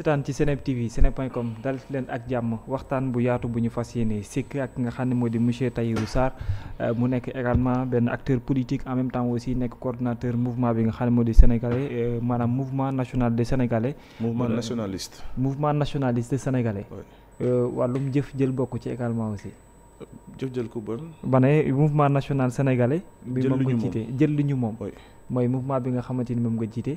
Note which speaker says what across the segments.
Speaker 1: seetaan ci Seneb TV seneb.com dal leen ak jàmm waxtaan bu yaatu bu ñu fas yéene sikk ak nga xam ne moo di monsieur Tahirou Sarr euh, mu nekk également benn acteur politique en même temps aussi nekk coordonnateur mouvement bi nga xam ne moo di sénégalais euh, maanaam mouvement national des sénégalais. mouvement euh, nationaliste. mouvement nationaliste sénégalais. wàllum jëf jël bokk ci également aussi. jëf jël ko bon. ba ne mouvement national sénégalais. bi ma ko jiite jël li ñu mooy mouvement bi nga xamante ni moom nga jiite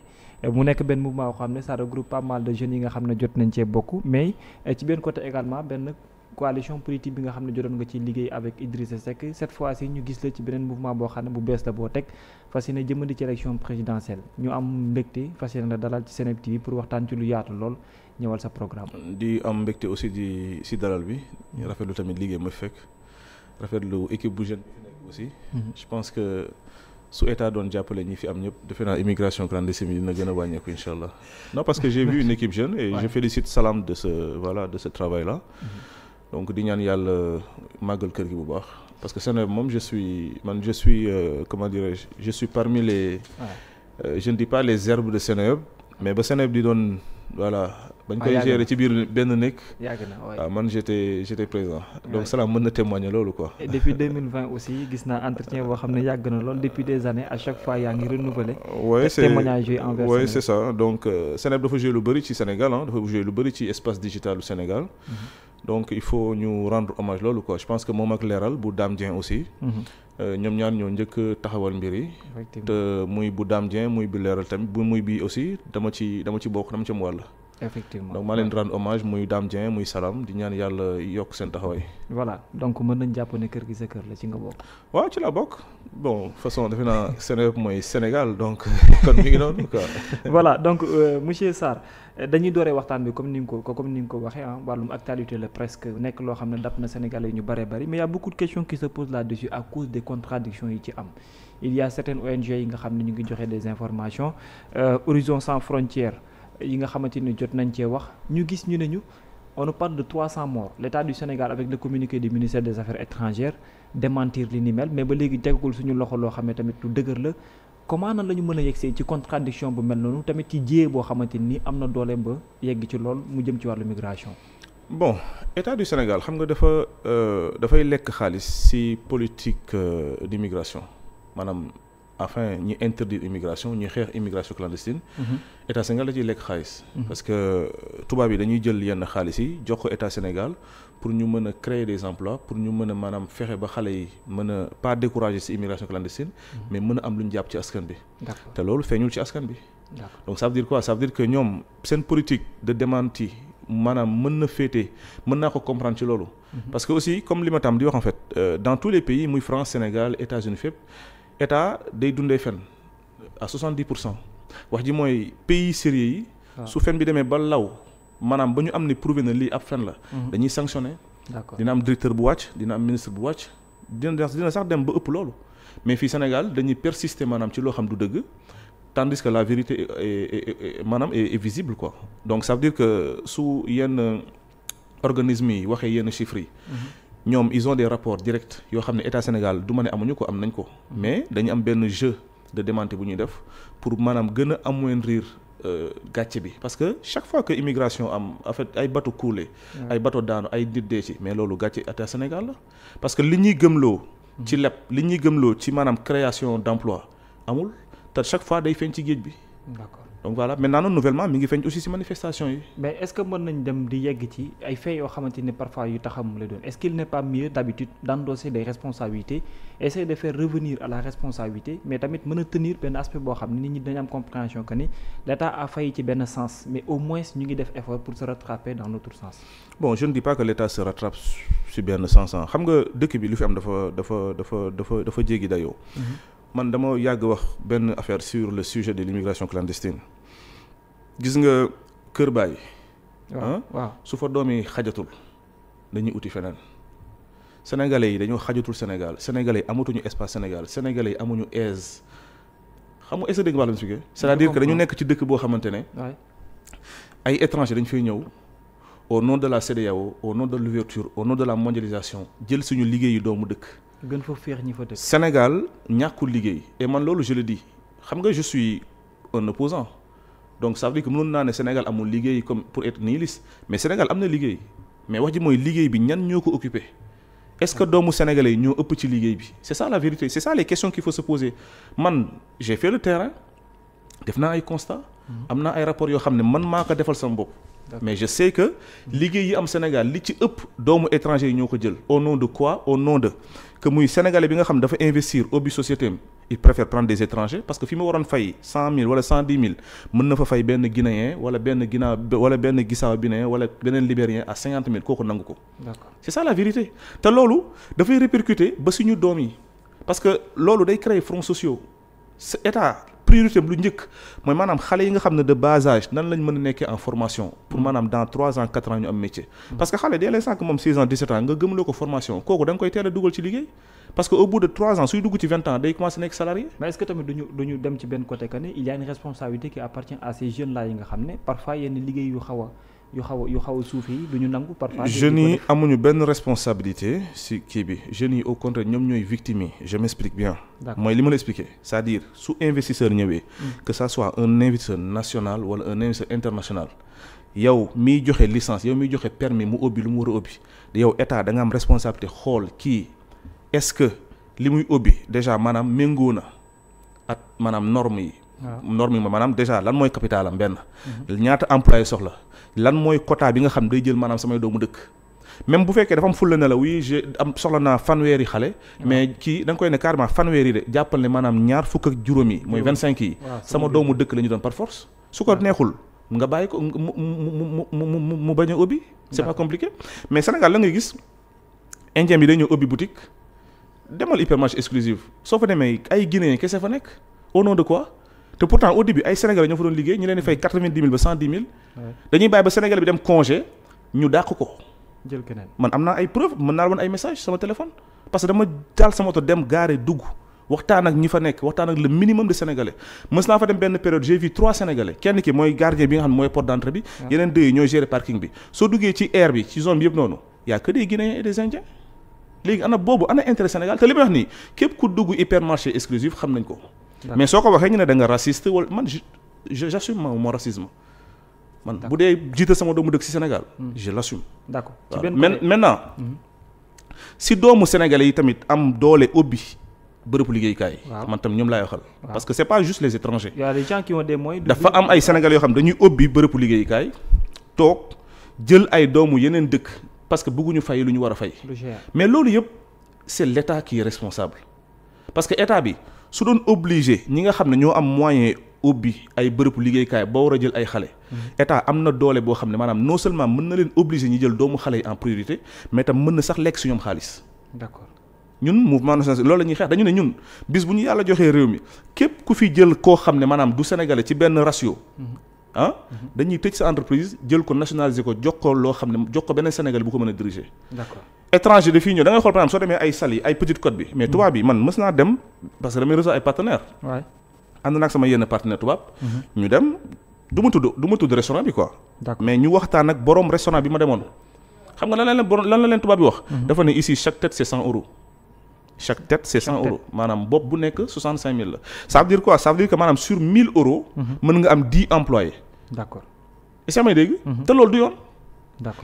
Speaker 1: mu nekk benn mouvement boo xam ne ça regroupe pas mal de jeunes yi nga xam ne jot nañ cee bokk mais eh, ci benn côté également benn coalition politique bi nga xam ne jotoon nga ci liggéey avec Idrissa Seck cette fois ci ñu gis la ci beneen mouvement boo xam ne bu bees la boo teg fas yéene ci élection présidentielle ñu am mbégte fas la dalal ci Seneweb TV pour waxtaan ci lu yaatu lool ñëwal sa programme.
Speaker 2: di am mbégte aussi di si dalal bi rafetlu tamit liggéey ma fekk rafetlu su état doon jàppale ñi fi am ñëpp defe naa immigration clandestine bi dina gën a wàññeeku incha allah non parce que j'ai vu une équipe jeune et ouais. je félicite Salam de ce voilà de mm-hmm. donc di ñaan yàlla màggal kër gi bu baax parce que Sénégal moom je suis man je suis euh, comment dirais-je je suis parmi les euh, je ne dis pas les herbes de Sénégal mais ba Sénégal di doon voilà bañ ah, koy gérer ci biir benn nekk. yàgg na waaw ah, man j'étais j'étais présent donc Salam mën na témoigner loolu ko
Speaker 1: et depuis 2020 aussi gis naa entretien boo xam ne yàgg na lool depuis des années à chaque fois yaa ngi renouveler. oui c'est témoignage c'est
Speaker 2: ça donc euh, Seneb dafa jouer lu bëri ci Sénégal ah dafa jouer lu bëri ci espace digital du Sénégal. Mm-hmm. donc il faut ñu rendre hommage loolu ko je pense que moom ak leeral bu Dame Dieng aussi. Mm-hmm. Euh, ñoom ñaar ñoo njëkk taxawal mbir yi. te muy bu Dame Dieng muy b leeral tamit bu muy bii aussi dama ci dama ci bokk dama ci mu wàll.
Speaker 1: effectivement donc maa leen
Speaker 2: rendre hommage muy Dame Dieng muy Salam di ñaan yàlla yokk seen taxawaay.
Speaker 1: voilà donc mën nañ jàpp ne kër gi sa kër la ci nga bokk. waaw ci la bokk
Speaker 2: bon façon defe naa Sénégal mooy Sénégal donc kon mi ngi noonu quoi.
Speaker 1: voilà donc euh, monsieur Sarr bi comme ni nga ko ni nga waxee ah wàllum actualité la presque nekk loo xam ne dab na Sénégalais yi ñu bëree bëri mais y' a beaucoup de questions qui se posent là-dessus à cause des contradictions yi ci am. il y a certaines ONG yi nga xam ne ñu ngi joxe des informations euh, Horizon sans frontières. yi nga xamante ni jot nañ cee wax ñu gis ñu ne ñu on parle de 300 morts l'état du Sénégal avec le communiqué de ministère des affaires étrangères démentir li ni mel mais ba léegi tegagul suñu loxo loo xam ne tamit lu dëgër la comment nan la ñu mën a yegsee ci contradiction bu mel noonu tamit ci jiyee boo xamante ni am na doole ba yegg ci lool mu jëm ci wàllu migration. bon état
Speaker 2: du Sénégal xam nga dafa euh, dafay lekk xaalis ci politique euh, d'immigration maanaam afin ñu interdire immigration ñu xeex immigration clandestine. Mhm. état Sénégal da ciy lekk xaalis. Mhm. parce que euh, tubaab yi dañuy jël yenn xaalis yi jox ko état Sénégal pour ñu mën a créer des emplois pour ñu mën a maanaam fexe ba xale yi mën a pas décourager ci immigration clandestine. Mhm. mais mën a am lu jàpp ci askan bi. te loolu feeñul ci askan bi. donc ça veut dire quoi ça veut dire que ñoom seen politique de démenti maanaam mën na féete mën naa ko comprendre ci loolu. parce que aussi comme li ma tam di wax en fait euh, dans tous les pays muy état day dundee fen à 70 pour cent wax ji mooy pays sérieux yi. Ah. su fen bi demee ba law maanaam ba ñu am ne prouvé na lii ab fen la. Mhm. dañuy sanctionné. dina am directeur bu wàcc dina am ministre bu wàcc dina dina sax dem ba ëpp loolu mais fii Sénégal dañuy persister maanaam ci loo xam du dëgg. tandis que la vérité maanaam est visible ko donc ça veut que su yenn organismes yi waxee yenn chiffres yi. Mhm. ñoom ison des rapports directs yoo xam ne état Sénégal du ma ne amuñu ko am nañ ko mais dañu am benn jeu de démenti bu ñuy def pour maanaam gën a amoindrir euh, gàcce bi parce que chaque fois que immigration am en fait ay bateau coulé ay bateau daanu ay nit dee ci mais loolu gàcce état Sénégal la parce que li ñuy gëmloo ci leb li ñuy gëmloo ci maanaam création d'emploi amul te chaque fois day feeñ ci géej bi d'accord donc voilà maintenant
Speaker 1: nag nouvellement mi ngi feeñ aussi ci manifestation yi. mais est mën nañ dem di yegg ci ay faits yoo xamante ni parfois yu taxam la doon est-ce qu'il n'est pas mieux d'habitude d'endosser des responsabilités essayer de faire revenir à la responsabilité mais tamit mën a tenir benn aspect boo xam ne nit ñi dañ am compréhension que ni l'État a failli ci benn sens mais au moins ñu ngi def effort pour se rattraper dans l'autre sens.
Speaker 2: bon je ne dis pas que l'État se rattrape ci xam nga dëkk bi lu fi am dafa dafa dafa dafa dafa jéggi dayoo. Mm-hmm. man dama yàgg wax benn affaire sur le sujet de l'immigration clandestine gis nga kër bàyyi ah, waaw su fa doom xajatul dañuy uti feneen sénégalais yi dañoo xajatul sénégal sénégalais yi amatuñu espace sénégal sénégalais yi amuñu aise xam nga est-ce que dégg nga expliqué c'est-à-dire que dañu nekk ci dëkk boo xamante ne ay étrangers dañu fay ñëw au nom de la CEDEAO au nom de l'ouverture au nom de la mondialisation jël suñu liggéeyu doomu dëkk
Speaker 1: gën fa féex ñi fa dëkk.
Speaker 2: Sénégal ñàkkul liggéey et man loolu je le dis xam nga je suis un opposant donc sa veut dire que mënoon naa ne Sénégal amul liggéey comme pour être nihiliste mais Sénégal am na liggéey mais wax ji mooy liggéey bi ñan ñoo ko occupé est-ce que doomu sénégalais yi ñoo ëpp ci liggéey bi c'est ça la vérité c'est ça les questions qu'il faut se poser man j'ai fait le terrain def naa ay constat mhm. am naa ay rapports yoo xam ne man maa ko defal sama bopp mais je sais que liggéey yi am Sénégal li ci ëpp doomu étranger yi ñoo ko jël au nom de quoi au nom de que muy sénégalais bi nga xam dafa investir au but société am il préfère prendre des étrangers parce que fi mu waroon fay cent mille wala cent dix mille mën na fa fay benn guinéen wala benn guinaa wala benn gisaaw binéen wala beneen libérien à cinquante mille kooku nangu ko. d'accord c'est la vérité te loolu dafay répercuter ba suñu doom yi parce que loolu day créer fronts sociaux état. priorité am lu njëkk mooy maanaam xale yi nga xam ne de bas nan lañ mën a nekkee en formation pour maanaam dans trois ans quatre ans ñu am métier. parce que xale dee lay sànq moom six ans dix sept ans nga gëmloo ko formation kooku da koy teel dugal ci liggéey. parce que au bout trois ans suy dugg ci vingt ans
Speaker 1: day commencé nekk salarié. mais est tamit duñu duñu dem ci benn côté que ne il y a une responsabilité qui appartient à ces jeunes là yi nga xam ne yu xaw a yu xaw a suuf yi du ñu nangu parfois. jeunes yi
Speaker 2: amuñu benn responsabilité si kii bi jeunes yi au contraire ñoom ñooy victimes yi je m'explique bien. mooy li ma la expliqué cest su investisseur ñëwee. Mm. que sa soit un investisseur national wala un investisseur international. yow miy joxe licence yow miy joxe permis mu ubbi lu mu war a ubbi yow état da nga am responsabilité xool kii est-ce que li muy ubbi déjà maanaam méngoo na ak maanaam normes yi. norme yi maanaam déjà lan mooy capital am benn ñaata employé soxla lan mooy quota bi nga xam ne day jël maanaam samay doomu dëkk même bu fekkee dafa am fulla ne la oui j'ai am soxla naa fanweeri xale mais kii danga koy ne carrément fanweeri de jàppal ne maanaam ñaar fukk ak juróom yi mooy vingt cinq yi sama doomu dëkk la ñu doon par su ko neexul nga bàyyi ko mu mu mu mu mu bañ a ubbi c'est pas compliqué mais Sénégal la ngay gis indien bi day ñëw ubbi boutique demal hypermarché exclusive soo fa demee ay guinéen kese fa nekk au de quoi te pourtant au début ay sénégalais ñoo fa doon liggéey ñu leen di fay quatre vingt dix mille ba cent dix mille. dañuy bàyyi ba sénégalais bi dem congé ñu dàq ko. jël keneen man am naa ay preuve mën naa woon ay message sama téléphone. parce que dama taal sama oto dem gaare dugg waxtaan ak ñi fa nekk waxtaan ak le minimum de sénégalais mës naa fa dem benn période j'ai vu trois sénégalais kenn ki mooy gardien bi nga xam ne mooy porte d'entrée bi. yeneen deux yi ñooy gérer parking bi. soo a que des guinéens et des indiens léegi ana boobu ana intérêt Sénégal dugg nañ ko mais soo ko waxee ñu ne da nga raciste wala man je j'assume mon racisme man bu dee jiite sama doomu dëkk ci Sénégal hmm. je l'assume d'accord maintenant hmm. si doomu sénégal yi tamit am doole ubbi bërëbu liggéeykaay man tam ñoom laay waxal parce que c'est pas juste les étrangers y
Speaker 1: a des gens qui ont des moyens dafa am ay
Speaker 2: sénégalais yoo xam dañuy ubbi bërëbu liggéeykaay toog jël ay doomu yeneen dëkk parce que bëgguñu fay lu ñu war a fay mais loolu yëpp c'est l'état qui responsable parce que état bi su doon obligé ñi nga xam ne ñoo am moyen ubbi ay bërëb liggéeykaay ba war a jël ay xale mhm. état am na doole boo xam ne maanaam non seulement mën na leen obligé ñi jël doomu xale yi en priorité mais tam mën na sax lekk si ñoom xaalis d'accord ñun mouvement national loolu la ñuy xeex dañu ne ñun bis bu ñu yàlla joxee réew mi képp ku fi jël koo xam ne maanaam du sénégalais ci benn ratio mhm. ah dañuy tëj sa entreprise jël ko nationaliser ko jox ko loo xam ne jox ko benn Sénégal bu ko mën a diriger d'accord étranger de fii ñëw da xool par soo demee ay Saly ay Petite Côte bi mais tubaab bi man mës naa dem parce que damay réseau ay partenaire ànd naag sama yenn partenaire tubaab mhm. ñu dem du ma tudd du ma restaurant bi quoi mais ñu waxtaan ak borom restaurant bi ma demoon xam nga lan la la leen tubaab bi wax mhm. dafa ne ici chaque tête c'est chaque tête c' est cent euros maanaam bopp bu nekk soixante cinq mille la ça veut dire quoi ça veut dire que maanaam sur mille euros mhm. mën nga am di employés d' accord est-ce que may dégg mhm. te loolu du yoon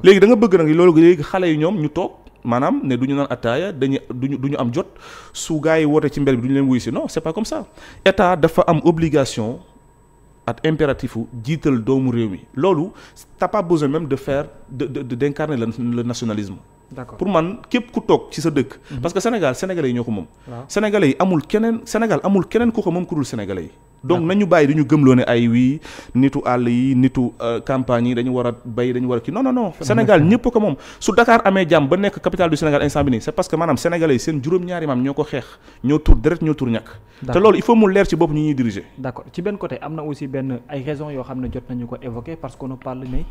Speaker 2: léegi da nga bëgg nag loolu léegi xale yi ñoom ñu toog maanaam ne du ñu naan attaaya dañu duñu du ñu am jot su gars yi woote ci mbel bi du ñu leen wuy si no c' est pas comme ça état dafa am obligation ak impératif jiital doomu réew mi loolu t'as pas besoin même de faire de d'incarner le nationalisme d'accord pour man képp ku toog ci sa dëkk. Mhm. parce que Sénégal sénégalais yi ñoo ko moom. sénégalais yi amul keneen Sénégal amul keneen ku ko moom ku dul sénégalais yi. donc nañu bàyyi dañu gëmloo ne ay wii nitu àll yi nitu euh, campagne yi dañu war a béy dañu war a kii non non non Sénégal ñëpp ko moom su Dakar amee jàmm ba nekk capitale du Sénégal instant bi nii c'est parce que maanaam sénégalais yi seen juróom-ñaari maam ñoo ko xeex ñoo tur deret ñoo tur ñàkk te loolu il faut leer ci bopp ñi ñuy diriger
Speaker 1: d'accord ci benn côté na aussi benn ay raisons yoo ne jot nañu ko évoquer parce qu'on parle ne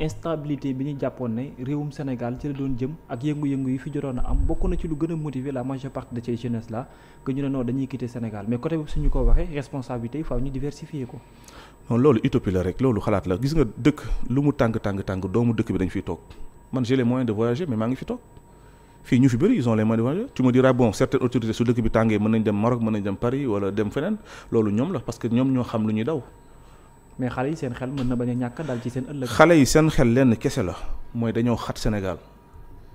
Speaker 1: instabilité bi ñu jàppoon ne réewum Sénégal ci la doon jëm ak yëngu-yëngu yi fi jotoon a am bokk na ci lu gën a motiver la majeure partie de ces jeunes là que ne non dañuy quitter Sénégal mais côté boobu suñu ko waxee responsabilité yi faaw ñu diversifier ko.
Speaker 2: loolu utopie la rek loolu xalaat la gis nga dëkk lu mu tàng tàng tàng doomu dëkk bi dañu fiy toog man j'ai les moyens de voyager mais maa ngi fi toog fii ñu fi bëri ils ont les moyens de voyager tu bon certaines autorités su bi tàngee mën nañ dem Maroc mën nañ dem Paris wala dem feneen loolu ñoom la parce que ñoom ñoo xam lu ñuy daw
Speaker 1: mais xale yi seen xel mën a ñàkk dal ci seen ëllëg. xale yi
Speaker 2: seen xel lenn kese la mooy dañoo xat Sénégal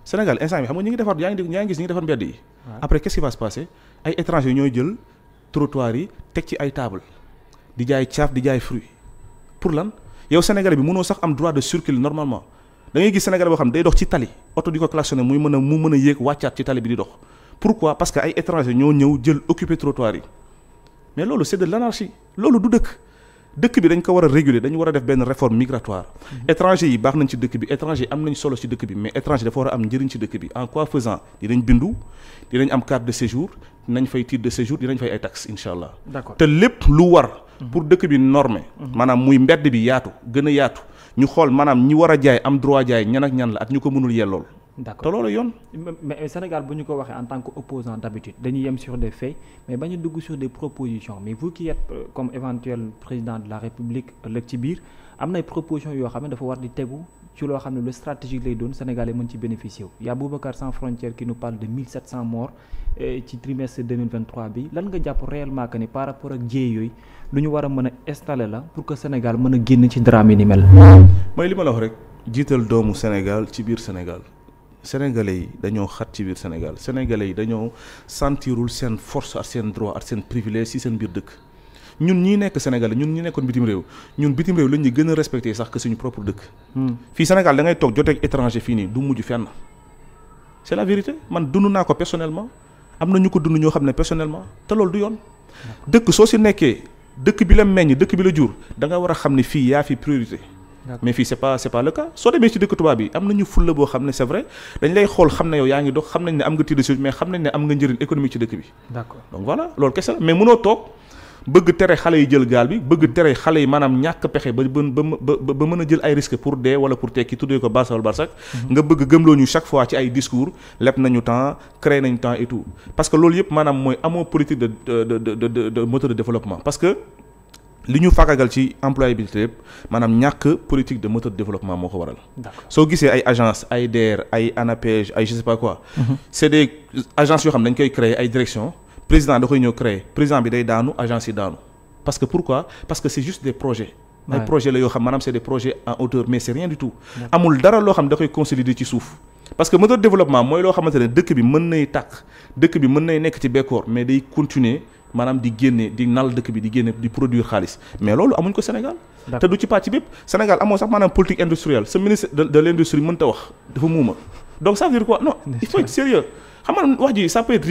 Speaker 2: Sénégal instant bi xam nga ñu ngi defar yaa ngi yaa ngi gis ñu ngi defar mbedd yi. après qu'est-ce qui va se passer ay étrangers jël trottoir yi teg ci ay table di jaay caaf di jaay fruit pour lan yow Sénégal bi mënoo sax am droit de circuler normalement da ngay gis Sénégal boo xam ne day dox ci tali oto di ko klaxonné muy mën a mu mën a yéeg wàccaat ci tali bi di dox pourquoi parce que ay étrangers ñoo ñëw jël occuper trottoir mais loolu c'est loolu du dëkk dëkk bi dañ ko war a réguler dañu war a def benn réforme migratoire mhm. étranger yi baax nañ ci dëkk bi étranger am nañ solo ci dëkk bi mais étranger dafa war a am njëriñ ci dëkk bi en quoi faisant dinañ bindu dinañ am carte de séjour dinañ fay titre de séjour dinañ fay ay taxes incha allah. te lépp lu war. Mhm. pour dëkk bi normé. Mhm. maanaam muy mbedd bi yaatu gën a yaatu ñu xool maanaam ñi war a jaay am droit jaay ñan ak ñan la ak ñu ko mënul yellool.
Speaker 1: d'accord te loolu yoon. mais Sénégal bu ñu ko waxee en tant que opposant d'habitude dañuy yem sur des faits mais bañu dugg sur des propositions mais vous euh, comme éventuel président de la République ëllëg ci biir am nay propositions yoo xam ne dafa war di tegu ci loo xam ne lu stratégique lay doon Sénégalais mën ci bénéficier wu. y a Boubacar sans frontières qui nous parle de 1700 euh, ci trimestre bi lan nga jàpp réellement que ni par rapport ak jéey yooyu lu ñu war a mën a installer la pour que a génn ci drame yi ni mel.
Speaker 2: mooy li ma la wax rek sénégalais yi dañoo xat ci biir Sénégal sénégalais yi dañoo sentirul seen force ak seen droit ak seen privilège si seen biir dëkk ñun ñii nekk sénégal ñun ñi nekkoon bitim réew ñun bitim réew lañ ñu gën a respecté sax que suñu propre dëkk. Hmm. fii Sénégal dangay ngay toog joteeg étranger fii nii du mujj fenn. c'est la vérité man dund naa ko personnellement am na ñu ko dund ñoo xam ne personnellement te loolu du yoon. dëkk soo si nekkee dëkk bi la meññ dëkk bi la jur da nga war a xam ne fii yaa fi priorité. mais fii c'est pas c'est pas le cas soo demee ci dëkk tubaab bi am nañu fulla boo xam ne c'est vrai dañ lay xool xam ne yow yaa ngi dox xam nañ ne am nga tiide am nga njëriñ économique ci dëkk bi d'accord donc voilà loolu kese la mais mënoo toog bëgg tere xale yi jël gaal bi bëgg tere xale yi maanaam ñàkk pexe ba ba ba mën a jël ay risque pour dee wala pour tekki tuddee ko Barça wala Barsak mhm. nga bëgg gëmloo ñu chaque fois ci ay discours leb nañu temps créé nañu temps et tout parce yëpp maanaam mooy amoo politique de développement parce que li ñu fàggagal ci employabilité yëpp maanaam ñàkk politique de moteur de développement moo ko waral. soo gisee ay agence ay DER ay ANAPEJ ay je sais pas quoi. Mhm. c' est des yoo xam ne dañ koy créer ay direction président da koy ñëw créer président bi day daanu agence yi daanu parce que pourquoi parce que c' est juste des projet ay projets la yoo xam maanaam c' est des projets en hauteur mais c' rien du tout. amul dara loo xam da koy consolider ci suuf. parce que moteur développement mooy loo xamante ne dëkk bi mën nay tàkk dëkk bi mën nay nekk ci bekkoor mais day continuer. maanaam di génne di nal dëkk bi di génne di produire xaalis mais loolu amuñ ko Sénégal. te du ci pàcc bépp Sénégal amoo sax maanaam politique industrielle sa ministre de de l' industrie mënta wax dafa muuma donc ça veut dire quoi non il faut être sérieux xam nga wax ji ça peut être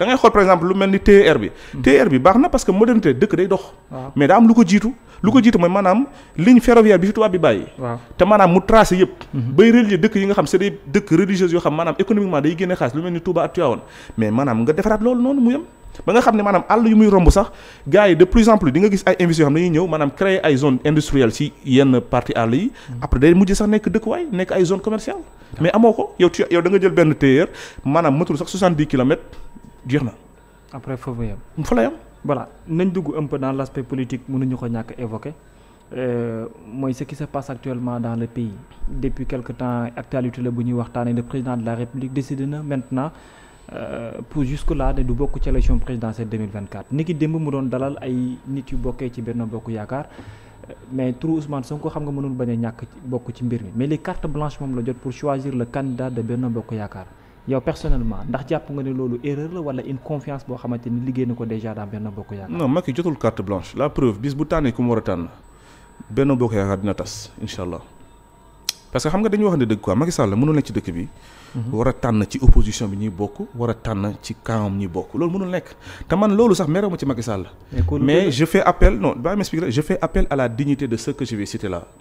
Speaker 2: mais ni TER hmm. na parce que modernité dëkk day dox. mais daa am lu ko jiitu. lu ko jiitu mooy maanaam ligne ferroviaire bi fi tubaab bi bàyyi. te maanaam mu tracé yëpp. Hmm. bay relier dëkk yi nga xam c' est dëkk religieuses yoo xam maanaam ni Touba ak Tivaouane mais maanaam nga defaraat mu yem. ba nga xam ne maanaam àll yu muy romb sax gars yi de plus en plus nga gis ay investisseurs yoo xam ne dañuy ñëw maanaam créer ay zone industrielle ci yenn partie àll yi mm. après day mujj sax nekk dëkkuwaay nekk ay zone commerciale mais amoo ko yow tu yow da nga jël benn téyeer maanaam matul sax 70 kilomètres jeex na
Speaker 1: après foofu yam fa la yam voilà nañ dugg un peu dans l' aspect politique mënuñu ko ñàkk évoqué euh, mooy ce qui se passe actuellement dans l pays depuis quelque temps actualité bu ñuy waxtaanee le président de la république décide Euh, pour jusque laa ne du bokk ci élection présidentielle 2024 ni ki démb mu doon dalal ay nit yu bokkee ci Benno Bokk Yaakaar mais turu Ousmane Sonko xam nga mënul bañ a ñàkk bokk ci mbir mi mais les cartes blanches moom la jot pour choisir le candidat de Benno Bokk Yaakaar yow personnellement ndax jàpp nga ne loolu erreur la wala une confiance boo xamante ni liggéey na ko déjà dans Benno Bokk Yaakaar.
Speaker 2: non Macky jotul carte blanche la preuve bis bu tànnee ku mu war a tànn Benno Bokk Yaakaar dina parce que xam nga dañu wax ne dëgg quoi Macky Sall mënul nekk ci dëkk bi. Mhm. war a tànn ci opposition bi ñuy bokk war a tànn ci camp ñuy bokk loolu mënul nekk te man loolu sax merew ma ci Macky Sall. mais je fais appel non baa ma expliquer je fais appel à la dignité de ceux que je vais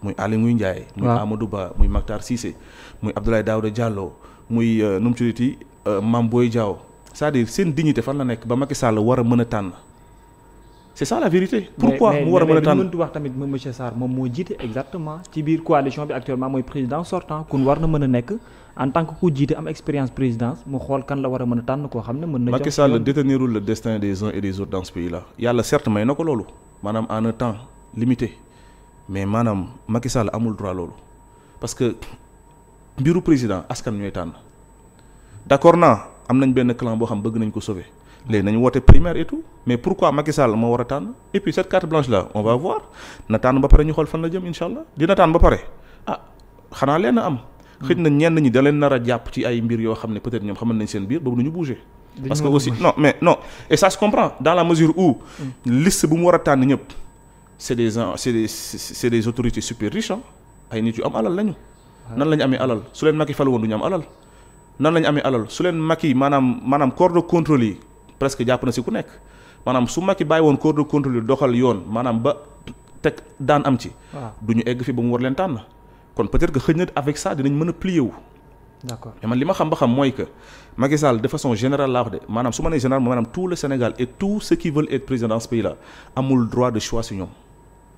Speaker 2: muy Aly Ngouille Ndiaye. muy Amadou Ba muy Mactar Cissé muy Abdoulaye Daouda Diallo muy euh, nu mu tuddati euh, Mame Boye Diao c'est-à-dire seen dignité fan la nekk ba Macky Sall war a mën a tànn. c'est ça la vérité. pourquoi mu war a mën a tànn mais
Speaker 1: mais wax tamit monsieur Sarr moom moo jiite exactement ci biir coalition bi actuellement mooy président sortant kon war na mën a nekk en tant que ku jiite am expérience présidence mu xool kan la war a mën a tànn koo xam ne mën na. Macky Sall
Speaker 2: détenirul le destin des uns et des autres dans ce pays là yàlla certes may na ko loolu maanaam en temps limité mais maanaam Macky Sall amul droit loolu parce que mbiru président askan ñooy tànn d'accord naa am nañ benn clan boo xam bëgg nañ ko sauver. léegi nañu woote primaire et tout mais pourquoi Macky Sall moo war a tànn et puis cette carte blanche là on va voir na ba pare ñu xool fan la jëm incha allah dina tànn ba pare ah xanaa leen am. xëy na ñenn ñi da leen nar a jàpp ci ay mbir yoo xam ne peut-être ñoom xamal nañ seen biir boobu du ñu bouger. parce que aussi non mais non et ça se comprend dans la mesure où. Mm. liste bu mu war a tànn ñëpp c'est des gens c'est des c'est des autorités super riches nit yu am alal lañu. nan la ñu amee alal su leen Macky fal woon am alal. nan la ñu amee su leen Macky maanaam maanaam corps de contrôle yi presque jàpp na si ku nekk maanaam su i bàyyi woon corps de contrôle doxal yoon maanaam ba teg daan am ci. du ñu egg fi ba mu war leen tànn. kon peut-être que xëy na avec ça dinañ mën a plier wu. d'accord mais man li ma xam ba xam mooy que Macky de façon général laa wax de maanaam su ma nee général maanaam tout le Sénégal et tous ceux qui veulent être président dans ce pays là amul droit de choix si ñoom.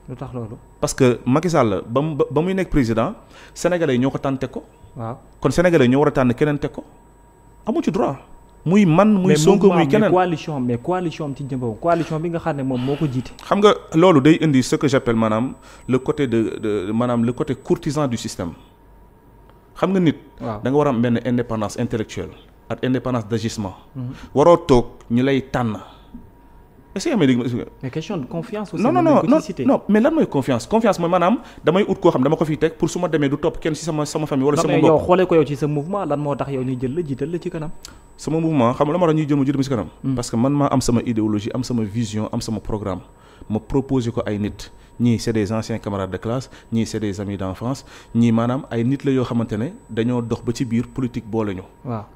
Speaker 2: lu tax loolu. parce que Macky Sall ba mu ba ba muy nekk président sénégalais ñoo ko tànn ko. waaw kon sénégalais ñoo a tànn keneen teg ko amu ci droit. muy
Speaker 1: man muy Sonko muy keneen mais coalition mais coalition ci jëm coalition bi nga xam ne moom moo ko jiite.
Speaker 2: xam nga loolu day indi ce que j'appelle maanaam le côté de de maanaam le côté courtisan du système xam nga nit. waaw da nga war a mel benn indépendance intellectuelle ak indépendance d'agissement. Mhm. waroo toog ñu lay tànn. est amee dégg
Speaker 1: mais question de confiance aussi non non non non
Speaker 2: mais lan mooy confiance confiance mooy damay ut koo xam dama ko fiy teg pour su ma demee du topp kenn ci sama sama famille wala sama mbokk sa
Speaker 1: mouvement lan moo tax yow ñuy jël la jiital la ci kanam
Speaker 2: sama mouvement xam la ma tax ñuy jël ma ci kanam hmm. parce man maa am sama idéologie am sama vision am sama programme ma proposé ko ay nit ñii c'est des anciens camarades de classe ñii c'est des amis d'enfance ñii maanaam ay nit la yoo xamante ne dañoo dox ba ci biir politique boole ñu.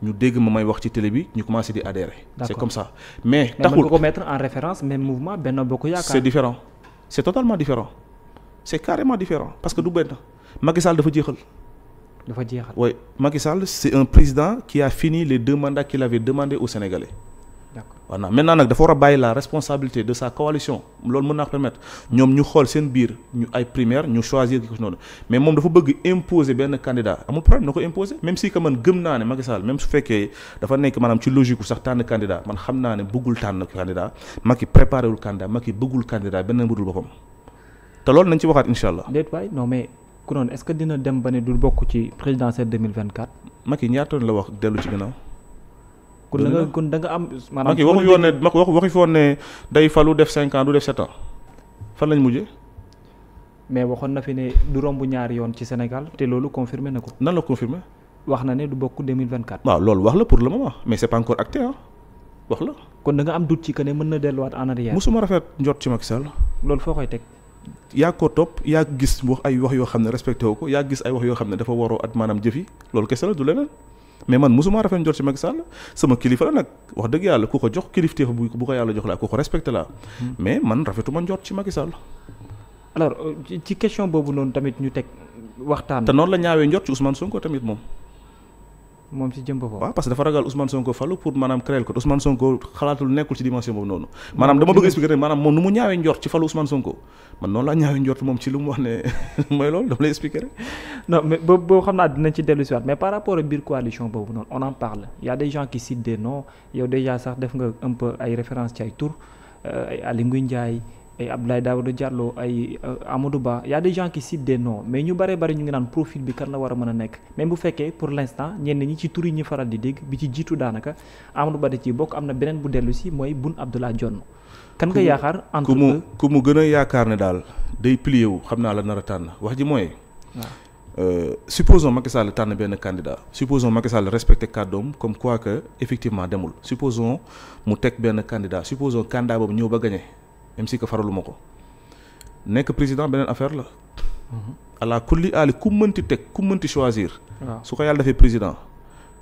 Speaker 2: ñu dégg ma may wax ci télé bi ñu commencé di adhérer. c'est comme ça mais. taxul
Speaker 1: mais en référence même mouvement Benno Bokk Yaakaar. c'est différent
Speaker 2: c'est totalement différent c'est carrément différent parce que du benn Macky Sall dafa jeexal. dafa jeexal oui Macky Sall c'est un président qui a fini les deux mandats qu'il avait demandé au Sénégalais. voilà maintenant nag dafa war a bàyyi la responsabilité de sa coalition loolu mën naa ko permettre ñoom ñu xool seen biir ñu ay primaire ñu choisir ki ko noonu mais moom dafa bëgg imposer benn candidat amul problème na ko imposer même si que man gëm naa ne Macky Sall su fekkee dafa nekk maanaam ci logique u sax tànn candidat man xam naa ne bëggul tànn candidat Macky préparé wul candidat Macky bëggul candidat benn budul boppam te loolu nañ ci
Speaker 1: waxaat incha allah. déet waay non mais ku noonu est-ce que dina dem ba ne du bokk ci présidentielle 2024.
Speaker 2: Macky ñaata la wax dellu ci ginnaaw.
Speaker 1: kon da kon danga nga am. maanaam Macky waxu fi woon ne Macky
Speaker 2: waxu fi woon ne day falu def cinq du def sept ans fan lañ mujjee.
Speaker 1: mais waxoon na fi ne du romb ñaari yoon ci Sénégal te loolu confirmé na ko. nan la confirmé. wax na ne du bokk 2024.
Speaker 2: waaw loolu wax la pour le moment mais c'est pas encore acté ah
Speaker 1: wax la. kon da nga am doute ci que ne mën na dellu delluwaat en su ma rafet njot ci Macky Sall. loolu foo koy teg.
Speaker 2: yaa ko topp yaa gis wax ay wax yoo xam ne respecté wu ko yaa gis ay wax yoo xam ne dafa waroo at maanaam jëfi mais man mosuma rafet njort ci Macky Sall sama kilifa la nag wax dëgg yàlla ku ko jox kilifteef bu bu ko yàlla jox laa ku ko respecté laa hmm. mais man rafetuma njort ci Macky Sall alors euh, ci question boobu noonu tamit ñu teg waxtaan te noonu la ñaawee njort ci Ousmane Sonko tamit moom moom si jëm boppam waaw parce que dafa ragal Ousmane Sonko falu pour maanaam créer ko Ousmane Sonko xalaatul nekkul ci dimension boobu noonu maanaam dama bëgg expliquer rek moom lu mu
Speaker 1: wax ne mooy loolu dama lay expliquer rek boobu boobu xam naa dinañ ci dellu si waat mais par rapport ak biir coalition boobu noonu on en parle y a des gens qui citent des noms yow déjà sax def nga un ay référence ci ay euh, ay Aly Ngouille Ndiaye ay Abdoulaye Daouda Diallo ay euh, Amadou Ba yaa a des gens qui citent des mais ñu bare bari ñu ngi naan profil bi kan la war a mën a nekk mais bu fekkee pour l'instant ñenn ñi ci tur yi faral di dégg bi ci jiitu daanaka Amadou Ba da ci bokk am na beneen bu dellu si mooy Boun Abdallah Dionne. kan nga yaakaar entre ku mu
Speaker 2: ku mu gën yaakaar ne daal day plié wu xam naa la nara a tànn wax ji mooy. waaw euh, supposons Macky Sall tànn benn candidat supposon Macky Sall respecté kàddoom comme quoi que effectivement demul supposons mu teg benn candidat supposons candidat boobu ñëw ba gagné. même si que faraluma ko nekk président beneen affaire la. ala kulli aali ku mënti teg ku mënti choisir. su ko yàlla defee président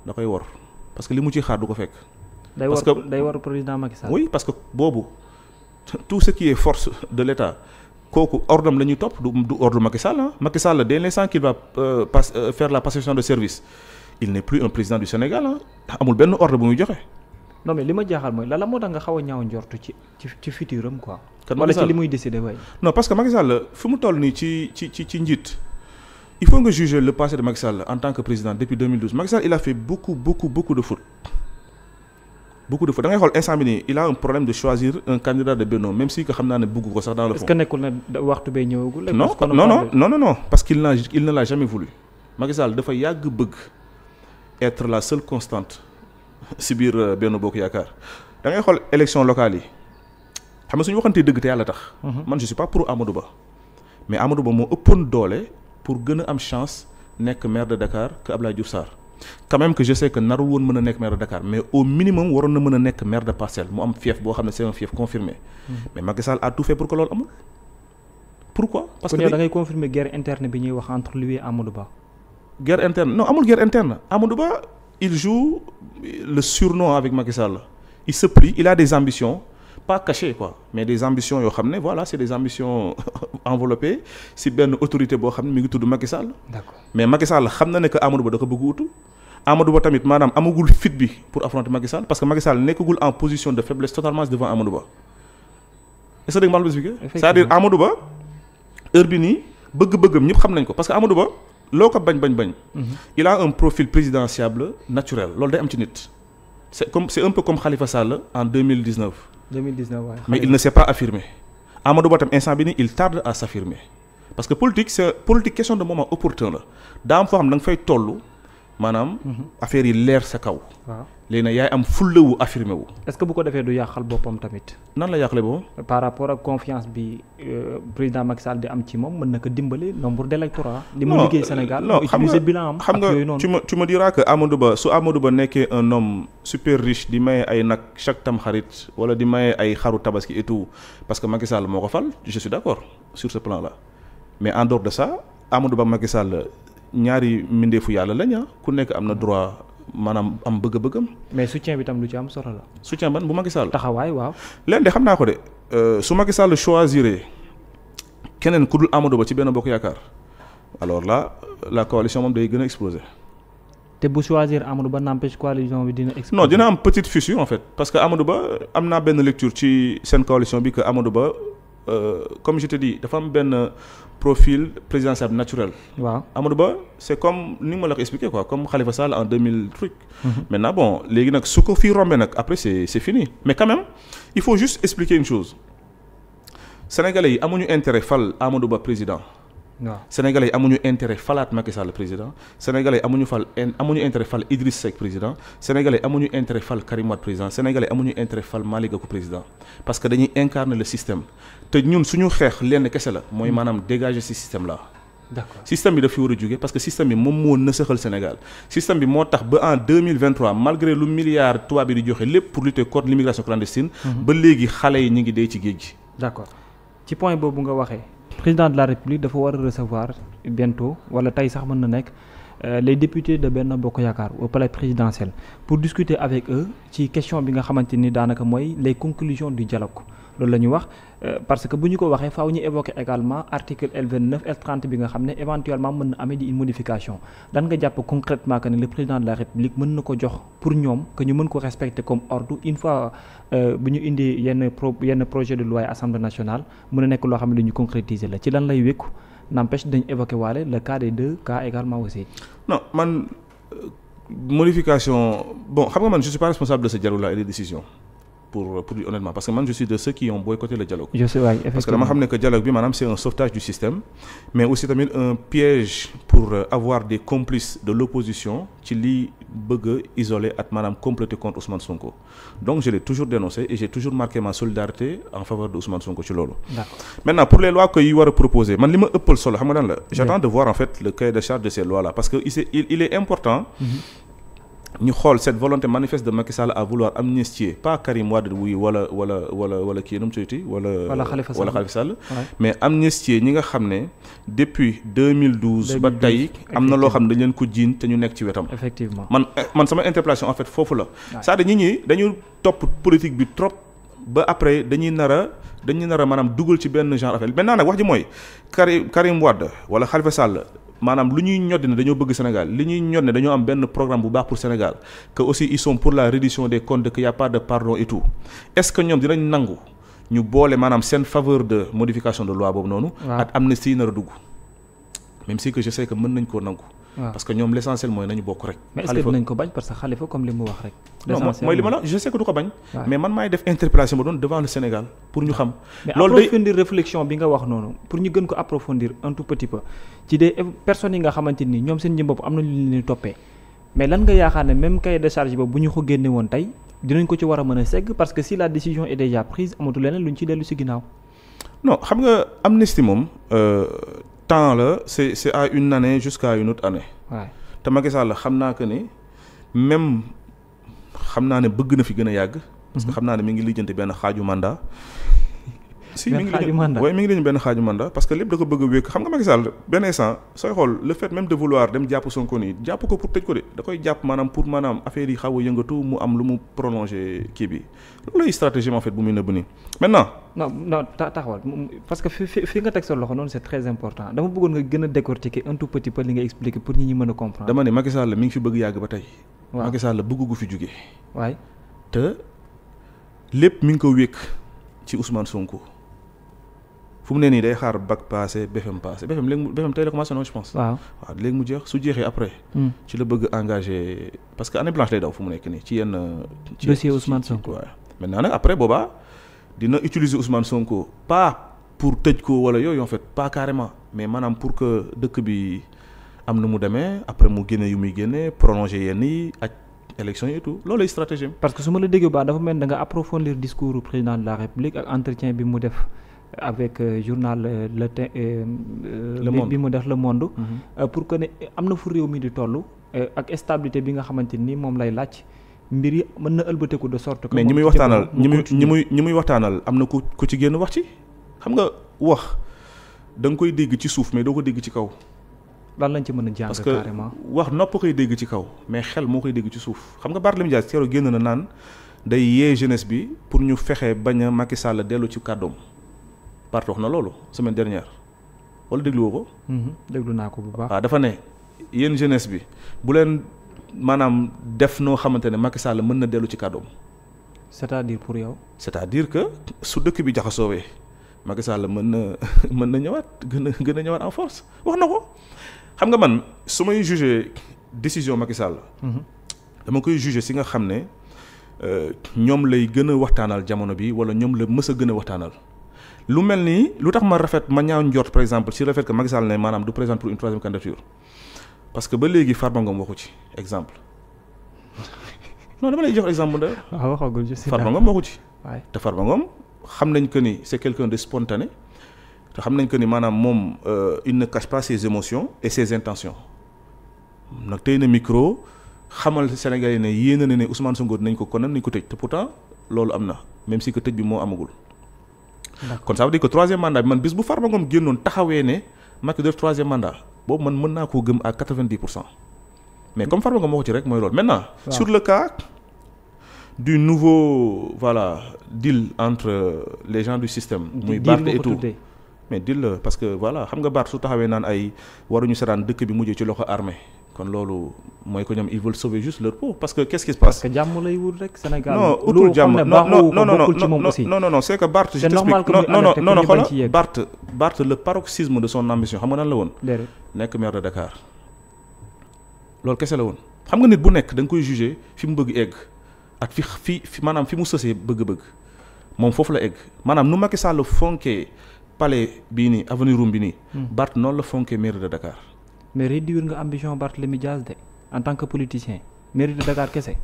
Speaker 2: da koy war parce que li mu ciy xaar du ko fekk. day war day war président Macky Sall. oui parce que boobu tout ce qui est force de l' état kooku ordre la ñuy topp du du ordre Macky Sall ah. Macky Sall dès l'instant qu'il va euh, pas euh, faire la passation de service il n' plus un président du Sénégal ah amul benn ordre bu muy joxe.
Speaker 1: non li ma jaaxal mooy la moo tax nga xaw a ñaaw njortu ci ci ci futur am quoi. ci li muy décider waay.
Speaker 2: non parce que Macky Sall fi mu toll nii ci ci ci ci njiit il faut nga juger le passé de Macky Sall en tant que président depuis 2012 il a fait beaucoup beaucoup beaucoup de fautes. beaucoup de fois da xool instant bi nii il a un problème de choisir un candidat de Benno même si que xam naa ne bëgg ko sax daal le fond. est-ce que
Speaker 1: nekkul ne waxtu bee ñëwagul. non no
Speaker 2: non non non parce qu'il n'a il ne l'a jamais voulu Macky dafa yàgg bëgg la seule constante si biir euh, benn bokk yaakaar da ngay xool élection locale yi xam nga suñu waxantee dëgg te yàlla tax. Mhm. man je pas pour Amadou Ba mais Amadou Ba moo ëppoon doole pour gën a am chance nekk maire de Dakar que Abdoulaye Diouf Sarr quand même que je sais que naru woon mën a nekk maire de Dakar mais au minimum waroon na mën a nekk maire de parcelle mu am fief boo xam ne c'est un fief confirmé mhm. mais Macky Sall a tout fait pour que loolu amul. pourquoi parce que
Speaker 1: da confirmer guerre bi ñuy wax entre lui
Speaker 2: il joue le surnom avec Macky Sall il se plie il a des ambitions pas cachées quoi mais des ambitions yoo xam ne voilà c'est des ambitions enveloppées si benn autorité boo xam ne mu ngi tudd Macky Sall d'accord mais Macky xam na ne que Amadou Ba da ko bëgg utu Amadou tamit maanaam amagul fit bi pour affronter Macky Sall parce que Macky Sall nekkagul en position de faiblesse totalement devant Amadou Ba dire Amadou heure bi nii bëgg-bëggam ñëpp xam nañ ko parce que Amadou Ba loo ko bañ bañ bañ. Mhm. il a un profil présidentiable naturel loolu day am ci nit. c' est comme c' est un peu comme Khalifa Sall en deux mille dix neuf.
Speaker 1: deux mille dix neuf waaye mais
Speaker 2: il ne s' pas affirmé. Amadou Ba tam instant bi nii il tarde à s' parce que politique c' politique question de moment opportun la daa foo xam da nga fay toll. maanaam. Mhm. affaire yi leer sa kaw. waaw léegi nag yaay am fulla wu affirmé wu.
Speaker 1: est que bu ko defee du yàqal boppam tamit. nan la yàqale boppam. par rapport ak confiance bi euh, président Macky Sall di am ci moom mën na ko dimbali nombre d'électorat. li mu liggéey Sénégal mu utiliser bilan am xam nga tu
Speaker 2: ma tu ma diras que Amadou Ba su Amadou Ba nekkee un homme super riche di maye ay nag chaque tam xarit wala di maye ay xaru tabaski et parce que Macky Sall moo ko fal je suis d'accord sur ce plan là mais en de ça Amadou Ba Macky ñaari mbindeefu yàlla lañ ah. ku nekk am na droit maanaam am bëgg-bëggam. mais soutien bi tam lu ci am solo la. soutien ban bu Macky Sall. taxawaay waaw. leen de xam naa ko de euh, su Macky choisir choisiré keneen ku dul Amadou Ba ci benn bokk yaakaar alors là la coalition moom day gën a exploser.
Speaker 1: te bu choisir Amadou Ba n'empêche coalition bi dina. non
Speaker 2: dina am petite fissure en fait parce que Amadou Ba am naa benn lecture ci seen coalition bi que Amadou Ba euh, comme je te dafa am benn profil présidentiable naturel. waaw Amadou Ba c'est comme ni ma la ko expliqué quoi comme Khalifa Sall en 2000 truc. Mhm. maintenant bon léegi nag su ko fii rombé nag après c'est fini mais quand même il faut juste expliquer une chose sénégalais yi amuñu intérêt fal Amadou Ba président. waaw sénégalais yi amuñu intérêt falaat Macky Sall président sénégalais yi amuñu fal amuñu intérêt fal Idriss Seck président sénégalais yi amuñu intérêt fal Karim président sénégalais yi amuñu intérêt fal Malick Gakou président parce que dañuy incarner le système te ñun suñu xeex lenn kese la mooy mm. maanaam dégager ci système la d'accord système bi daf fi war a jóge parce que système bi moom moo nësaxal Sénégal système bi moo tax ba en 2023 malgré lu milliard tubaab bi di joxe lépp pour lutter contre l'immigration clandestine. Mm-hmm. ba léegi xale yi ñu ngi dee ci géej gi.
Speaker 1: d'accord ci point boobu nga waxee. président de la république dafa war a recevoir bientôt wala tey sax mën na nekk euh, les députés de benn Bokk Yaakaar au palais présidentiel pour discuter avec ci question bi nga xamante ni daanaka mooy les conclusions du dialogue loolu la ñu wax euh, parce que bu ñu ko waxee faw ñu évoquer également article L29 L30 bi nga xam ne éventuellement mën na amee di une modification dan jàpp concrètement que ne le président de la république mën na ko jox pour ñoom que ñu mën ko respecter comme ordre une fois euh, bu ñu indi yenn pro yenn projet de loi assemblée nationale mën a nekk loo xam ne dañu ñu concrétiser la ci lan lay wékku n'empêche dañ évoquer waale le cas des deux cas également aussi. non man euh,
Speaker 2: modification bon xam nga man je suis pas responsable de ce dialogue là pour euh, pour dire honnêtement parce que man je suis de ceux qui ont boycotté le dialogue. parce que dama xam ne dialogue bi maanaam c'est un sauvetage du système. mais aussi tamit un piège pour euh, avoir des complices de l'opposition ci lii bëgg isoler ak maanaam comploter contre Ousmane Sonko donc je l'ai toujours dénoncé et j'ai toujours marqué ma solidarité en faveur de Ousmane Sonko ci loolu. maintenant pour les lois que yu war man li ma ëppal solo j'attends de voir en fait ñu xool cette volonté manifeste de Macky Sall à vouloir amnistier pas Karim Wade wuy wala wala wala wala kii nu mu tuddati wala. wala Khalifa Sall wala Khalifa Sall. mais amnistier ñi nga xam ne depuis 2012. ba tey am na loo xam ne dañ leen ko jiin te ñu nekk ci wetam. effectivement man eh, man sama interpellation en fait foofu la. c'est-à-dire ñi ñi dañu topp politique bi trop ba après dañuy nar a dañuy nar maanaam dugal ci benn genre affaire maintenant nag wax ji mooy Karim Karim Wade wala Khalifa Sall. maanaam lu ñuy ñod ne dañoo bëgg Sénégal li ñuy ñod ne dañoo am benn programme bu baax pour Sénégal que aussi ils sont pour la reddition des comptes que y a pas de pardon et tout est-ce que ñoom dinañ nangu ñu boole maanaam seen faveur de modification de loi boobu noonu. ak amnistie nar a dugg même si que je sais que mën nañ koo nangu. parce que ñoom l' essentiel mooy nañu bokk rek. mais est ce que dinañ
Speaker 1: ko bañ parce que xalifa comme li mu wax rek. l' essentiel mooy li ma la du ko bañ. mais
Speaker 2: man maay def interpellation ba doon
Speaker 1: devant le Sénégal pour ñu xam. loolu approfondir réflexion bi nga wax noonu pour ñu gën ko approfondir un tout ci des personnes yi nga xamante ni ñoom seen jëm bopp am na lu leen toppee mais lan nga yaakaar ne même cahier de charge ba bu ñu ko génne woon tey dinañ ko ci war a mën a segg parce que si la décision est déjà prise amatu leneen luñ ci xam
Speaker 2: nga amnistie moom euh, temps la c'est c'est à une année jusqu'à une autre année. xam naa que ni même xam naa ne bëgg na fi gën a yàgg. parce mhm. xam naa ne mi ngi lijjante benn xaaju mandat. si mi ngi waaye mi ngi dañu benn xaaju mandat parce que lépp da ko bëgg wékk xam nga Macky benn instant sooy xool le fait même de dem jàpp Sonko nii jàpp ko pour tëj ko de da koy jàpp maanaam pour maanaam affaire yi yëngatu mu am lu mu prolongé kii bi loolu lay stratégie en fait bu muy nëbb nii
Speaker 1: maintenant non non taxawal parce que fi fi nga teg sa loxo noonu c'est très a décortiquer un tout petit peu li nga expliquer pour ñi ñi mën a comprendre dama
Speaker 2: ne Macky Sall mi ngi fi bëgg yàgg ba tey Macky ko wékk ci Ousmane Sonko fu mu ne nii day xaar bac passé BFM passé BFM léegi mu BFM tey la commencé non je pense. waaw léegi mu jeex su jeexee après. Hmm. ci la bëgg engagé parce que année blanche lay daw fu mu nekk nii ci yenn. ci dossier
Speaker 1: Ousmane Sonko waaw
Speaker 2: maintenant nag après booba dina utiliser Ousmane Sonko pas pour tëj ko wala yooyu en fait pas carrément mais maanaam pour que dëkk bi am na mu demee après mu génne yu muy génne prolonger yenn
Speaker 1: yi ak. élection yi et tout loolu lay stratégie parce que su ma la déggee baax dafa mel da nga bi mu def avec euh, journal euh, le te euh, bi mu def le monde mhm. pour que ne am na fu réew mi di toll ak estabilité bi nga xamante ni moom lay laaj mbir yi mën na ëlbateeku de sorte que mais ñi muy waxtaanal ñi muy ñi muy ñi muy
Speaker 2: waxtaanal am na ku ku ci génn wax ci xam nga wax da koy dégg ci suuf mais doo ko dégg ci kaw
Speaker 1: lan lañ ci mën a jàng carrément parce
Speaker 2: que wax nopp koy dégg ci kaw mais xel moo koy dégg ci suuf xam nga Barthélémy Dias keroog génn na naan day yee jeunesse bi pour ñu fexe bañ a Macky Sall dellu ci kàddoom part wax na loolu semaine dernière wala dégluwoo
Speaker 1: ko. Mhm, déglu naa ko bu baax. waaw ah,
Speaker 2: dafa ne yéen jeunesse bi bu leen maanaam def noo xamante ne Macky Sall mën na dellu ci kàddoom.
Speaker 1: c'est-à-dire pour yow.
Speaker 2: c'est-à-dire que su dëkk bi jaxasoowee Macky Sall mën na mën na ñëwaat gën a gën a ñëwaat en force wax na ko xam nga man su may jugé décision Macky Sall. Mhm. dama koy jugé si nga xam ne euh, ñoom lay gën a waxtaanal jamono bi wala ñoom la mës a gën a waxtaanal. lu mel nii lu tax ma rafet ma ñaaw njort par exemple si rafet fait que Macky Sall ne maanaam du présente pour une parce que ba léegi Farba Ngom waxu ci exemple non dama jox exemple de. waaw waxagul ci Farba Ngom waxu ci. waay te Farba xam nañ que ni c' est quelqu'un de spontané te xam nañ que ni maanaam moom euh, il ne cache pas ses émotions et ses intentions nag tey na micro xamal Sénégalais ne yéen a ne ne Ousmane Sonko nañ ko konam nañ ko tëj te pourtant loolu am na même si que bi moo amagul. kon ça veut dire que troisième mandat bi man bis bu Farba Ngom génnoon taxawee ne Macky def troisième mandat boobu man mën naa koo gëm à quatre-vingt-dix pour cent mais comme Farba Ngom wax ci rek mooy loolu maintenant sur le cas du nouveau voilà deal entre euh, les gens du système muy Barth et tout mais deal la euh, parce que voilà xam nga Barth su taxawee naan ay waruñu saraan dëkk bi mujjee ci loxo armée kon loolu mooy ko ñoom ils veulent sauver juste leur peau parce que qu'est-ce qui se passe. parce que jàmm lay wut rek Sénégal. non utul jàmm non non non non non non c'est que Barth. je t'explique non non non xoolal Barth Barth le paroxysme de son ambition xam nga nan la woon. nekk maire de Dakar loolu kese la woon. xam nga nit bu nekk da nga koy juger fi mu bëgg egg ak fi fi maanaam fi mu sësee bëgg-bëgg moom foofu la egg maanaam nu Macky Sall fonkee palais bii nii avenue Roum bi nii. Hmm. Barth noonu la fonkee maire de Dakar.
Speaker 1: mais réduire nga ambition Barthélemy Dias de en tant que politicien mairie de Dakar kese.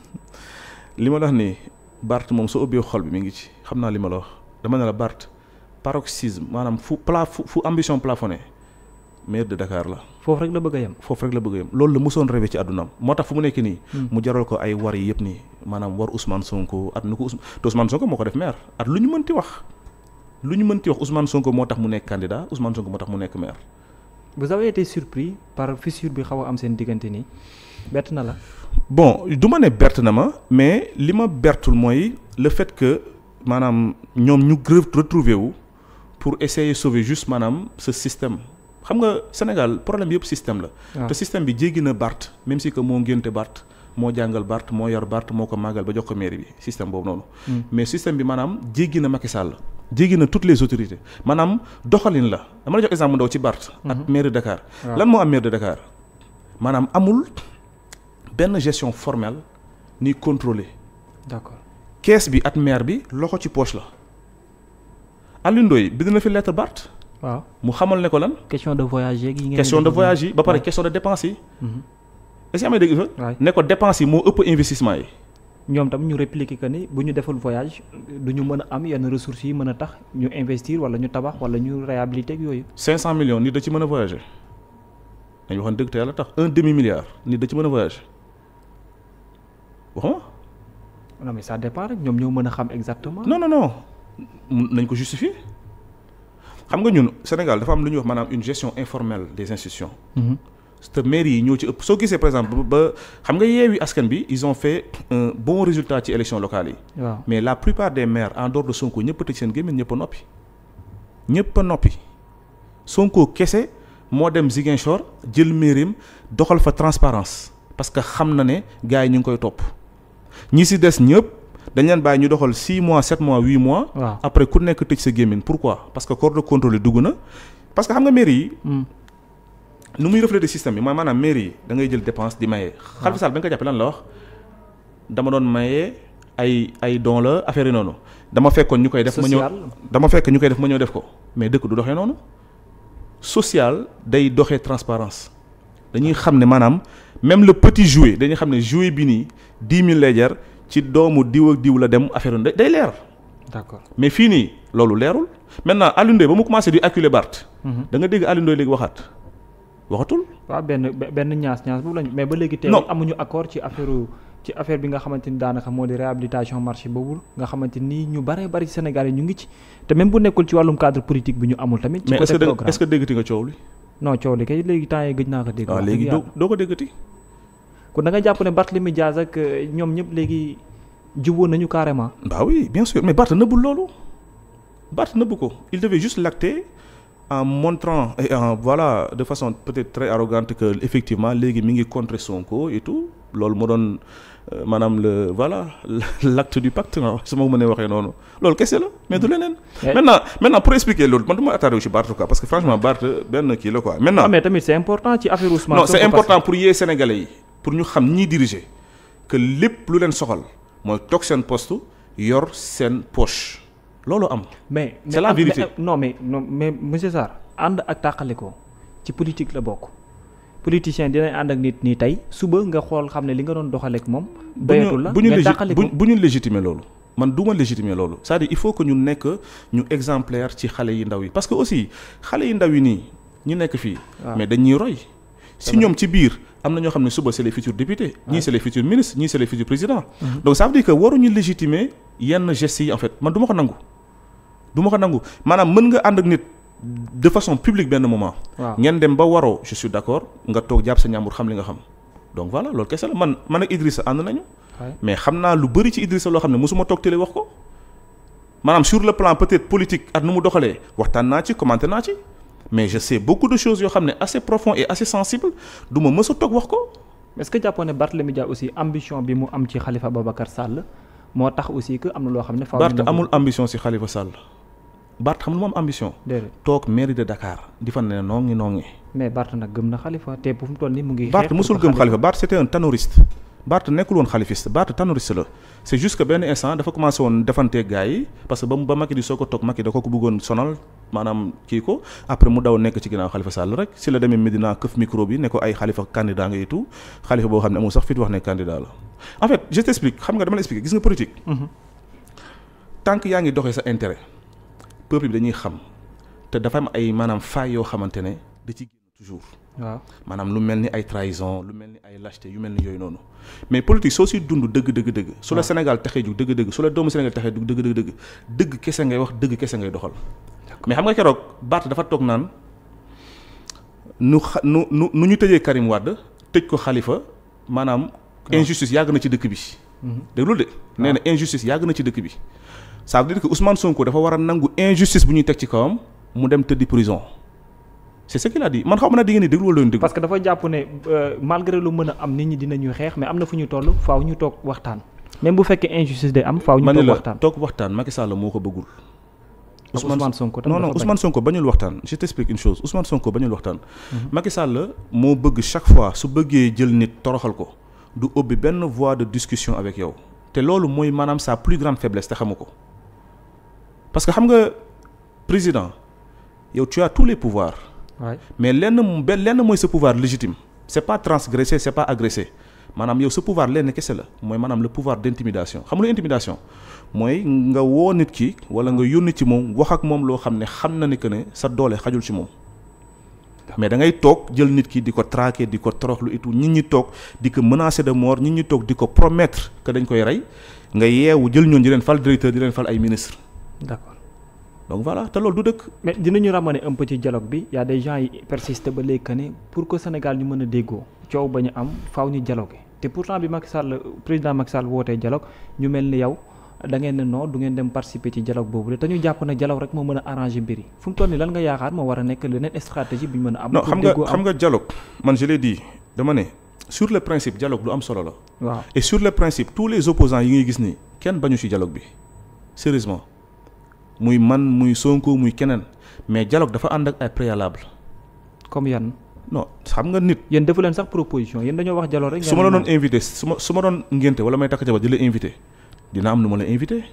Speaker 2: li ma la wax nii Barth moom soo ubbee xol bi mu ngi ci xam naa li ma la wax dama ne la Barth paroxysme maanaam fu pla fu ambition plafonné maire de Dakar la. foofu rek la bëgg a yem. foofu rek la bëgg a loolu la mosoon rêvé ci àddunaam moo tax fu mu nekk nii. Hmm. mu jaral ko ay war yi yëpp nii maanaam war Ousmane Sonko at nu ko Ousmane te Sonko moo ko def maire at lu ñu mënti wax. lu ñu mënti wax Ousmane Sonko moo tax mu nekk candidat Ousmane Sonko moo tax mu nekk
Speaker 1: vous avez été surpris par fissure bi xaw a am seen diggante nii bert na la.
Speaker 2: bon du ma ne bert na ma mais li ma bertul mooy le fait que maanaam ñoom ñu grève retrouver wu pour essayer sauver juste maanaam ce système xam nga Sénégal problème yëpp système la. Ah. te système bi jéggi na Barth même si que moo ngénte Barth moo jàngal Barth moo yar Barth moo ko màggal ba jox ko mairie bi système boobu noonu. Hmm. mais système bi maanaam jéggi na Macky Sall jéggi na toutes les autorités maanaam doxalin la dama la jox exemple ndaw ci Barth. ak hmm. maire Dakar. lan moo am maire de Dakar maanaam amul benn gestion formelle ni contrôlée. d'accord kees bi at maire bi loxo ci poche la Alioune Ndoye bind na fi lettre Barth. mu xamal ne ko lan.
Speaker 1: question de voyage yi. question de voyage yi ba pare question
Speaker 2: de dépense da si amee dégg fa dépense yi moo ëpp investissement yi
Speaker 1: ñoom tam ñu répliquer que ni bu ñu deful voyage du ñu mën a am yenn ressources yi mën a tax ñu investir wala ñu tabax wala ñu réhabiliter ak yooyu.
Speaker 2: cent millions nit da ci mën a voyager dañu waxoon dëgg te yàlla tax un demi milliard nit da ci mën a voyager wax
Speaker 1: ma. non mais ñoom ñoo mën a xam exactement.
Speaker 2: non non non nañ ko justifier xam nga ñun Sénégal dafa am lu ñu wax man maanaam une gestion informelle des institutions. Mm-hmm. te maire yi ñoo ci ëpp soo gisee par exemple ba xam nga yeewi askan bi ils ont fait un bon résultat ci élection locale yi. mais la plupart des maires en dehors de Sonko ñëpp a tëj seen gémmiñ ñëpp a noppi. ñëpp noppi Sonko kese moo dem Ziguinchor jël mairim doxal fa transparence parce que xam na ne gars yi ñu ngi koy topp ñi si des ñëpp dañ leen bàyyi ñu doxal 6 mois 7 mois 8 mois. après ku nekk tëj sa gémmiñ pourquoi parce que corps de dugg na parce que nu muy refléter système bi mooy maanaam mairie yi da ngay jël dépense di maye. Ah. Khalifa Sall ba nga ko jàppee lan la wax dama doon maye ay ay don la affaire noonu. dama fekkoon ñu koy def ma ñëw dama fekk ñu koy def ma ñëw def ko mais dëkk du doxee noonu. social day doxe transparence dañuy xam ne maanaam même le petit jouet dañuy xam ne jouet bi nii dix mille lay jar ci doomu diw ak diw la dem affaire yi day leer. d'accord mais fii nii loolu leerul maintenant Alioune Ndoye ba mu commencé di acculer Barth. Mhm. da nga dégg Alioune Ndoye waxaat. waxatul.
Speaker 1: waaw benn benn ñaas ñaas boobu lañ. mais ba léegi tey amuñu accord ci affaire ci affaire bi nga xamante ni daanaka moo di réhabilitation marché boobu nga xamante ni ñu bare bari Sénégal yi ñu ngi ci te même bu nekkul ci wàllum cadre politique bi ñu amul tamit. ci côté programme mais est-ce que déggati nga coow li. non coow li kay léegi temps yii gëj naa ko dégg. Ah, waaw léegi doo doo ko déggati. kon da nga jàpp ne Barthélémy Dias ak euh, ñoom ñëpp léegi jubóo nañu carrément. bah oui bien sûr mais Barth
Speaker 2: nëbbul loolu Barth nëbbu ko il en montrant et en voilà de façon peut-être très arrogante que effectivement léegi mi ngi contre Sonko et tout loolu moo doon euh, maanaam le voilà l'acte du pacte su ma mënee waxee noonu loolu kese la mais du leneen. maintenant maintenant pour expliquer loolu man du ma attardé wu ci Barth quoi parce que franchement Barth benn kii la quoi. maintenant ah,
Speaker 1: mais tamit c'est important ci affaire Ousmane. non c'est important
Speaker 2: pour yee sénégalais yi pour ñu xam ñiy diriger que lépp lu leen soxal mooy toog seen poste yor seen poche.
Speaker 1: loolu am. mais c'est la vérité non mais non mais monsieur Sarr ànd ak ko ci politique la bokk. politicien dinañ ànd ak nit nii tey suba nga xool xam ne li nga doon doxaleek moom. bayatul la mais tàqalikoo bu ñu
Speaker 2: bu ñu légitimer loolu. man du ma légitimer loolu cest à il faut que ñu nekk ñu exemplaire ci xale yi ndaw yi parce que aussi xale yi ndaw yi nii ñu nekk fii. Ah. mais dañuy roy. si ñoom ci biir am na ñoo xam ne suba c'est les futurs députés. Ah. ñii c'est les futurs ñii c'est les futurs mhm. donc ça veut que waruñu légitimer yenn gestes yi en fait man ko nangu. du ma ko nangu maanaam mën nga ànd ak nit de façon publique benn moment. waaw ngeen dem ba waroo je suis d'accord nga toog jàpp sa ñaambur xam li nga xam. donc voilà loolu kese la man man ak Idrissa ànd nañu. mais xam naa lu bëri ci Idrissa loo xam ne mosuma toog télé wax ko. maanaam sur le plan peut-être politique ak nu mu doxalee waxtaan naa ci commenté naa ci mais je sais beaucoup
Speaker 1: de choses yoo xam ne assez profond et assez sensible du ma mës a toog wax ko. est aussi ambition bi mu am ci Khalifa Babacar Sall moo tax aussi na loo xam ne. faaw amul
Speaker 2: ambition si Khalifa Sall. Bart xam lu moom ambition. toog mairie de Dakar di fa ne
Speaker 1: noongi noongi. mais nag gëm na xalifa te bu mu toll nii mu ngi. Bart musul gëm xalifa
Speaker 2: Bart c'était un tanoriste. nekkul woon xalifiste Bart tanoriste la c'est juste que benn instant dafa commencé woon defante gars parce que ba ba Macky di soo ko toog Macky da ko ko bëggoon sonal maanaam kii ko après mu daw nekk ci ginnaaw Khalifa Sall rek si la demee Medina këf micro bi ne ko ay xalifa candidat nga yitu xalifa boo xam ne amul sax fit wax ne candidat mhm. sa intérêt. peuple bi dañuy xam te dafa am ay maanaam faay yoo xamante ne da ci génn toujours. maanaam lu mel ni ay trahison lu mel ni ay lâcheté yu mel ni yooyu noonu mais politique soo si dund dëgg dëgg dëgg. su la ah. Sénégal taxee jug dëgg dëgg su la doomu Sénégal taxee jug dëgg dëgg dëgg kese ngay wax dëgg kese ngay doxal. mais xam nga keroog baat dafa toog naan nu xa nu nu nu ñu tëjee Karim wàdd tëj ko xalifa maanaam. Ah. injustice yàgg na ci dëkk bi. Mhm. dégg de nee ah. injustice yàgg na ci dëkk bi. ça veut dire que Ousmane Sonko dafa war a nangu injustice bu ñuy teg ci kawam mu dem tëddi prison c'est ce qu'il a dit man a ma di ngeen di déglu wala parce
Speaker 1: que dafa jàpp ne euh, malgré lu mën a am nit ñi dinañuy xeex mais am na fu ñu toll faaw ñu toog waxtaan
Speaker 2: même bu fekkee injustice day am faaw ñu toog waxtaan toog waxtaan Macky Sall moo ko bëggul Ousmane Sonko non non Ousmane Sonko bañul waxtaan je t'explique une chose Ousmane Sonko bañul waxtaan mhm. Macky Sall moo bëgg chaque fois su bëggee jël nit toroxal ko du ubbi benn voie de discussion avec yow te loolu mooy maanaam sa plus te xamu ko parce que xam nga président yow toit as tous les pouvoirs. Ouais. mais lenn benn lenn mooy sa pouvoir légitime. c' est pas transgressé c' est pas agressé maanaam yow sa pouvoir lenn kese la mooy maanaam le pouvoir d' intimidation xam nga intimidation mooy nga woo nit ki walla nga yónni ci moom wax ak moom loo xam ne xam na ne que ne sa doole xajul ci moom. mais da ngay toog jël nit ki di ko traquer di ko toroxlu itu nit ñi toog di ko menacer de mort ñi ñi toog di ko promettre que dañ rey nga yeewu jël ñoon di fal directeur di leen fal ay ministre
Speaker 1: d'accord donc voilà te loolu du dëkk. mais dinañu ramener un peu ci dialogue bi y a des gens yi persistent ba léegi ne pour que Sénégal ñu mën a déggoo coow ba ñu am faaw ñu dialogué te pourtant bi Macky Sall président Macky Sall wootee dialogue ñu mel ni yow da ngeen ne non du ngeen dem participer ci dialogue boobu de te ñu jàpp ne dialogue rek moo mën a arranger mbir yi fu nii lan nga yaakaar moo war a nekk leneen stratégie bi ñu mën a am. non xam nga xam
Speaker 2: nga dialogue man je l'ai dit dama am solo la. waaw le principe tous les opposants yi bi muy man muy Sonko muy keneen mais dialogue dafa ànd ak ay préalable. comme yan. non xam nga nit. yéen defu leen sax proposition yéen dañoo wax dialogue rek. su ma la doon invité su ma doon ngénte wala may takk jabar di la invité dina am nu ma la invité.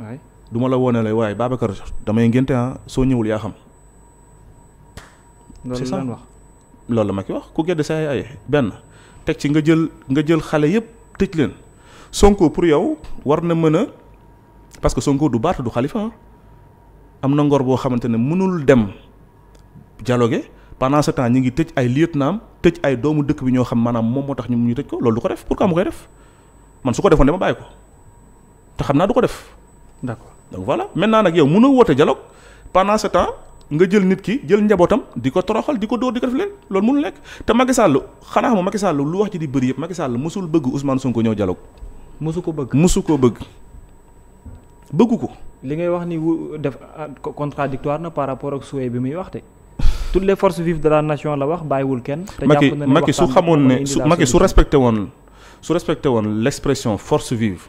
Speaker 2: waay du la woone la waaye Babacar damay ngénte ah soo ñëwul yaa xam. loolu la wax loolu la ma ki wax ku gedd saa ay benn teg ci nga jël nga jël xale yëpp tëj leen Sonko pour yow war na mën a parce que Sonko du Barth du Khalifa ah. am na ngor boo xamante ne mënul dem dialoguer pendant ce temps ñu ngi tëj ay lieutenant tëj ay doomu dëkk bi ñoo xam maanaam moom moo tax ñu mu ñu tëj ko loolu du ko def pourquoi mu koy def man su ko defoon dama bàyyi ko te xam naa du ko def d'accord donc voilà maintenant nag yow mënoo woote dialogue pendant ce temps nga jël nit ki jël njabootam di ko toroxal di ko dóor di ko def leen loolu mënul nekk te Macky Sall xanaa xam Macky Sall lu wax ci di bëri yëpp Macky Sall mosul bëgg Ousmane ko ñëw dialogue mosu ko bëgg mosu ko bëgg bëggu ko.
Speaker 1: li ngay wax ni def ah, contradictoire na par rapport ak souhait bi muy wax te toutes les forces vives de la nation la wax bàyyiwul kenn. te jàpp na ne Macky su xamoon ne su Macky woon
Speaker 2: su respecté woon l' expression force vive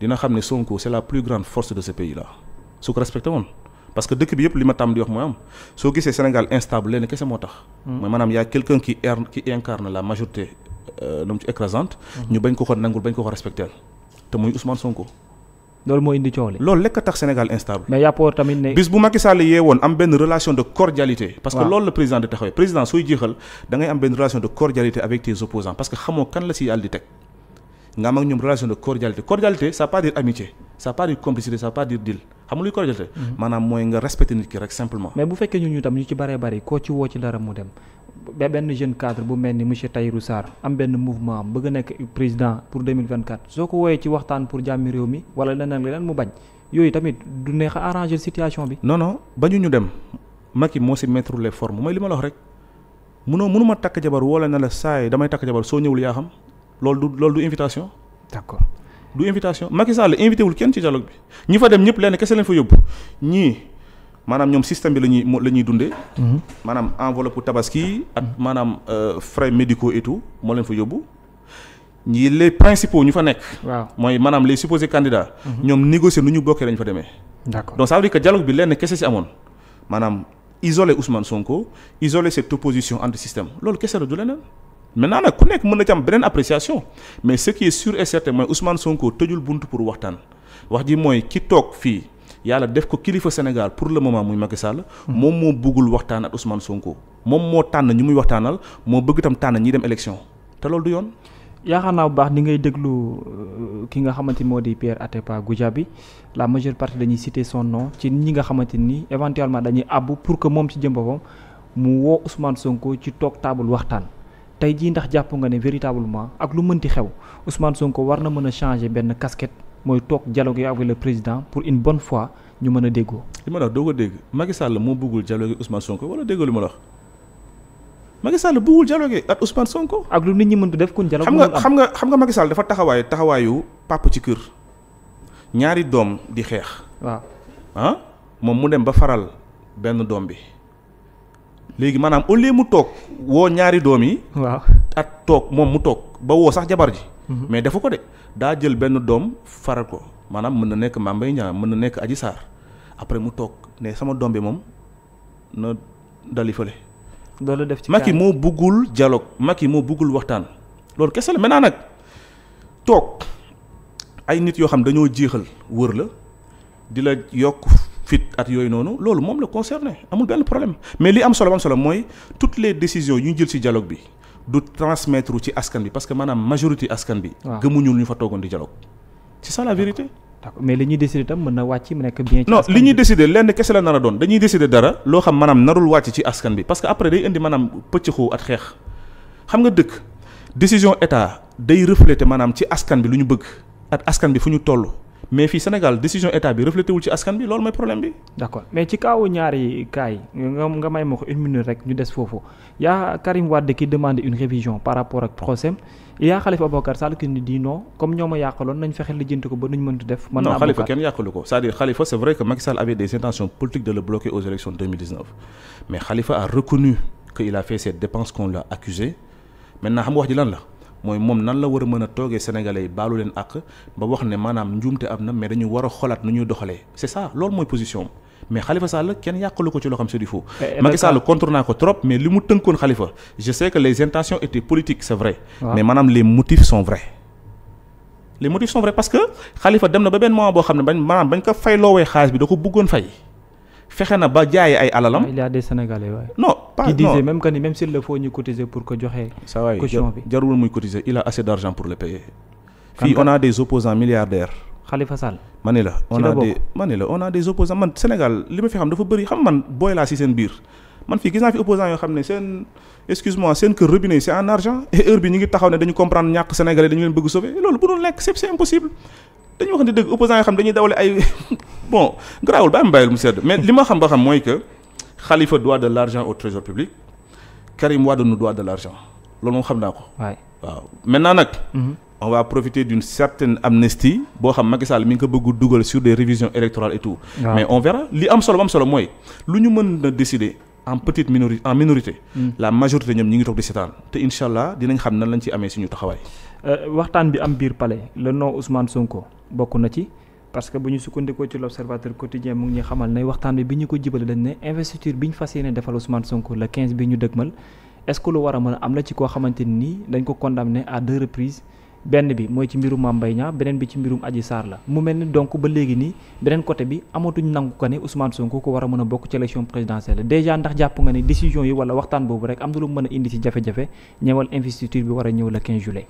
Speaker 2: dina xam ne Sonko c' est la plus grande force de ce pays là su ko respecté woon. parce que dëkk bi yëpp li ma tam di wax mooy am soo gisee Sénégal instable lenn kese moo tax. Hmm. mooy maanaam y' a quelqu' un qui er la majorité euh, nu mu hmm. bañ ko ko nangul bañ ko ko respecté te muy Ousmane Sonko.
Speaker 1: loolu moo indi coow li loolu lekk tax
Speaker 2: Sénégal instable.
Speaker 1: mais yàppoor tamit ne. bis
Speaker 2: bu Macky yee woon am benn relation de cordialité. parce que loolu la président di taxawee président suy jeexal da ngay am benn relation de cordialité avec tes opposants parce que xamoo kan la si yàlla di teg nga am ñoom relation de cordialité cordialité ça pas dire amitié ça pas dire complicité ça pas dire deal xam nga luy cordialité. Mhm. maanaam mooy nga respecté nit ki rek simplement.
Speaker 1: mais bu fekkee ñun ñu tam ñu ci bëree bëri koo ci woo ci dara mu dem ba benn jeune cadre bu mel ni monsieur Tahirou Sarr am benn mouvement am bëgg a nekk président pour 2024 soo ko wooyee ci waxtaan pour jàmmi réew mi wala leneen leneen mu bañ yooyu tamit du neex a arranger situation bi.
Speaker 2: non ba bañu ñu dem ma ki moo si mettre les formes mooy li ma la wax rek munoo munuma takk jabar woo la ne la saa damay takk jabar soo ñëwul yaa xam loolu du loolu du invitation. d'accord. du invitation Macky Sall invité wul kenn ci dialogue bi ñi fa dem ñëpp lenn kese leen fa yóbbu ñii maanaam ñoom système bi la ñuy la ñuy dundee. Mhm. maanaam enveloppe tabaski ak mhm. maanaam euh, frais médicaux et tout moo leen fa yóbbu. ñii les principaux ñu fa nekk. waaw mooy maanaam les supposés candidats. Mhm. ñoom négocier nu ñu bokkee lañ fa demee. d'accord donc ça veut dire dialogue bi lenn kese si amoon maanaam isoler Ousmane Sonko isole cette opposition anti système loolu kese la du naa nag ku nekk mën na ci beneen appréciation mais ce qui est sûr et certain mooy Ousmane Sonko tëjul buntu pour waxtaan wax ji mooy ki toog fii yàlla def ko kilifa Sénégal pour le moment muy Macky Sall. moom moo bëggul waxtaan ak Ousmane Sonko. moom moo tànn ñu muy waxtaanal moo bëgg itam tànn ñiy dem élection
Speaker 1: te loolu du yoon. yaakaar naa bu baax ni ngay déglu euh, ki nga xamante ni moo di Pierre Atepa bi la majeure partie dañuy citer son nom ci ñi nga xamante ni éventuellement dañuy àbb pour que moom ci jëm boppam mu woo Sonko ci toog taabul waxtaan. tey jii ndax jàpp nga ne véritablement ak lu mënti xew Ousmane Sonko war na mën a changer benn casquette mooy toog dialogue avec président pour une bonne fois ñu mën a déggoo.
Speaker 2: li ma la ko dégg Macky Sall moo bëggul dialogue Ousmane Sonko wala déggoo li ma la wax Macky Sall bëggul dialogue ak usman Sonko. ak lu nit ñi mënti def kon dialogue. xam nga xam nga xam nga Macky Sall dafa taxawaay taxawaayu pàpp ci kër ñaari doom di xeex. waaw ah? moom mu dem ba faral benn doom bi. léegi maanaam au lieu mu toog woo ñaari doom yi. ak toog moom mu toog ba woo sax jabar ji. Mhm. mais defu ko de daa jël benn doom faral ko maanaam mën na nekk Mame Mbaye Niang mën na nekk Adji saar après mu toog ne sama doom bi moom na dali fële.
Speaker 1: loolu def ci Macky moo
Speaker 2: buggul dialogue yi moo buggul waxtaan loolu kese la maintenant nag toog ay nit yoo xam dañoo jéexal wër la di la yokk. fit at yooyu noonu loolu moom la concerné amul benn problème mais li am solo am solo mooy toutes les décisions yu jël ci dialogue bi du transmettre ci askan bi parce que maanaam majorité askan bi. gëmuñu ñu fa toogoon di dialogue.
Speaker 1: c'est ça la mais li ñuy décider mën na wàcc mu nekk bien.
Speaker 2: li ñuy décider lenn kese la nar a doon dañuy décider loo xam maanaam narul wàcc ci askan bi parce que après day indi maanaam pëccëxoo at xeex xam nga dëkk décision état day refléter maanaam ci askan bi lu ñu bëgg at askan bi fu ñu toll. mais fii Sénégal décision état bi reflété wul ci askan bi loolu mooy problème bi.
Speaker 1: d'accord mais ci kaawu ñaari cas yi nga nga may ma ko une minute rek ñu des foofu y'a Karim Wade qui demande une révision par rapport ak procès il y a Khalifa Ababacar Sall qui dit non comme ñoo ma yàqaloon nañ fexe lijjanti ko ba nuñ mënti def. mën naa non Khalifa kenn
Speaker 2: yàqalu ko cest dire Khalifa c'est vrai que Macky Sall de le bloquer aux a a l'a accusé mooy moom nan la war a mën a toogee sénégalais yi baalu leen àq ba wax ne maanaam njuumte am na mais dañu war a xolaat nu ñuy doxalee c'est ça loolu mooy position mais Khalifa Sall kenn yàqalu ko ci loo xam c'est du faux eh, eh, Macky Sall contre naa ko trop mais li les intentions étaient vrai les motifs sont vrais les motifs parce que Khalifa dem na ba benn moment boo xam ne bañ maanaam bañ ko fay loowee xaalis bi da ko bëggoon fay fexe na ba jaaye
Speaker 1: ay alalam ah, il y a pas qui disait même que ni même s'il le faut ñu cotiser pour que joxe. saa waay
Speaker 2: jarul muy cotiser il a assez d' pour le payer. fii on a des opposants milliardaires. Khalifa Sall. ma ne la on a des ma ne la on a des man Sénégal li ma fi xam dafa bëri xam man booy laa si seen biir. man fii gis fi opposants yoo xam ne seen excuse seen kër robinet c'est en argent et heure bi ñu ngi taxaw ne dañu comprendre ñàkk sénégalais dañu leen bëgg sauver loolu bu doon lekk ne li ma xam ba xam mooy que xalifa doit de l'argent au trésor public Karim Wade nous doit de l'argent loolu moom xam naa ko.
Speaker 1: waaw
Speaker 2: maintenant nag. Mhm. on va profiter d'une certaine amnistie boo xam Macky Sall mi ngi ko bëgg dugal sur des révisions électorales et tout. Ouais. mais on verra li am solo am solo mooy lu ñu mën na décider en petite minorité en minorité. Mm. la majorité ñoom ñi ngi toog di seetaan te incha allah dinañ xam nan lañ ci amee suñu taxawaay.
Speaker 1: Euh, waxtaan bi am biir palais le nom Ousmane Sonko bokk na ci. parce que bu ñu sukkandikoo ci l'observateur quotidien mu ngi ñuy xamal ne waxtaan bi bi ñu ko jibale dañ ne investiture bi ñu fas yéene defal Ousmane Sonko le 15 bi ñu dëgmal est war a mën a am la ci koo xamante ni dañ ko condamné à deux reprises benn bi mooy ci mbirum Mame Mbaye Niang beneen bi ci mbirum Adji Sarr la mu mel ni donc ba léegi nii beneen côté bi amatuñ nangu ko ne Ousmane Sonko ko war a mën a bokk ci élection présidentielle déjà ndax jàpp nga ne décision yi wala waxtaan boobu rek am na lu mën a indi ci a ñëw le 15 juillet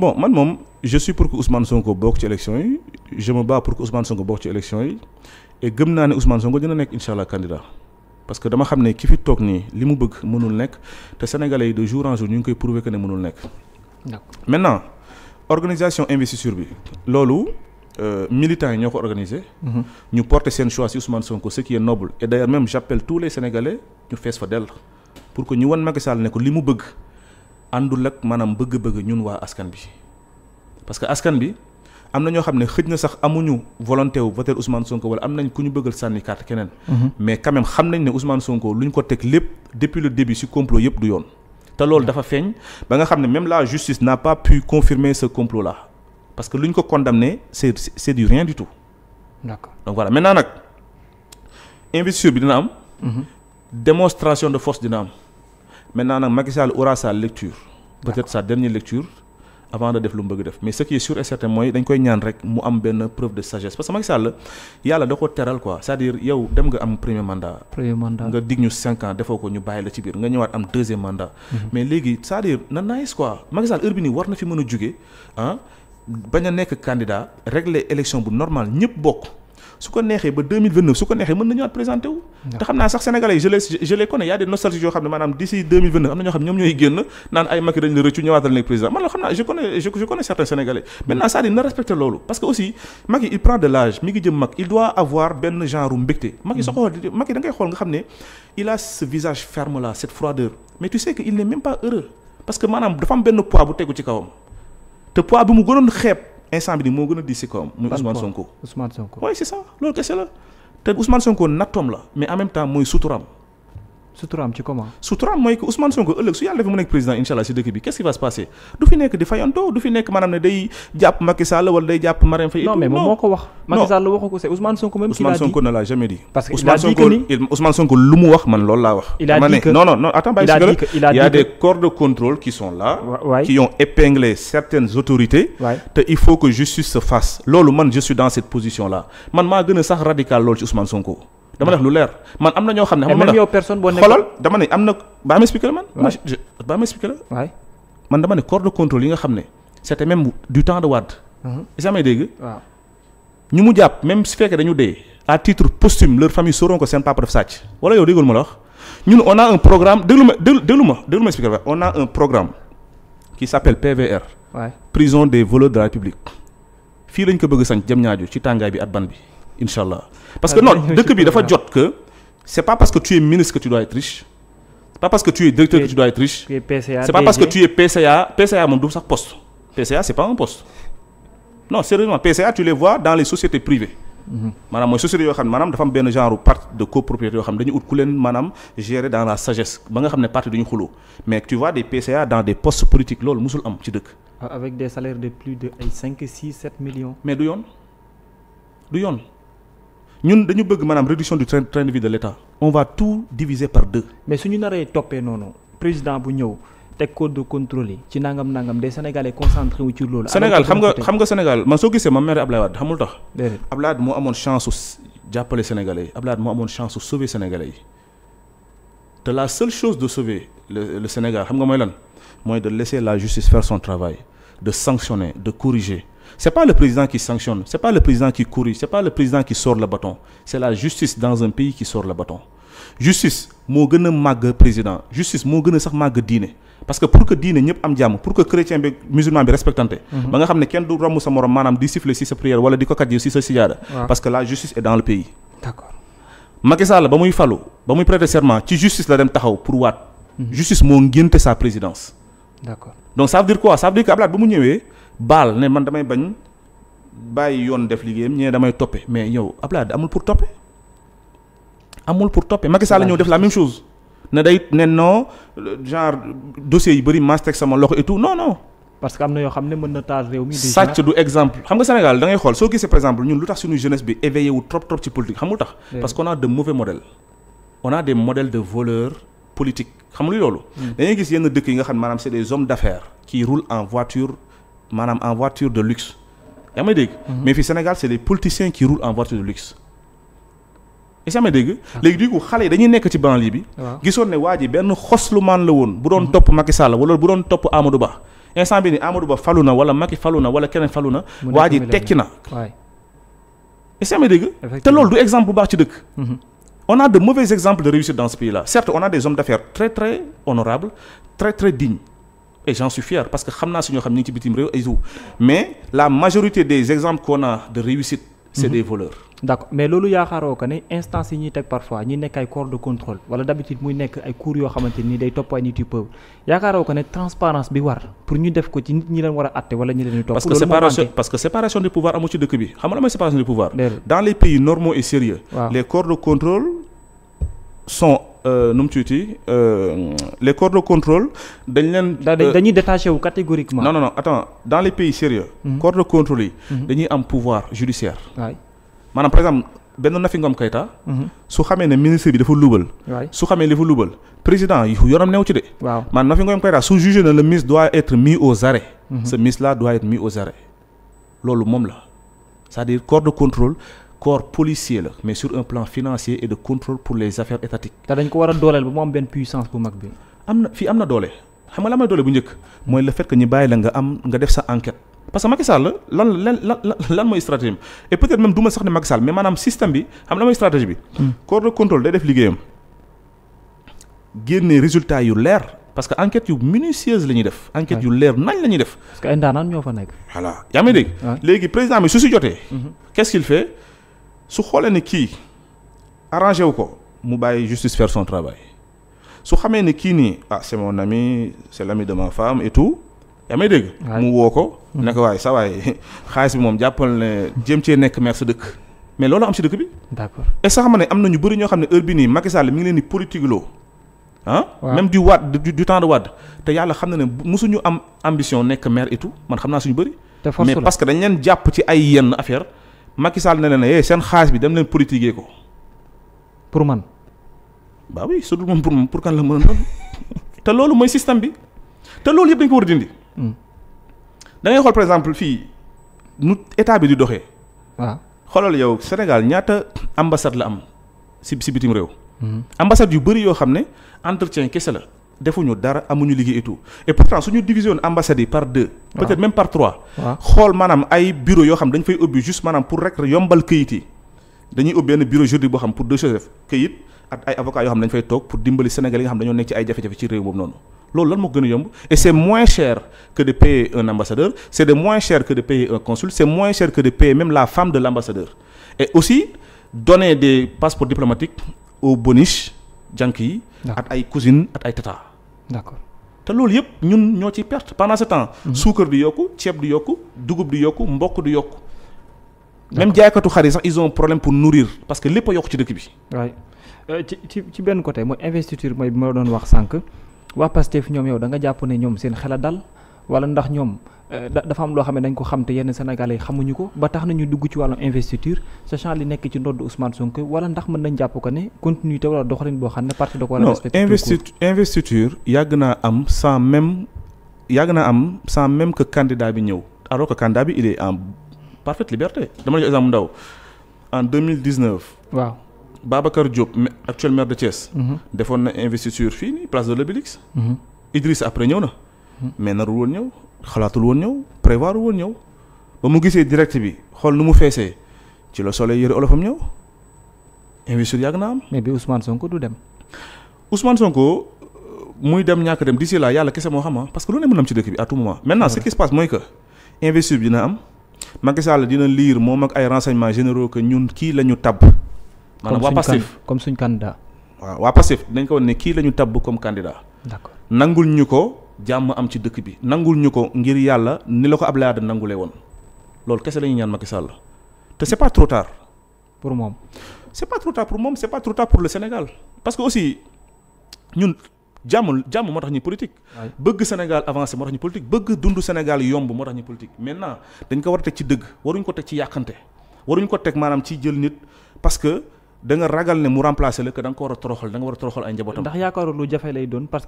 Speaker 1: bon man moom
Speaker 2: je suis pour que son Sonko bokk ci élection yi je me bats pour que Ousmane Sonko bokk ci élection yi et gëm naa ne Ousmane Sonko dina nekk incha allah candidat parce que dama xam ne ki fi toog nii li mu bëgg mënul nekk te sénégalais yi de jour en jour ñu ngi koy prouver que ne mënul nekk. maintenant organisation investiture bi loolu. Euh, militants yi ñoo ko organisé. Mhm. ñu porte seen choix ci Ousmane Sonko ce qui est noble et d'ailleurs même j'appelle tous les sénégalais ñu fa dell pour que ñu wan Macky Sall ne ko li mu bëgg. àndul ak maanaam bëgg-bëgg ñun waa askan bi parce que askan bi am na ñoo xam ne xëj na sax amuñu volonté wu voter Ousmane Sonko wala am nañ ku ñu bëggal sànni carte keneen. Mhm. mais quand même xam nañ ne Ousmane Sonko lu ñu ko teg lépp depuis le début ci complot yëpp du yoon. te loolu dafa feeñ ba nga xam ne même la justice n'a pas pu confirmer ce complot là parce que lu ñu ko condamné c'est c'est du rien du tout. d'accord donc voilà maintenant nag investiture bi dina am. Mhm. démonstration de force dina am. maintenant nag Macky Sall aura sa lecture. peut-être sa dernière lecture. avant de def lu mu bëgg def mais ce qui est sûr mooy dañ koy ñaan rek mu am benn preuve de sagesse parce que Macky Sall yàlla da ko teral quoi c'est-à-dire yow dem nga am premier mandat. premier mandat nga dig ñu cinq ans defoo ko ñu bàyyi la ci biir nga ñëwaat am deuxième mandat. Mhm. mais léegi c'est-à-dire na nice quoi Macky Sall heure bi war na fi mën a jugee ah bañ a nekk candidat régler élection bu normal ñëpp bokk. su ko neexee ba 2029 su ko neexee mën na ñëwaat présenté wu te xam naa sax sénégalais yi je les connais y a des nostalgiques yoo xam ne maanaam d'ici 2029 am na ñoo xam ne ñoom ñooy génn naan ay Macky dañ la rëccu ñëwaatal nekk président man la xam naa je connais je connais certains sénégalais maintenant ça dit na respecté loolu parce que aussi Macky il prend de l'âge mi ngi jëm mag il doit avoir benn genre mbégte Macky soo ko xool Macky a ce visage ferme que il n'est même pas heureux parce que maanaam dafa instant bi nii moo gën a di si kawam. muy Ousmane Sonko Ousmane Sonko. oui c'est ça loolu kese la te Ousmane Sonko nattoom la mais en même temps mooy suturaam. suturaam mooy que Ousmane Sonko ëllëg su yàlla fi mu nekk président incha si dëkk bi qu' qui va se passer du fi nekk di fayanto du fi nekk maanaam ne day jàpp Macky Sall wala day jàpp Marème Faye. non mais moom moo ko wax.
Speaker 1: Macky Sall waxu ko c' est Ousmane Sonko même. Sonko
Speaker 2: ne l'a jamais dit. parce que il a dit que ni Ousmane Sonko lu mu wax man loolu laa wax. il a dit que non non non attends si gërëm il a que corps de contrôle qui sont là. waay qui épinglé certaines autorités. te il faut loolu man je suis dans cette position là a sax radical loolu dama def lu leer man am na ñoo xam ne. xam nga yow personne boo nekk xoolal dama ne am na baa ma expliqué la man. ma baa ma expliqué la. waay man dama ne corps de contrôle yi nga xam ne c'était même du temps de Wade. is mhm. amee dégg. ñu mu jàpp même su fekkee dañu dee. à titre posthume leur famille sauront que seen papa def sàcc. wala yow déggul ma la wax ñun on a un programme déglu ma déglu ma déglu ma expliqué la on a un programme qui s'appelle PVR. prison des voleurs de la fii lañ ko bëgg a sañ jëm ñaaju ci tàngaay bi at ban bi. incha allah parce que ah, non dëkk bi dafa jot que c' est pas parce que tu es ministre que tu dois être riche c' est pas parce que tu es directeur que
Speaker 1: tu dois être riche c' est pas parce que tu
Speaker 2: es PCA PCA moom du sax poste PCA c' pas un poste non sérieusement PCA tu les vois dans les sociétés privées mhm. maanaam mooy société yoo xam ne dafa am benn genre de copropriété yoo xam ne dañu ut ku leen maanaam gérer dans la sagesse ba nga xam ne parti duñu xuloo mais tu vois des am ci dëkk.
Speaker 1: Ah, avec de plus de ay 5 6 7 millions. yoon.
Speaker 2: ñun dañu bëgg maanaam réduction du train train de vie de l'État on va tout diviser par deux.
Speaker 1: mais suñu naree toppee noonu président bu ñëw teg code de contrôle yi ci nangam nangam des sénégalais concentré wu ci loolu. Sénégal xam nga xam
Speaker 2: nga Sénégal man soo gisee ma mère Ablaye Wade xamul tax. déedéet Ablaye Wade moo amoon chance su jàppale sénégalais yi Ablaye Wade moo amoon chance su sauver sénégalais yi te la seule chose de sauver le le Sénégal xam nga mooy lan mooy de laisser la justice faire son de sanctionner de corriger. c'est pas le président qui sanctionne c'est pas le président qui corrige c'est pas le président qui sort le bâton c'est la justice dans un pays qui sort le bâton justice moo gën a màgg président justice moo gën a sax màgg diine parce que pour que diine ñëpp am jàmm pour que chrétien bi musulman bi respectante mhm. ba nga xam ne kenn du romb sa morom maanaam di siffler si sa prière wala di ko kat si sa sijaada parce que la justice est dans le pays d'accord baal ne man damay bañ bàyyi yoon def liggéeyam ñee damay toppe mais yow Abdoulaye amul pour toppe amul pour toppe Macky Sall def la même chose ne day ne non genre dossier yu bëri maas teg sama loxo et tout non
Speaker 1: parce que am na yoo xam ne mën na taal réew mi. sàcc du
Speaker 2: exemple xam nga Sénégal da ngay xool soo gisee par exemple ñun lu tax suñu jeunesse bi éveillé wu trop trop ci politique xam nga lu tax. parce que on a de mauvais modèles. on a des modèles hmm. dëkk yi nga xam maanaam c'est des hommes d'affaires qui roulent maanaam en voiture de luxe yaa may dégg mhm. mais fii Sénégal c'est les politiciens qui roulent en voiture de luxe est-ce que dégg ah. léegi du xale yi dañuy nekk ci banlieue bi gisoon ne waa ji benn maan la woon bu doon mhm. topp Macky Sall wala bu doon topp Amadou Ba instant bi ni Amadou Ba falu na wala Macky falu na wala keneen falu na waa ji tekki na est-ce que yaa dégg te loolu du exemple bu baax ci dëkk mhm. on a de mauvais exemples de réussite dans ce pays là a des hommes d'affaires très très honorables très très dignes et parce que xam naa si ñoo xam ñu ci bitim réew et tout mais la majorité des exemples qu'on de réussite c'est mhm. des voleurs.
Speaker 1: d'accord mais loolu yaakaaroo que ne instance yi ñuy teg parfois ñi nekk ay corps de contrôle wala d'habitude muy nekk ay cours yoo xamante ni day topp ay nit yu peuple yaakaaroo que ne transparence bi war pour ñu def ko ci nit ñi leen war a àtte wala ñi leen topp. parce que séparation
Speaker 2: parce que séparation ci dëkk bi xam nga la Euh, nu mu tuuti euh, les corps de contrôle dañ leen. Euh, dañuy détaché wu catégoriquement. non non non dans les pays sérieux mhm. corps de contrôle yi. Mhm. dañuy am pouvoir judiciaire. waay par exemple benn Nafi Ngom Keïta. Mhm. su xamee ne ministre bi dafa luubal. su xamee li dafa luubal président yoonam neew ci de. waaw Nafi Ngom Keïta su jugé na le ministre doit être mis aux arrêts. ce ministre là doit être mis aux arrêts loolu moom la cest dire corps de contrôle. corps policier la mais sur un plan financier et de contrôle pour les affaires étatiques. te dañ ko war a dooleel ba mu am benn puissance bu mag bi. am na fii am na doole xam nga la ñu bàyyi la nga am def sa enquête. parce que Macky Sall lan lan lan lan mooy stratégie et peut sax ne Macky Sall mais maanaam système bi xam la mooy stratégie bi. Hmm. corps de contrôle day def liggéeyam génne résultat yu leer. parce que enquête yu minutieuse la def. enquête yu leer nañ la def. fa nekk. voilà su xoolee ne kii arrangé wu ko mu bàyyi justice faire son travail su xamee ne kii nii ah c'est mon ami c'est l'ami de ma femme et tout yaa may dégg. mu woo ko. ne ko waaye sa waay xaalis bi moom jàppal ne jéem cee nekk maire sa dëkk. mais loolu am si dëkk bi. d'accord et sax ma ne am na ñu bari ñoo xam ne heure bi nii Macky Sall mi ngi leen di politique loo ah. même du Wade du temps de te yàlla xam na ne mosuñu am ambition nekk maire et man xam naa suñu bëri. mais parce que dañ leen jàpp ci ay yenn affaire Macky Sall ne ne eh, seen xaalis bi dem leen politiquer ko. pour man. ba oui su dul moom pour moom pour kan la mën na te loolu mooy système bi te loolu yëpp dañ ko war a dindi. Hmm. da ngay xool par exemple fii nu état bi di doxee. waaw xoolal yow Sénégal ñaata ambassade la am si si bitim réew. Hmm. ambassade yu bëri yoo xam ne entretien kese la. defuñu dara amuñu liggéey et tout et suñu division ambassade yi par deux. Ah. peut être même par trois. Ah. xool maanaam ay bureau yoo xam dañ fay ubbi juste maanaam pour rek yombal këyit yi dañuy ubbi benn bureau juridique boo xam pour deux choses këyit ak ay avocats yoo xam dañ fay toog pour dimbali Sénégal yi nga xam dañoo nekk ci ay jafe-jafe ci réew moom noonu. loolu lan moo gën a yomb et c' est moins cher que de payer un ambassadeur c' est de moins cher que de payer un consul c' est moins cher que de yi. Ah. ak ay cousines ak ay tata d'accord te loolu yëpp ñun ñoo ciy perte pendant ce temps. Mhm. suukar di yokku ceeb du yokku dugub du yokk mbokk di yokk même jaaykatu xar yi sax ils problème pour nourrir parce que lépp a yokk ci dëkk bi.
Speaker 1: waay euh, ci ci ci benn côté mooy investiture mooy bi ma doon wax sànq waa Pastef ñoom yow da nga jàpp ne ñoom seen xel dal. wala ndax ñoom euh, dafa am loo xam ne dañ ko xam te yenn Sénégalais yi xamuñu ko ba tax nañu dugg ci wàllum investiture sachant li nekk ci ndodd Ousmane Sonko wala ndax mën nañ jàpp ko ne continuité wala doxalin boo xam ne parti da ko war a respecté
Speaker 2: investiture yàgg naa am sans même yàgg naa am sans même que candidat bi ñëw alors que candidat bi il est en parfaite liberté dama la jox exemple ndaw en 2019 waaw Babacar Diop actuel maire de mhm. defoon na investiture fii nii place de mhm. na mais narul woon ñëw xalaatul woon ñëw prévoir woon ñëw ba mu gisee direct bi xool nu mu feesee ci la soleil yëre olofam ñëw investiture yàgg naa am. mais bi Ousmane Sonko du dem. Ousmane Sonko euh, muy dem ñàkk dem d'ici là yàlla kese moo xam ah parce que lu ne mën am ci dëkk bi à tout moment. maintenant ce qui se que investiture bi dina am Macky dina lire moom ak ay renseignements généraux que ñun kii la ñu tabb. maanaam waa Pastef
Speaker 1: comme suñ candidat.
Speaker 2: waaw waa Pastef dañ ko wax ne kii la ñu tabb comme candidat. d'accord nangul ñu ko. jàmm am ci dëkk bi nangul ñu ko ngir yàlla ni la ko Abdoulaye Wade nangule woon loolu kese la ñuy ñaan Macky Sall te c'est pas trop tard pour moom c'est pas trop tard pour moom c'est pas trop tard pour le Sénégal parce aussi ñun jàmm jàmm moo tax ñu politique bëgg Sénégal avancé moo tax ñu politique bëgg dund Sénégal yomb moo tax ñu politique maintenant dañ ko war a teg ci dëgg waruñ ko teg ci yàqante waruñ ko teg maanaam ci jël nit parce que da nga ragal ne mu a a toroxal ay njabootam ndax
Speaker 1: yaakaaru lu jafe lay doon parce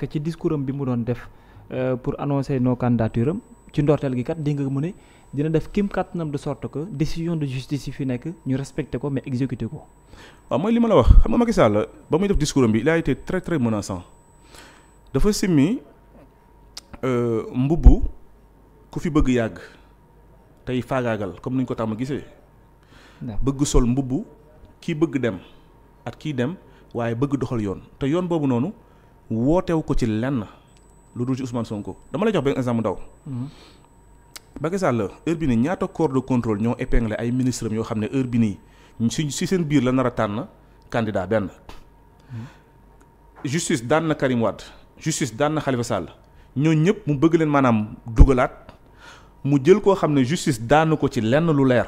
Speaker 1: Euh, pour annoncer no candidatures am ci ndorteel gi kat di nga mu ne dina def kim kàttanam de sorte que décision de justice yi fi nekk ñu respecté ko mais exécuté ko. waaw
Speaker 2: mooy li ma la wax xam nga Macky Sall ba muy def discours am bi il a été très très menaçant dafa simmi euh, mbubb ku fi bëgg yàgg tey faagaagal comme ni ñu ko ma gisee. bëgg sol mbubb ki bëgg dem at kii dem waaye bëgg doxal yoon te yoon boobu noonu wootewu ko ci lenn. lu dul ci Ousmane Sonko dama lay jox benn exemple ndaw. ba mhm. Sall heure bi nii ñaata corps de contrôle ñoo épinglé ay ministres am yoo xam ne heure bi suñ si seen biir la nara a tànn candidat benn.
Speaker 3: Mhm.
Speaker 2: justice daan na Karim Wade justice daan na Khalifa Sall ñooñ ñëpp mu bëgg leen maanaam dugalaat mu jël koo xam ne justice daan ko ci lenn lu leer.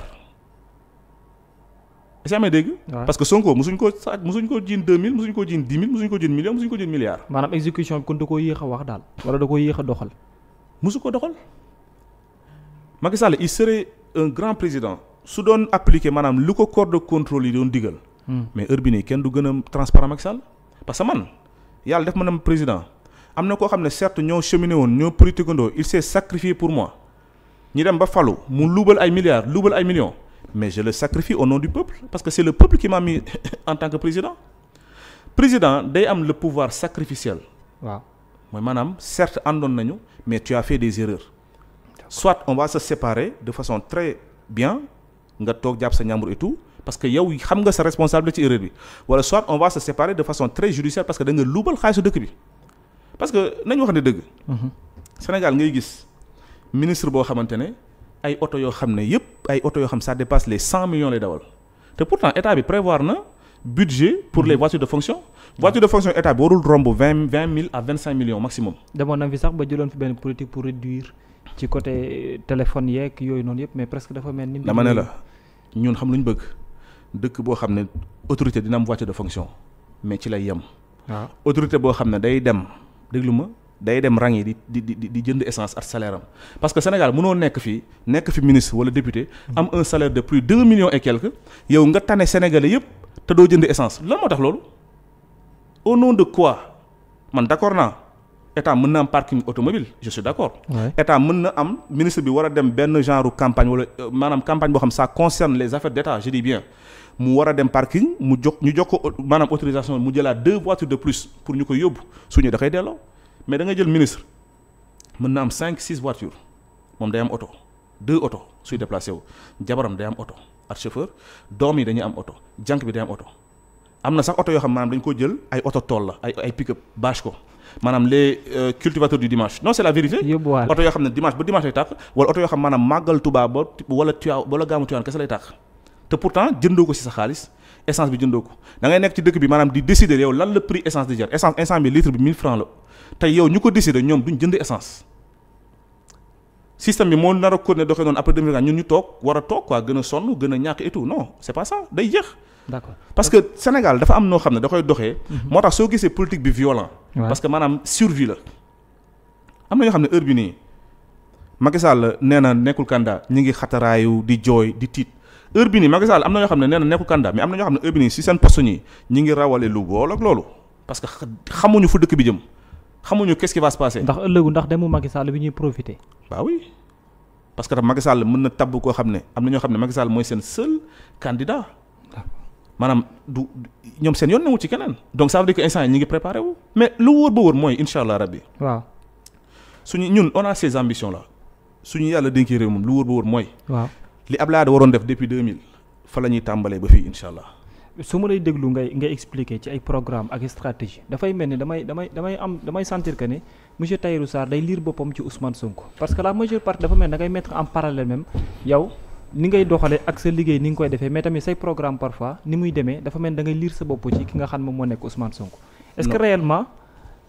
Speaker 2: si amee dégg parce que Sonko musuñ ko sàcc musuñ ko jiin deux mille musuñ ko jiin dix mille musuñ ko jiin million musuñ ko jiin milliard maanaam exécution bi kon da ko yéex a wax daal wala da ko yéex a doxal musu ko doxal Macky Sall il serait grand président su doon appliqué maanaam lu ko corps de contrôle yi doon digal hmm. mais heure bi nii kenn du gën a transparent Macky Sall parce que man yàlla def ma nam président am na koo xam ne certes ñoo cheminé woon ñoo politiquandoo il s'est pour moi ñi dem ba falu mu luubal ay milliards luubal ay millions mais je le sacrifie au nom du peuple parce que c'est le peuple qui m'a mis en tant que président président day am le pouvoir sacrificiel. waa mooy maanaam certes àndoon nañu mais tu fait des erreurs. soit on va se séparer de façon très bien nga toog jàpp sa ñàmbur et tout parce que yow xam nga sa responsabilité ci erreur bi wala soit on va se séparer de façon très judiciaire parce que da nga luubal xaalisu dëkk bi parce que nañu wax ne dëgg. Mhm. Sénégal ngay gis ministre boo xamante ne. ay oto yoo xam ne yëpp ay oto yoo xam ça dépasse les cent millions lay dawal te pourtant état bi prévoir na budget pour les mhm. voitures de fonction. voiture de fonction état bi warul romb vingt vingt mille à vingt cinq millions maximum.
Speaker 1: demoon na ba jëloon fi benn politique pour réduire ci côté euh, téléphone yeeg yooyu noonu yëpp mais presque dafa mel ni. dama ne la
Speaker 2: ñoon xam lu ñu bëgg dëkk boo xam ne autorité dina am voiture de fonction mais ci lay yem. waaw ah. autorité boo xam ne day dem déglu ma day dem rang yi di di di di jënd essence ak salaire parce que Sénégal mënoo nekk fii nekk fi ministre wala député am un salaire de plus deux millions et quelques yow nga tane sénégalais yëpp te doo jënd essence lan moo tax loolu au nom de quoi man d'accord naa état mën na am parking automobile je suis d'accord état mën na am ministre bi war a dem benn genre campagne wala euh, maanaam campagne boo xam ça concerne les affaires d'état je bien mu war a dem parking mu jox ñu jox ko maanaam autorisation mu jëlaat deux voitures de plus pour ñu ko yóbbu suñu da koy mais da nga jël ministre mën na am cinq six voitures moom day am oto deux oto suy déplacé wu jabaram day am oto ak chauffeur doom yi dañuy am oto jànk bi day am oto am na sax oto yoo xam maanaam dañ ko jël ay oto tool la ay ay pick-up bâche ko maanaam les euh, cultivateurs du dimanche non c'est la vérité oto yoo xam ne dimanche ba dimanche lay tàkk wala oto yoo xam maanaam màggal Tuubaa ba wala Tiwaawan wala gaamu Tiwaawan kese lay tàkk te pourtant jëndoo ko ci sa la te yow ñu ko décider ñoom duñ jënd essence système bi moo nar a continuer doxee noonu après 2020 ñun ñu toog war a toog quoi gën a sonn gën a ñàkk et no non c'est pas ça day jeex. d'accord parce que Sénégal dafa am noo xam ne da koy doxee. Mhm. moo tax soo gisee politique bi violent parce que maanaam survie la. am na ñoo xam ne heure bi nii Macky Sall nee na nekkul candidat ñi ngi xataraayu di jooy di tiit heure bi nii Macky am na ñoo xam ne nee na nekkul candidat mais am na ñoo xam ne heure bi nii seen poste ñi ngi rawale lu bool loolu parce que xamuñu fu dëkk bi jëm. xamuñu qu'est-ce qui va se passer. ndax
Speaker 1: ëllëgu ndax demu Macky Sall bi ñuy profité.
Speaker 2: bah oui parce que tam Macky mën na tabb koo xam ne am na ñoo xam ne Macky Sall mooy seen seul candidat maanaam du ñoom seen yoon newu ci keneen. donc ça veut dire que instant yi ñu ngi préparé wu. mais lu wóor ba wóor mooy incha allah rabbi. waaw suñu ñun on a ces ambitions là suñu yàlla dénkee réew moom lu wóor ba wóor mooy. waaw li Abdoulaye waroon def depuis deux mille fa la ñuy tàmbalee ba fii incha allah.
Speaker 1: su ma lay déglu ngay ngay expliquer ci ay programme ak stratégie dafay mel ni damay damay damay am damay sentir que ne monsieur Tahirou Sarr day lire boppam ci Ousmane Sonko parce que la majeure partie dafa mel da ngay mettre am parallèle même ni ngay doxalee ak sa liggéey ni nga koy defee mais tamit say programme parfois ni muy demee dafa mel da ngay liir sa bopp ci ki nga xam moom moo nekk Ousmane Sonko est-ce que réellement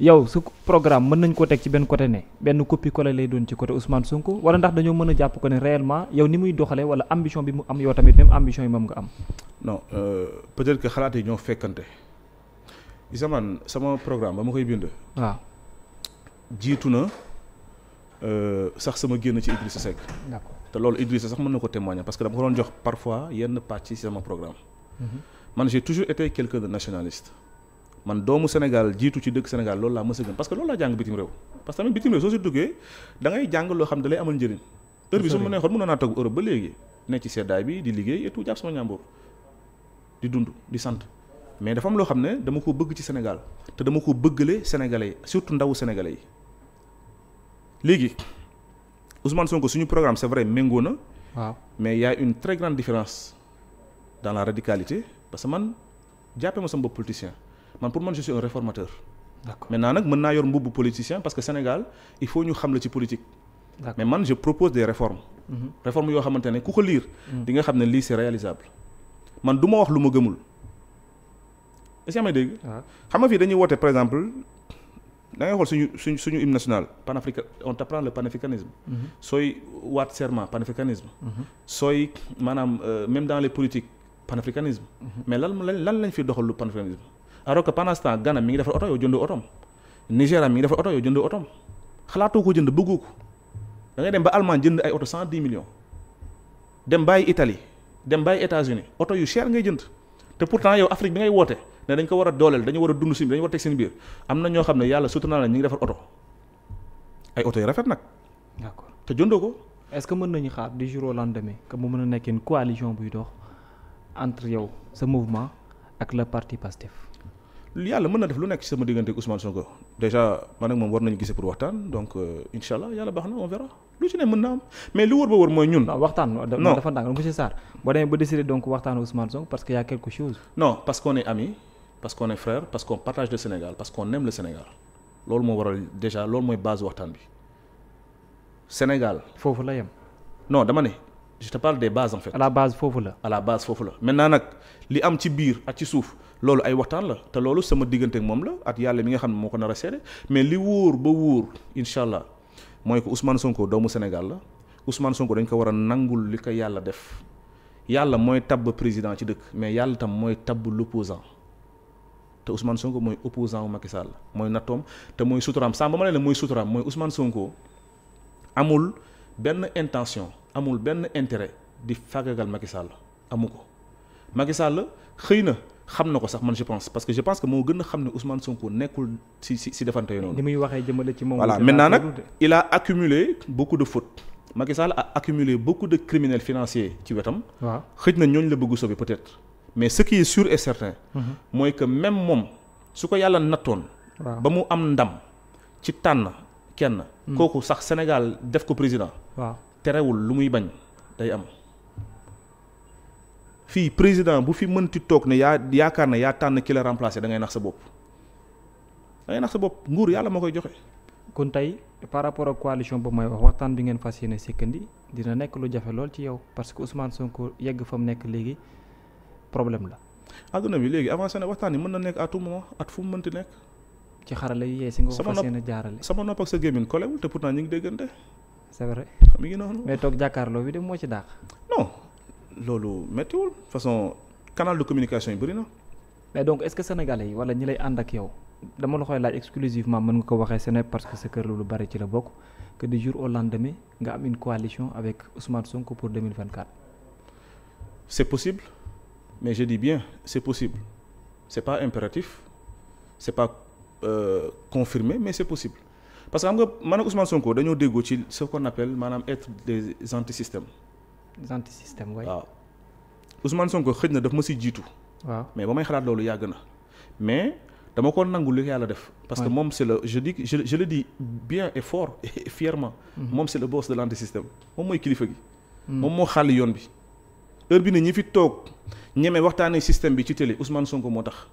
Speaker 1: yow su programme mën nañ koo teg ci benn côté ne benn copie collé lay doon ci côté Ousmane Sonko wala ndax dañoo mën a jàpp ko ne réellement yow ni muy doxalee wala ambition bi mu am yow tamit même ambition yi moom nga am.
Speaker 2: non euh, peut-être que xalaat yi ñoo fekkante. gis man sama programme ba ma koy bind. waaw jiitu na euh, sax sama génn ci Idrissa Seck. mën na ko témoigner parce que dama ko doon jox parfois yenn pàcc ci sama programme. Mhm. man j'ai toujours été quelqu'un nationaliste. man doomu Sénégal jiitu ci dëkk Sénégal loolu laa mës a gën parce que loolu laa jàng bitim réew parce que tamit bitim réew soo si duggee da ngay jàng loo xam ne da amal njëriñ heure bi su ma neexoon mënoon naa toog Europe ba léegi ne ci seddaay bi di liggéey et tout jàpp sama ñàmboor di dund di sant mais dafa am loo xam ne dama ko bëgg ci Sénégal te dama ko bëggale Sénégalais yi surtout ndawu Sénégalais yi léegi Ousmane ko suñu programme c'est vrai méngoo na waaw mais y une très différence dans la radicalité que man jàppee ma sama bopp politicien man pour man je suis un réformateur. d'accord maintenant nag mën naa yor mbubbu politicien parce que Sénégal il faut ñu xam la ci politique. mais man je propose des réformes. Mm -hmm. yoo xamante ne ku ko liir. Mhm. di nga xam ne lii c'est réalisable. man du ma wax lu ma gëmul. est-ce que amee dégg. Ah. xam fii dañuy woote par exemple da ngay xool suñu suñ suñu hymne national panafrica on t'apprend le panafricanisme. Mhm. sooy waat serment panafricanisme. Mhm. sooy maanaam euh, même dans les politiques panafricanisme. mais lan lan lan lañ fi alors que pendant ce temps Ghana mi ngi defar oto yow jëndoo otom Nigéria mi ngi defar oto yow jëndoo otom xalaatoo ko jënd bëggoo ko da dem ba Allemagne jënd ay oto cent dix millions dem bàyyi Italie dem bàyyi États-Unis oto yu cher ngay jënd te pourtant yow Afrique bi ngay woote ne dañ ko war a dooleel dañu war a dund si dañu war a teg seen biir am na ñoo xam ne yàlla sutura na ngi defar oto
Speaker 1: ay oto yu rafet nag. d'accord te jëndoo ko. est-ce que mën nañu xaar du jour au lendemain que mu mën a nekk une coalition buy dox entre yow sa mouvement ak le parti Pastef.
Speaker 2: yàlla mën na def lu nekk ci sama diggante ak Ousmane déjà man ak moom war nañu gisee pour waxtaan donc euh, incha yàlla baax na on verra lu ci ne mën na am mais lu wër ba wër mooy ñun. non waxtaan
Speaker 1: dafa ndànk monsieur Sarr boo demee ba décider donc waxtaan Ousmane Sonko parce que y a quelque chose.
Speaker 2: non parce qu'on est amis parce qu'on est frères parce qu'on partage le Sénégal parce qu'on aime le Sénégal loolu moo waral déjà loolu mooy base waxtaan bi foofu la yem. non dama ne. je te la base foofu la. à la base foofu la maintenant nag li am ci biir ak ci suuf. loolu ay waxtaan la te loolu sama diggante moom la at yàlla mi nga xam ne moo ko nara a mais li wóor ba wóor incha allah mooy ko Ousmane Sonko doomu Sénégal la Ousmane Sonko dañ ko war a nangul li ko yàlla def yàlla mooy tabb président ci dëkk mais yàlla tam mooy tabb l'opposant te Ousmane Sonko mooy opposant wu mooy nattoom te mooy suturaam sàmm ma ne mooy suturaam mooy Ousmane Sonko amul benn intention amul benn intérêt di fàggagal Macky Sall amu ko Macky Sall xëy na. xam na ko sax man je pense parce que je pense que moo gën a xam ne Ousmane Sonko nekkul si si si defante yooyu noonu. ni
Speaker 1: muy waxee jëmale ci moom. voilà maintenant nag
Speaker 2: il a accumulé beaucoup de fautes. Macky Sall a accumulé beaucoup de criminels financiers ci wetam. waaw xëj na ñooñu la bëgg sauver peut-être mais ce qui et certain. Mhm. mooy que même moom su ko yàlla nattoon. ba mu am ndam ci tànn kenn. Mm. kooku sax Sénégal def ko président. waaw terewul lu muy bañ day am. fii président bu fi mënti toog ne yaa yaakaar na yaa tànn kilo la remplacer da ngay nax sa bopp da nax sa bopp
Speaker 1: nguur yàlla moo koy joxe. kon tey par rapport ak coalition boobu may wax waxtaan bi ngeen fas yéene sikkandi dina nekk lu jafe ci yow parce que Ousmane Sonko yegg fa mu nekk léegi problème la. adduna bi léegi avancé na waxtaan yi mën na nekk à tout moment at fu mu mënti nekk. ci xarala yu yees yi nga ko sama nopp
Speaker 2: ak sa gémmiñ kolewul te pourtant ñu ngi déggante.
Speaker 1: c'est vrai mi ngi noonu. mais toog jàkkaarloo bi de moo ci dàq. loolu méttiwul façon
Speaker 2: canal de communication yi bëri na.
Speaker 1: mais donc est-ce que sénégalais yi wala ñi lay ànd ak yow dama la koy laaj exclusivement mën nga ko waxee ce parce que sa kër lu bari ci la bokk que du jour au lendemain nga am une coalition avec Ousmane Sonko pour 2024.
Speaker 2: c'est possible mais je dis bien c'est possible c'est pas impératif c'est pas euh, confirmé mais c'est possible parce que xam nga man ak Ousmane Sonko dañoo déggoo ci ce qu'on appelle maanaam être des antisystèmes
Speaker 1: des antisystèmes waaw waaw
Speaker 2: Ousmane Sonko xëj na daf ma si jiitu. waaw mais ba may xalaat loolu yàgg na mais dama ko nangu li yàlla def. parce que moom c'est le je dis je di le dis bien et fièrement. Mhm. moom c'est le boss de l'antisystème moom mooy kilifa gi. Mhm. moom moo xàll yoon bi. heure bi ne ñi fi toog ñeme waxtaanee système bi ci télé Ousmane Sonko moo tax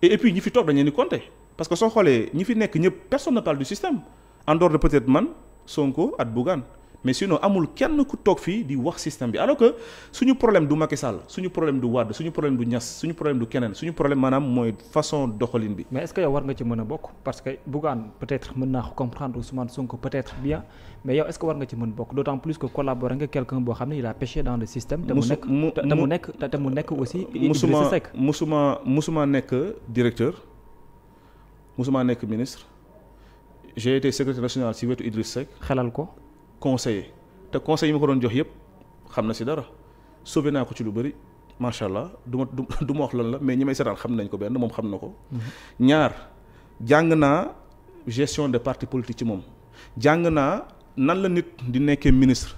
Speaker 2: et puis ñi fi toog dañu ni compter parce que soo xoolee ñi fi nekk ñëpp personne ne parle du système en dehors de peut-être man Sonko at Bougane mais sinon amul kenn ku toog fii di wax système bi alors que suñu problème du Macky suñu problème du Wade suñu problème du Niass suñu problème du keneen suñu problème maanaam
Speaker 1: mooy façon doxalin bi. mais est-ce que war nga ci mën a bokk parce que Bougane peut-être mën naa ko comprendre Ousmane Sonko peut-être bien mais yow est-ce que war nga ci mën bokk d'autant plus que collaborer nga quelqu'un boo xam ne il a pêché dans le système. te mu nekk te mu nekk te mu nekk aussi. Idrissa
Speaker 2: Seck nekk ministre j'ai été secrétaire national ci wetu Idriss xelal ko. conseiller te conseil yi ma ko doon jox yëpp xam na si dara sauvé naa ko ci lu bëri macha allah du ma du ma wax lan la mais ñi may seetaan xam nañ ko benn moom xam na ko. Mhm. ñaar jàng naa gestion de parti politique ci moom jàng naa nan la nit di nekkee ministre.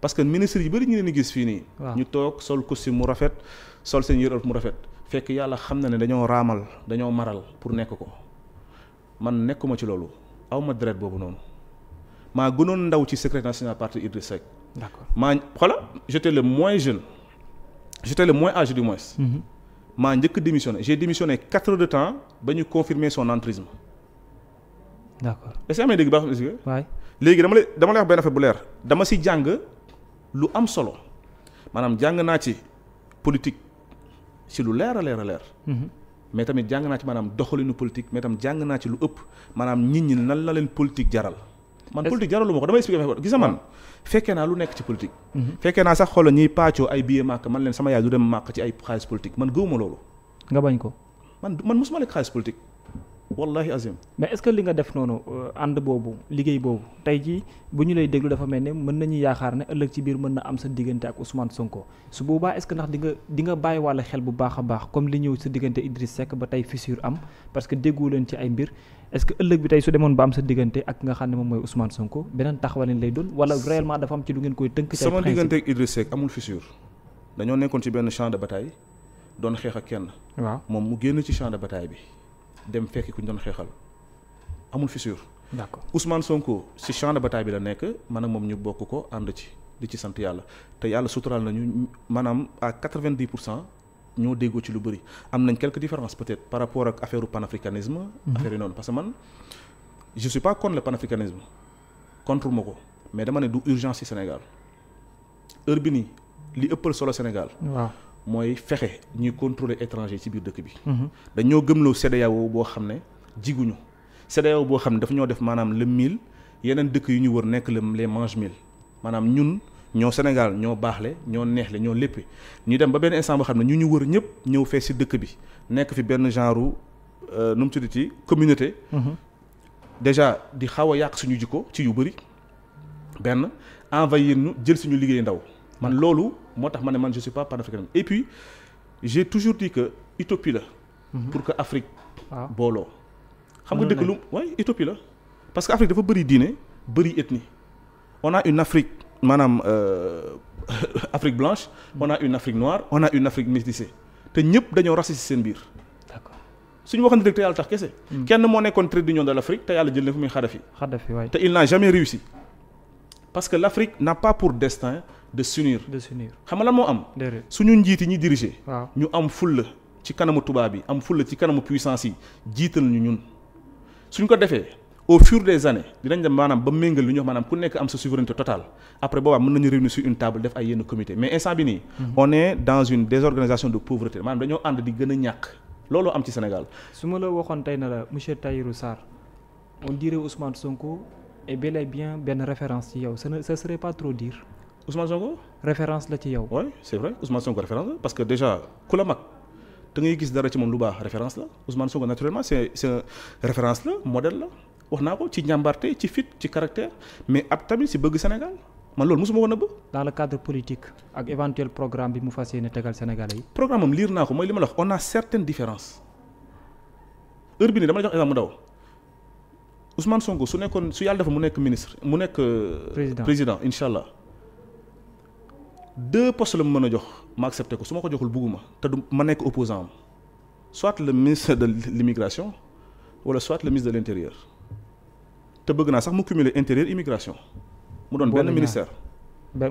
Speaker 2: parce que ministre yi bëri ñu leen gis fii nii. ñu toog sol costume mu rafet sol seen yëre mu rafet. fekk yàlla xam na ne dañoo raamal dañoo maral pour nekk ko man nekkuma ci loolu aw ma deret boobu noonu. maa gënoon ndaw ci secrétaire national parti Idriss Seck. d'accord maa xoola j'étais le moins jeune j'étais le moins âgé du moins. Mhm. maa njëkk démissionné j'ai quatre de temps ba ñu confirmer son entrisme. d'accord est-ce que amee dégg baax na si. léegi dama lay dama lay wax benn affaire bu leer dama si jàng lu am solo maanaam jàng naa ci politique si lu leer a leer a leer. Mhm. mais tamit jàng naa ci maanaam doxalinu politique mais tam jàng naa ci lu ëpp maanaam nit ñi nan la leen politique jaral. man politique jaraluma ko damay expliqué ma naa nekk ci politique mhm. fekkee naa sax xoolal ñuy paccoo ay billet màkk man leen sama yaay du dem màkk ci ay xaalis politique man gëwuma loolu
Speaker 1: nga bañ ko man man mosuma lekk xaalis politique wallahi azim mais est li nga def noonu euh, ànd boobu liggéey boobu tey jii bu ñu lay déglu dafa mel ne mën nañu yaakaar ne ëllëg ci biir mën na am sa diggante ak Ousmane Sonko su boobaa est-ce ndax di nga di nga bàyyi wàlla xel bu baax a baax comme li ñëw sa diggante Idriss Seck ba tey fissure parce que déggoo leen ci ay mbir est-ce que ëllëg bi tey su demoon ba am sa diggante ak nga xam ne moom mooy Ousmane Sonko beneen taxawalin lay doon wala réellement dafa am ci lu ngeen koy tënk. sama diggante
Speaker 2: ak Idriss Seck amul fissure dañoo nekkoon ci benn champ de bataille doon xeex ak kenn. waaw moom mu génn ci champ de bi dem fekki ku ñu doon xeexal amul fissure. d'accord Ousmane Sonko ci champ de bi la nekk man ak moom ñu bokk ko ànd ci di ci sant yàlla te yàlla suturaal nañu maanaam à quatre-vingt-dix cent ñoo déggoo ci lu bëri am nañ quelques différences peut-être par rapport ak affaire u panafricanisme mhm. affaire yi noonu parce que man je suis pas contre le panafricanisme contre ko mais dama ne du urgence ci Sénégal heure bi ni li ëppal solo Sénégal waaw mooy fexe ñuy contrôler étranger ci biir dëkk bi mhm. dañoo gëmloo CEDEAO boo xam ne jiguñu CEDEAO boo xam ne dafa ñoo def maanaam le mille yeneen dëkk yu ñu wër nekk le les mange mille maanaam ñun ñoo Sénégal ñoo baaxle ñoo neexle ñoo lépp ñu dem ba benn instant boo xam ne ñu ñu wër ñëpp ñëw fee si dëkk bi nekk fi benn genre euh, nu mu tudd ci communauté. Mhm. déjà di xaw a yàq suñu jikko ci yu bëri benn envahir nu jël suñu liggéey ndaw man mhm. loolu moo tax ma ne man je suis pas panafricain et puis j'ai toujours dit que utopie la. Mhm. pour que Afrique. Ah. booloo xam nga dëkk lu waaye utopie la parce que Afrique dafa bëri diine bëri ethnie on maanaam euh, Afrique blanche on a une Afrique noire on a une Afrique métissée te ñëpp dañoo raciste seen biir. d'accord suñu waxante dëgg te yàlla tax kese. Hmm. kenn moo nekkoon trait d'union de l'Afrique te yàlla jël na fi muy Kadhafi. Kadhafi waay te il n'a jamais réussi parce que l'Afrique n'a pas pour destin de s'unir. de s'unir xam nga lan moo am. suñu njiit yi ñuy diriger. ñu am fulla ci kanamu tubaab yi am fulla ci kanamu puissance yi jiital ñu ñun suñ ko defee. au fur des années dinañ dem maanaam ba méngal lu ñu wax maanaam ku nekk am sa souveraineté totale après boobaa mën nañu réunir sur une table def ay yenn comité mais instant bi nii mhm. on est dans une désorganisation de pauvreté maanaam dañoo ànd di gën a ñàkk looloo am ci Sénégal
Speaker 1: su ma la waxoon tey na la monsieur Tahirou Sarr on dirait Ousmane Sonko est bel et bien benn référence ci yow ce serait pas trop dire Ousmane la
Speaker 2: ci yow oui c'est vrai Ousmane Sonko référence la parce que déjà ku la mag da ngay gis dara ci lu baax référence la Ousmane Sonko naturellement c'est c'est référence la modèle la wax naa ko ci njàmbarte ci fit ci caractère mais ab tamit si bëgg Sénégal man loolu mosuma ko nëbb. dans le cadre politique ak éventuel programme bi mu fas yéene tegal Sénégalais yi. programme am liir naa ko mooy li ma la wax on a certaines différences heure bi nii dama la jox exemple mu Sonko su nekkoon su yàlla dafa mu nekk ministre mu nekk. Euh, président président incha allah deux postes la mu mën a jox ma accepté ko su ma ko joxul bugguma te du ma nekk opposant am soit le ministre de l'immigration wala soit le ministre de te bëgg naa sax mu cumuler intérieur immigration mu doon benn ministère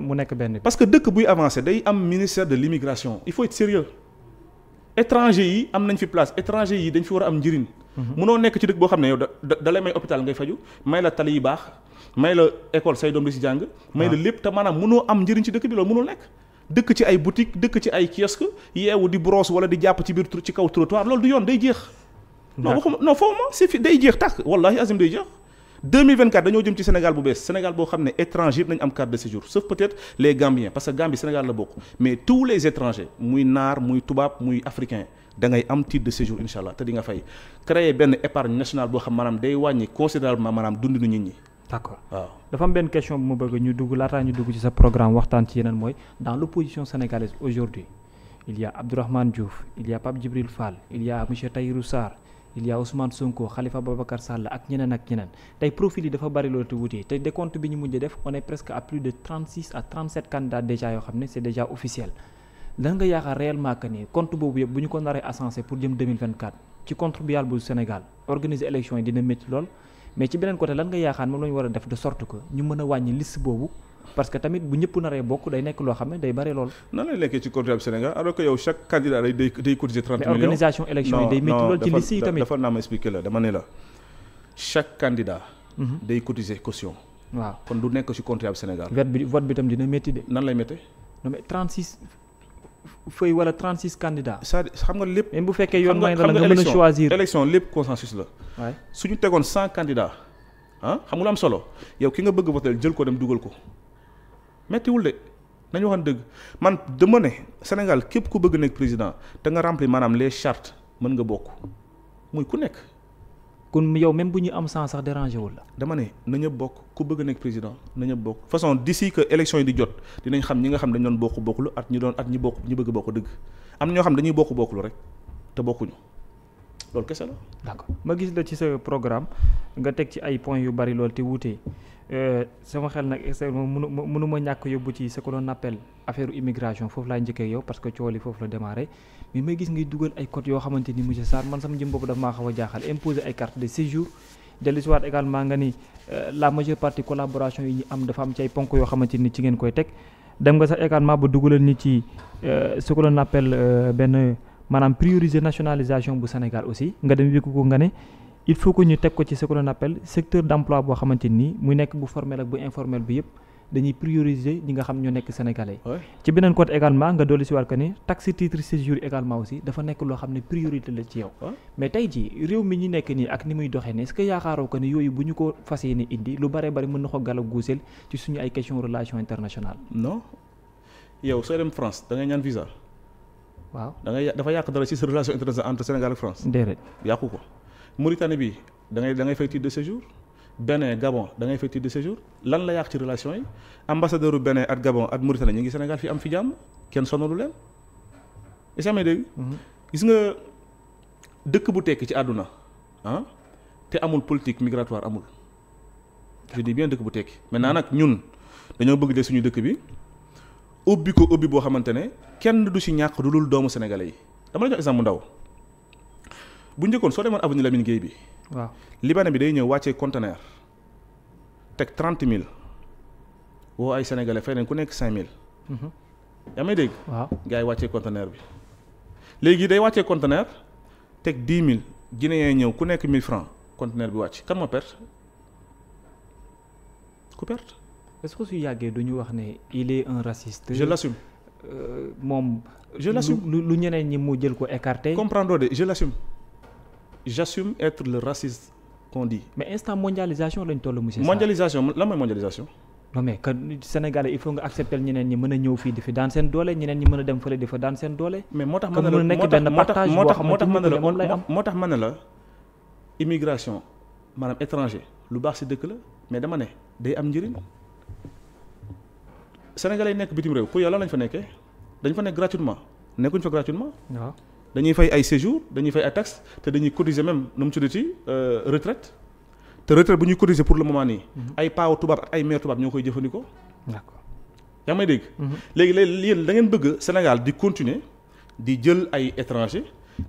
Speaker 2: mu nekk benn parce que dëkk buy avancé day am ministère de l'immigration il faut être sérieux étranger yi am nañ fi place étranger yi dañ fi war a am njëriñ mënoo mhm. nekk ci dëkk boo xam ne yow da da lay may hôpital ngay faju may la tali yu baax may la école say doom di si jàng may la ah. lépp te maanaam mënoo am njëriñ ci dëkk bi loolu mënul nekk dëkk ci ay boutique dëkk ci ay kiosque yeewu di brosse wala di jàpp ci biir ci kaw trottoir loolu du yoon day jeex non waxuma non foofu ma c'est fi day jeex tàkk wallahi azim 2024 dañoo jëm ci Sénégal bu bees Sénégal boo xam ne étranger nañ am carte de séjour sauf peut-être les Gambiens parce que Gambie Sénégal la bokk mais tous les étrangers muy naar muy tubaab muy africain da ngay am titre de séjour incha allah te di nga fay créer benn épargne nationale boo xam maanaam day wàññi considérablement maanaam dundinu nit ñi.
Speaker 1: d'accord waaw dafa am benn question bu ma bëgg ñu dugg laataa ñu dugg ci sa programme waxtaan ci yeneen mooy dans l'opposition sénégalaise aujourd'hui il a Abdourahmane Diouf il y a Pape Djibril Fall il y monsieur Tahirou Sarr il y a Ousmane Sonko Khalifa ak ñeneen ak ñeneen tey profil yi dafa bari loolu te wutee te décompte bi ñu mujj def on presque à plus de 36 à 37 candidats déjà yoo xam ne c'est déjà officiel lan nga yaakaar réellement que ni compte boobu yëpp bu ñu ko naree asencer pour jëm ci contribuable bu Sénégal organiser élection yi dina métti lool mais ci beneen côté lan nga yaakaar moom la ñu def de sorte que ñu mën a wàññi liste parce que tamit bu ñëpp naree bokk day nekk loo xam ne day bare lool.
Speaker 2: nan lay nekkee ci contribuable Sénégal alors que yow chaque candidat day day day cotiser 30 millions mais organisation élection ne la chaque candidat. Mhm. day cotiser
Speaker 1: caution. waaw kon du nekk ci contribuable Sénégal. vote vote bi tam dina métti de. nan lay méttee. non mais 36 feuilles wala 36 candidats. cest à xam nga lépp. bu fekkee yoon may na la nga mën a
Speaker 2: choisir élection la. waay su ñu tegoon 100 candidats ah xam am solo yow ki nga bëgg voter jël ko dem dugal ko. méttiwul de nañu waxoon dëgg man dama ne Sénégal képp ku bëgg nekk président te nga rempli maanaam les chartes mën nga bokk muy ku nekk. kon yow même bu ñu am sans sax dérangé wul la. dama ne na ñëpp bokk ku bëgg nekk président na ñëpp bokk façon d'ici que élection yi di jot dinañ xam ñi nga xam dañ doon bokk bokklu at ñi doon at ñi bokk ñi bëgg bokk dëgg am na ñoo xam dañuy bokk bokklu rek te bokkuñu loolu kese la.
Speaker 1: d'accord ma gis la ci sa programme nga teg ci ay points yu bari lool te wuute Euh, sama xel nag extrêmement mënu mënu ma ñàkk yóbbu ci ce que l'on appelle affaire immigration foofu laay njëkkee yow parce que coow foofu la démarré mais may gis ngay dugal ay code yoo xamante ni monsieur Sarr man sama jëm bopp dafa maa xaw a jaaxal imposer ay carte de séjour dellu si waat également nga ni euh, la majeure partie collaboration yi ñu am dafa am ci ay ponk yoo xamante ni ci ngeen koy teg dem nga sax également ba dugalal ni ci euh, ce que l'on benn maanaam prioriser nationalisation bu Sénégal aussi nga dem wékku ko nga ne il faut que ñu teg ko ci ce qu'on appelle secteur d'emploi boo xamante nii mu nekk bu formel ak bu informel bi yëpp dañuy prioriser ñi nga xam ñoo nekk sénégalais ci beneen côté également nga dolli si waat que ni taxe titre séjour également aussi dafa nekk loo xam ne priorité la ci yow mais tey ji réew mi ñi nekk nii ak ni muy doxee nii est-ce que yaakaaroo que ni yooyu bu ñu ko fas yéene indi lu bare bari mën na ko gàll a guuseel ci suñu ay question relation internationale non
Speaker 2: yow soo dem France da ngay ñaan da ngay dafa yàq dara ci relation ko Mauritanie bi da ngay da ngay fay titre de séjour Bénin Gabon dangay ngay fay titre de séjour lan la yàq ci relation yi ambassadeur u Bénin ak Gabon ak Mauritanie ñu ngi Sénégal fi am fi jàmm kenn sonalu leen est-ce que dégg mhm. gis nga dëkk bu tekki ci àdduna ah te amul politique migratoire amul je dis bien dëkk bu tekki maintenant nag ñun dañoo bëgg de suñu dëkk bi ubbi ko ubbi boo xamante ne kenn du si ñàkk du dul doomu sénégalais yi dama la jox exemple ndaw bu njëkkoon soo demoon avenue Lamine géey bi. waaw libanais bi day ñëw wàccee conteneur teg trente mille woo ay sénégalais feneen ku nekk cinq mille. Mhm. yaa may dégg. waaw gars yi wàccee conteneur bi. léegi day wàccee conteneur teg dix mille guinéen ñëw ku nekk mille francs conteneur bi wàcc kan moo perte
Speaker 1: ku perte. est-ce que su yàggee du ñu wax ne il est un raciste. je l'assume. Euh, moom. je l'assume lu ñeneen ñi mu jël ko écarté. comprendre de je l'assume. j'assume être le raciste qu'on mais instant mondialisation lañ toll si monsieur.
Speaker 2: mondialisation lan mooy mondialisation.
Speaker 1: non mais que Sénégalais il faut nga accepter ñeneen ñi mën a ñëw fii di fi daan seen doole ñeneen ñi mën a dem fële di fa daan seen doole. mais moo tax mën na nekk benn
Speaker 2: la immigration maanaam étranger lu baax si dëkk la mais dama ne day am njëriñ Sénégalais yi nekk bitim réew pour yow lan fa nekkee dañ fa nekk gratuitement nekkuñ fa gratuitement. waaw dañuy fay ay séjour dañuy fay ay taxes te dañuy cotiser même nu mu tuddati euh, retraite te retraite bu ñuy cotiser pour le moment nii. Mhm. ay paaw tubaab ay mère tubaab ñoo koy jëfandikoo. d'accord yaa may dégg. Mhm. léegi léegi yéen da ngeen bëgg Sénégal di continuer di jël ay étranger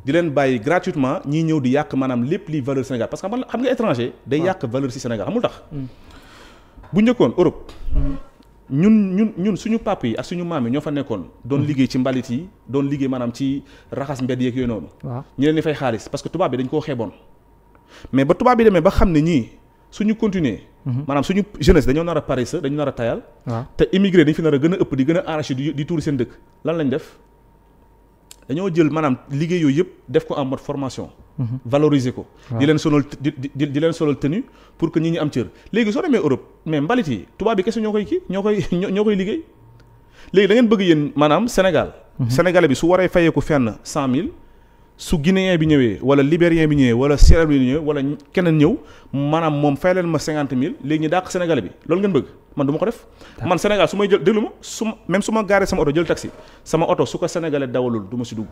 Speaker 2: di leen bàyyi gratuitement ñiy ñëw di yàq maanaam lépp liy valeur Sénégal parce que xam nga étranger. day yàq valeur ci Sénégal xamul tax. Mm. bu njëkkoon Europe. Mhm. ñun ñun ñun suñu papa yi ak suñu maam yi ñoo fa nekkoon doon mm. liggéey ci mbalit yi doon liggéey maanaam ci raxas mbedd yeeg yooyu noonu ñu leen di fay xaalis parce que tubaab bi dañ koo xeeboon mais ba tubaab bi demee ba xam ne ñii suñu continuer mm-hmm. maanaam suñu jeunesse dañoo nar a paresse dañu nar a tayal te immigré dañu fi nar a gën a ëpp di gën a arraché di tuur seen dëkk lan lañ def dañoo jël manaam liggéey yooyu yëpp def ko en mode formation. Mhm. valoriser ko. di leen sonal di di di leen solal tenue pour que ñi ñi am cër léegi soo demee Europe mais mbalit yi tubaab bi kese ñoo koy kii ñoo koy ñoo koy liggéey léegi da bëgg yéen maanaam Sénégal. Mhm. Sénégalais bi su waree fayee ko fenn cent mille. su guinéen bi ñëwee wala libérien bi ñëwee wala sierra bi ñëwee wala keneen ñëw maanaam moom fay leen ma cinquante mille léegi ñu dàq sénégalais bi lool ngeen bëgg man du ma ko def man sénégal su may jël déglu ma su même su ma gaaree sama oto jël taxi sama oto su ko sénégalais dawalul du ma si dugg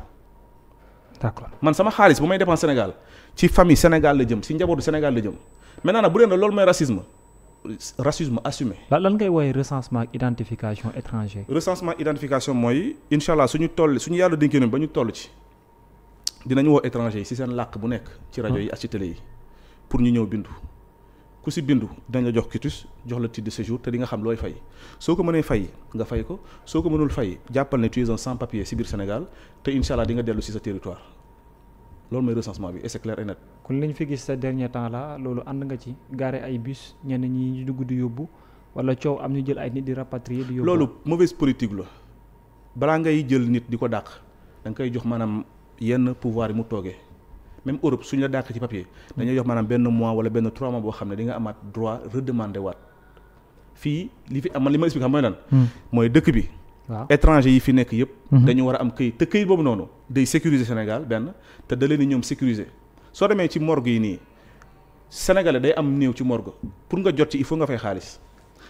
Speaker 2: d'accord man sama xaalis bu may dépense sénégal ci famille sénégal la jëm si njabootu sénégal la jëm maintenant nag bu dee ne loolu mooy racisme
Speaker 1: racisme assumé. lan ngay woowee recensement ak identification étranger
Speaker 2: recensement identification mooy incha allah suñu toll suñu yàlla ba ñu toll ci dinañ woo étranger yi si seen làkk bu nekk ci rajo yi ak ci télé yi pour ñu ñëw bindu ku si bindu dinañ la jox quitus jox la titre de séjour te di nga xam looy fay soo ko mënee fay nga fay ko soo ko mënul fay jàppal ne tu es un sans papier si biir Sénégal te incha allah di nga dellu si sa territoire loolu mooy recensement bi
Speaker 1: et c'est kon li ñu fi gis sa dernier temps là loolu ànd nga ci gaare ay bus ñenn ñi ñu dugg yóbbu wala coow am ñu jël ay nit di rapatrier loolu
Speaker 2: mauvaise politique la balaa ngay jël nit di ko dàq da jox maanaam. yenn pouvoir yi mu toogee même Europe suñu la dàq ci papier dañuy jox maanaam benn mois wala benn trois mois boo xam ne di nga amaat droit redemander waat fii li fi am li ma expliqué xam mooy lan. Hmm. mooy dëkk bi. waaw étranger yi fi nekk yëpp. Hmm. dañu war a am këyit te këyit boobu noonu day sécuriser Sénégal benn te da leen di ñoom sécuriser soo demee ci morgue yi nii sénégalais day am néew ci morgue pour nga jot ci il faut nga fay xaalis.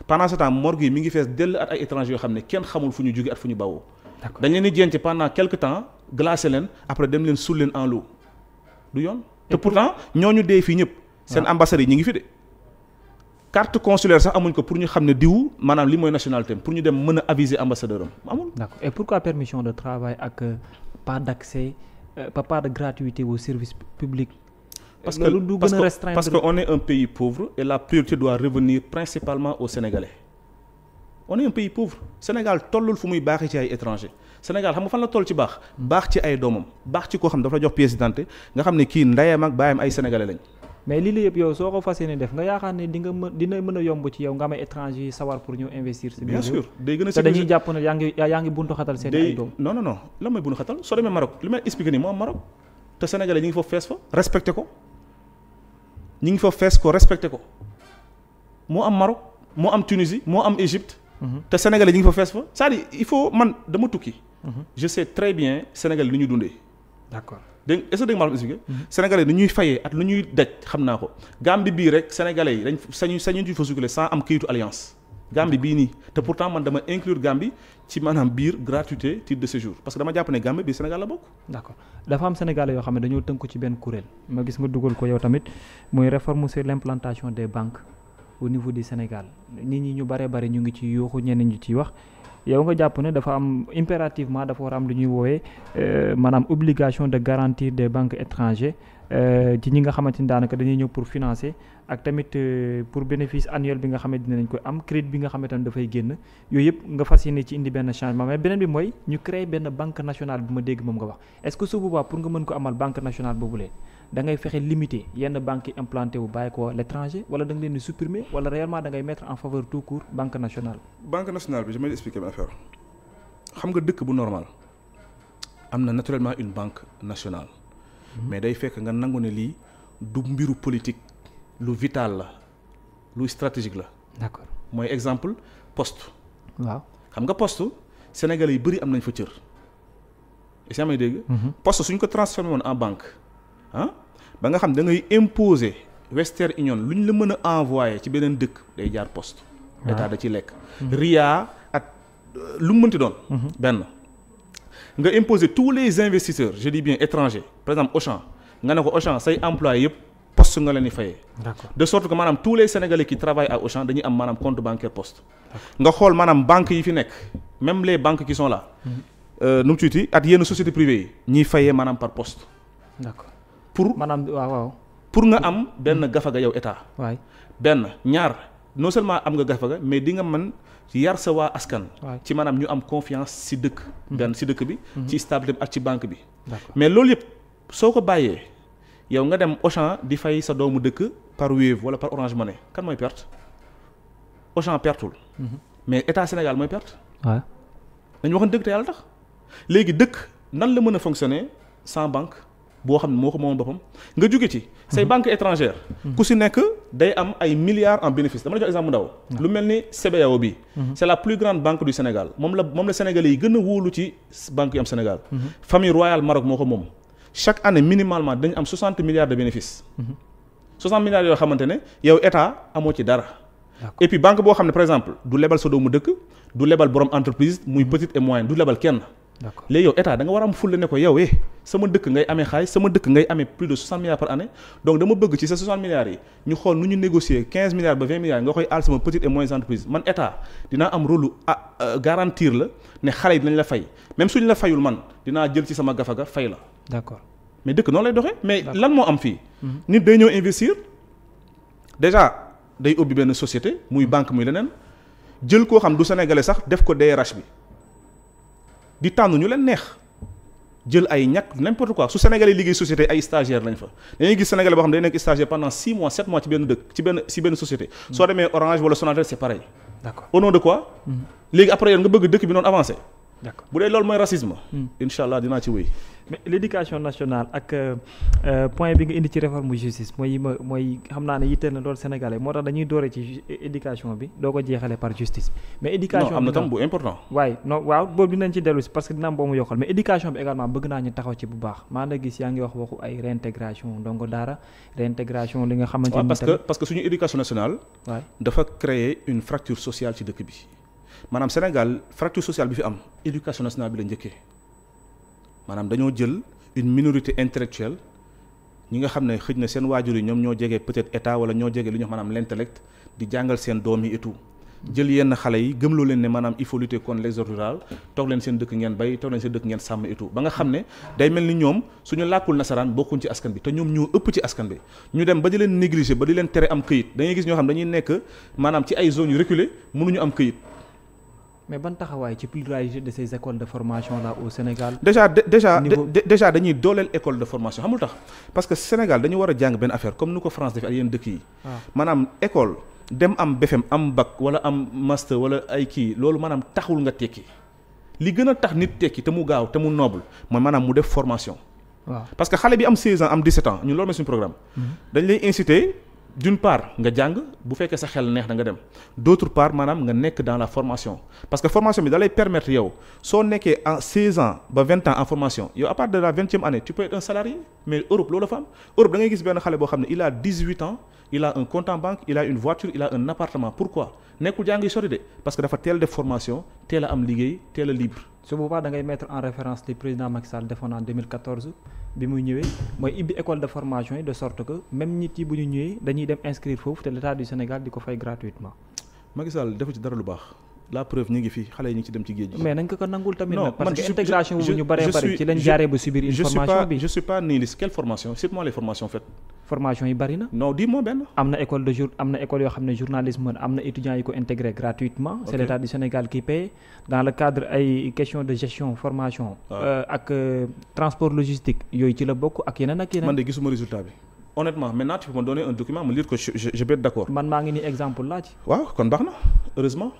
Speaker 2: pendant ce temps morgue yi mi ngi fees dell at ay étrangers yoo xam ne kenn xamul fu ñu jóge at fu ñu bawoo dañ leen di jenti pendant quelque temps glacé leen après dem leen suul leen en l'eau du yoon te pourtant ñu dee fii ñëpp seen ambassades yi ñi ngi fi de carte consulaire sax amuñ ko pour ñu xam ne diw maanaam li mooy national nationalité pour ñu dem mën a aviser ambassadeur
Speaker 1: am amul d'accord et pourquoi permission de travail ak euh, pas d'accès euh, pas de gratuité au service public parce que du gën a restreindre parce que on
Speaker 2: est un pays pauvre et la priorité doit revenir principalement aux Sénégalais on un pays pauvre Sénégal tollul fu muy baaxee ci ay étrangers Sénégal xam nga fan la toll ci baax baax ci ay doomam baax ci koo xam dafa la jox pièce d'identité nga xam ne kii ndeyam ak baayam ay sénégalais lañ.
Speaker 1: mais lii la yëpp yow soo ko fas yéene def nga yaakaar ne di nga mën dina mën a yomb ci yow nga am ay étranger sawar pour ñëw investir. si biir bien day gën a te dañuy jàpp ne yaa ngi yaa ngi buntu xatal seen ay doom. non non non lan ngi foofu fees fa
Speaker 2: respecté ko ñi ngi fa fees ko respecté ko moo am Maroc moo am Tunisie moo am Égypte. Mhm. te sénégalais ñi ngi fa fees fa cest à il faut man dama tukki. Mhm. je très bien sénégalais lu ñuy dundee. d'accord de est-ce que dégg nga mhm. ñuy fayee ak lu ñuy daj xam naa ko. gambi bii rek sénégalais yi dañ sañu sañu fa circuler sans am kayitu alliance. Gambie bii nii te pourtant man dama inclure Gambie ci maanaam biir gratuité titre de séjour parce que dama jàpp ne Gambie bi Sénégal la bokk.
Speaker 1: d'accord dafa am Sénégalais yoo xam ne dañoo tënku ci benn kuréel ma gis nga dugal ko yow tamit muy réforme sur l'implantation des banques au niveau du Sénégal nit ñi ñu bare bare ñu ngi ci yuuxu ñeneen ñu ciy wax. yow nga jàpp ne dafa am impérativement dafa war am lu ñuy woowee euh, maanaam obligation de garantir des banques étrangères euh, ci ñi nga xamante ni daanaka dañuy ñëw pour financer ak tamit euh, pour bénéfice annuel bi nga xamante dinañ koy am crédit bi nga xamante ne dafay génn yooyu yëpp nga fas yéene ci indi benn changement mais beneen bi mooy ñu créer benn banque nationale bi ma dégg moom nga wax est-ce que su boobaa pour nga mën ko amal banque nationale boobulee da ngay fexe limiter yenn banques yi implanté wu bàyyi ko l'étranger wala da nga leen di supprimer wala réellement da mettre en faveur tout court banque nationale. banque dëkk
Speaker 2: bu normal am na naturellement une banque nationale. Mm-hmm. mais day fekk nga nangu ne lii du mbiru politique. lu vital la lu stratégique la. d'accord mooy exemple post xam nga poste sénégal yi bëri am nañ fa cër. est-ce que dégg. Mhm. poste suñ ko transformé woon en banque ah ba nga xam da ngay imposer Western lu luñ la mën a envoyé ci beneen dëkk day jaar post état da ci lekk. Mhm. RIA ak euh, lu mu mënti doon. Mhm. benn nga imposer tous les investisseurs je dis bien étrangers par exemple Auchan nga ne ko Auchan say employés yëpp. poste nga leen di fayee. d'accord de sorte que maanaam tous les qui travaillent à Auchan dañuy am maanaam compte bancaire poste. nga xool maanaam banques yi fi nekk même les banques qui sont là. Mhm. Euh, nu mu tuuti at yenn société privée yi. ñuy fayee maanaam par poste. pour maanaam waaw waaw. pour nga am benn mhm. gafaga yow état. benn ñaar non seulement am nga gafaga mais di nga mën yar sa waa askan. ci maanaam ñu am confiance si dëkk. Mhm. benn si dëkk bi. ci stabilité bi ak ci banque bi. mais loolu yëpp soo ko bàyyee. yow nga dem Auchan di fay sa doomu dëkk par Wave wala par Orange Money kan mooy perte Auchan pertul mhm. mais état Sénégal mooy perte. waaw dañu waxoon dëgg te yàlla tax léegi dëkk nan la mën a fonctionner sans banque boo xam ne moo ko moomoon boppam nga jóge ci. say mhm. banque étrangères. Mhm. ku si nekk day am ay milliards en bénéfice dama la jox exemple ndaw. lu mel ni CBAO bi. c' la plus grande banque du Sénégal moom la moom la sénégalais yi gën a wóolu ci banque Sénégal. famille chaque année minimalement dañu am 60 milliards de bénéfices. yoo xamante ne yow état amoo ci dara. et puis banque boo xam ne par exemple du lebal sa doomu dëkk du lebal borom entreprise muy mhm. petite et moyenne du lebal kenn. d'accord léegi yow état da nga war a am fulla ne ko yow eh sama dëkk ngay amee xaalis sama dëkk ngay ame plus de 60 milliards par année donc dama bëgg ci sa 60 milliards yi ñu xool nu ñu négocier 15 milliards ba 20 milliards nga koy aal sama petite et moyenne entreprise man état am rôle euh, garantir la ne xale yi dinañ la fay même suñ la fayul man dinaa jël ci sama gafaga fay la. d'accord mais dëkk noonu lay doxee mais lan moo am fii. Mhm. nit day ñëw investir déjà day ubbi benn société muy mhm. banque muy leneen jël koo xam du sénégalais sax def ko DRH bi di tànn ñu leen neex. jël ay ñàkk n'importe quoi su Sénégalais liggéey société ay stagiaire lañ fa dañuy gis Sénégalais boo xam day nekk stagiaire pendant 6 mois 7 mois ci benn dëkk ci benn ci benn société. Mhm. soo demee Orange wala Sonatel c'est pareil. de quoi. léegi après yow nga bëgg dëkk bi noonu avancé. d'accord bu dee loolu mooy racisme. incha allah dinaa ci wéy.
Speaker 1: mais l'éducation nationale ak euh, euh, point bi nga indi ci réforme justice mooy ma mooy xam naa ne yitteel na loolu sénégalais moo tax dañuy doore ci éducation bi doo ko jeexale par justice. mais éducation am na tam bu important. waaye non waaw boobu dinañ ci dellu si parce que dina am boo mu yokkal mais éducation bi également bëgg naa ñu taxaw ci bu baax maa ngi gis yaa ngi wax waxu ay réintégration ndongo daara réintégration li nga xamante ni. parce que
Speaker 2: parce que suñu éducation nationale. waay dafa créer une fracture sociale ci dëkk bi maanaam Sénégal fracture sociale bi fi am éducation nationale bi la njëkkee. maanaam dañoo jël une minorité intellectuelle ñi nga xam ne xëj na seen waajur yi ñoom ñoo jege peut-être état wala ñoo jege li ñu wax maanaam l'intellect di jàngal seen doom yi et tout jël yenn xale yi gëmloo leen ne maanaam il faut lutter contre l'exode rural toog leen seen dëkk ngeen bay toog leen seen dëkk ngeen sàmm et tout ba nga xam ne day mel ni ñoom suñu làkkul nasaraan bokkuñ ci askan bi te ñoom ñoo ëpp ci askan bi ñu dem ba di leen négliger ba di leen tere am këyit dañuy gis ñoo xam dañuy nekk maanaam ci ay zones yu reculées mënuñu am këyit
Speaker 1: mais ban taxawaay ci pluralité de ces écoles de formation là au Sénégal. déjà déjà déjà dañuy dooleel école de formation xamul tax parce que Sénégal
Speaker 2: dañu war a jàng benn affaire comme ni ko France defee ak yeneen dëkk yi. Ah. maanaam école dem am BFEM am bac wala am master wala ay kii loolu maanaam taxul nga tekki li gën a tax nit tekki te mu gaaw te mu noble mooy maanaam mu def formation. waaw parce que xale bi am 16 ans am 17 ans ñun loolu mooy suñu programme.
Speaker 3: Mm-hmm.
Speaker 2: dañ lay inciter. d'une part nga jàng bu fekkee sa xel neex na nga dem d'autre part maanaam nga nekk dans la formation parce que formation bi da lay permettre yow soo nekkee en 16 ans ba 20 ans en formation yow à partir de la vingtième année tu un salarié mais Europe loolu fa am Europe da gis benn xale boo xam ne il a 18 ans. il a un compte en banque il a une voiture il a un appartement pourquoi
Speaker 1: nekkul jàng yi sori de parce que dafa teel def formation teel a am liggéey teel a libre. su boobaa da mettre en référence li président Macky Sall defoon en 2014 bi muy ñëwee mooy ibbi école de formation yi de sorte que même nit yi bu ñu ñëwee dañuy dem inscrire foofu te l' état du Sénégal di ko fay gratuitement.
Speaker 2: Macky Sall defu ci dara lu baax. la preuve ñu ngi fi xale
Speaker 1: formation yi bari na. non di moo benn. am na école de jour am na école yoo xam ne journalisme am na étudiants yi ko intégré gratuitement. c'est l'état Sénégal qui paye dans le cadre ay question de gestion formation. Ah. Euh, ak euh, transport logistique yooyu ci la bokk ak yeneen ak yeneen. man de gisuma résultat bi.
Speaker 2: honnêtement ma lire ko je je je peux être d'accord.
Speaker 1: man maa ngi nii exemple laa ci. waaw
Speaker 2: kon baax na heureusement.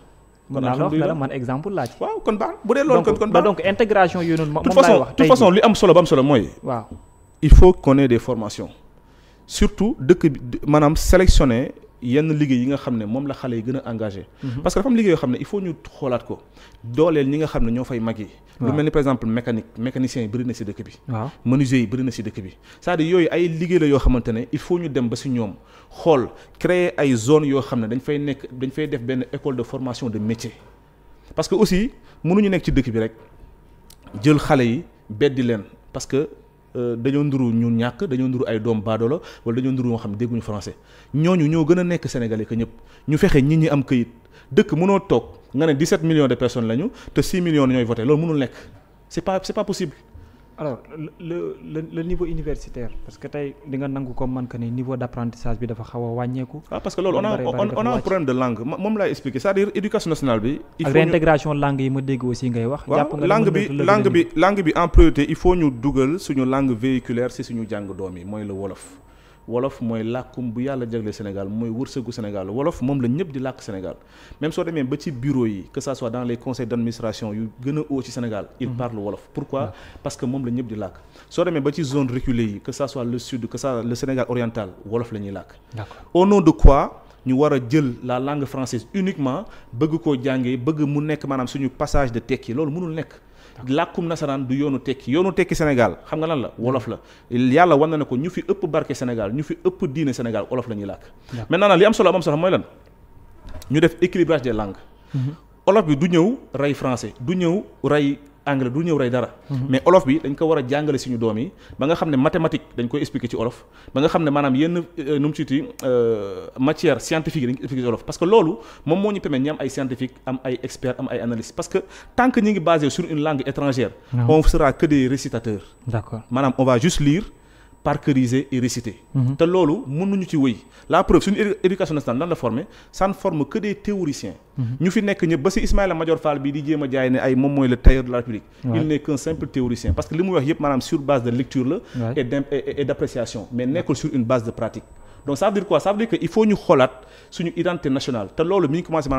Speaker 1: kon alhamdulilah man exemple laa ci. waaw kon baax bu dee loolu. donc intégration yooyu noonu.
Speaker 2: mooy. waaw il faut surtout dëkk bi maanaam sélectionné yenn liggéey yi nga xam ne moom la xale yi gën a engagé. Mhm. parce que dafa am liggéey yoo xam ne il faut ñu xoolaat ko dooleel ñi nga xam ne ñoo fay mag yi. lu mel ni par exemple mécanique mécanicien yi bëri na dëkk bi. waaw menuisier yi bëri na si dëkk bi. cest à yooyu ay liggéey la yoo xamante ne il faut ñu dem ba si ñoom xool créer ay zone yoo xam ne dañ fay nekk dañ fay def benn école de formation de métier. parce que aussi mënuñu nekk ci dëkk bi rek jël xale yi beddi leen Euh, dañoo nduru ñu ñàkk dañoo nduru ay doom baadoola wala dañoo nduru moo xam dégguñu français ñooñu ñoo gën a nekk sénégalais que ñëpp ñu fexe nit ñi am këyit dëkk mënoo toog nga ne 17 millions de personnes lañu te 6 millions ñooy voté loolu mënul nekk
Speaker 1: c'est pas c'est pas possible alors le, le le le niveau universitaire parce que tey di nga nangu comme man que ni niveau d' apprentissage bi dafa xaw a wàññeeku. ah parce que loolu on a on, on a un de
Speaker 2: langue moom laay expliquer c'est-à-dire éducation nationale bi.
Speaker 1: il faut ak réintégration langue yi ma dégg si ngay wax. jàpp nga langue bi langue bi
Speaker 2: langue bi en priorité il faut ñu dugal suñu langue véhiculaire si suñu jàng doom yi mooy la wolof. wolof mooy làkkum bu yàlla jagle Sénégal mooy wërsëgu Sénégal wolof moom la ñëpp di làkk Sénégal même soo demee ba ci bureau yi que ça soit dans les conseils d' administration yu gën a haut ci Sénégal il mhm. parle wolof pourquoi parce que moom la ñëpp di làkk soo demee ba ci zone reculée yi que ça soit le sud que ça le Sénégal oriental wolof la ñuy làkk au nom de quoi ñu war a jël la langue française uniquement bëgg koo jàngee bëgg mu nekk maanaam suñu passage de tekki loolu mënul nekk làkkum nasaraan du yoonu tekki yoonu tekki Sénégal xam nga lan la wolof la mm. yàlla wan na ne ko ñu fi ëpp barke Sénégal ñu fi ëpp diine Sénégal wolof la làkk làkk na nag li am solo am solo mooy lan ñu def équilibrage des langues mm-hmm. olof bi du ñëw rey français du ñëw rey anglais du ñëw rey dara mhm. mais olof bi dañ ko war a jàngale suñu doom yi ba nga xam ne mathématique dañ koy expliquer ci olof ba nga xam ne maanaam yenn euh, nu mu siiti euh, matière scientifique dañ koy expliquer ci olof parce loolu moom moo ñu permettre ñu am ay scientifique am ay expert am ay analyste parce que tant ngi basé sur une langue étrangère ah on sera que des récitateurs d'accord maanaam on va juste lire parqueriser et réciter. Mhm. te loolu mënuñu ci wëy la preuve suñu éducation nationale lan la former forme que des mhm. ñu fi nekk ñëpp ba si Ismaïla Madior Fall bii di jéem jaay ne ay moom mooy tailleur de la République. il n'est qu'un simple théoricien parce que li muy wax yëpp maanaam sur base de lecture la. et d' mais nekkul sur une base de pratique. donc ça veut dire que il faut ñu xoolaat suñu identité nationale te loolu mi ngi commencé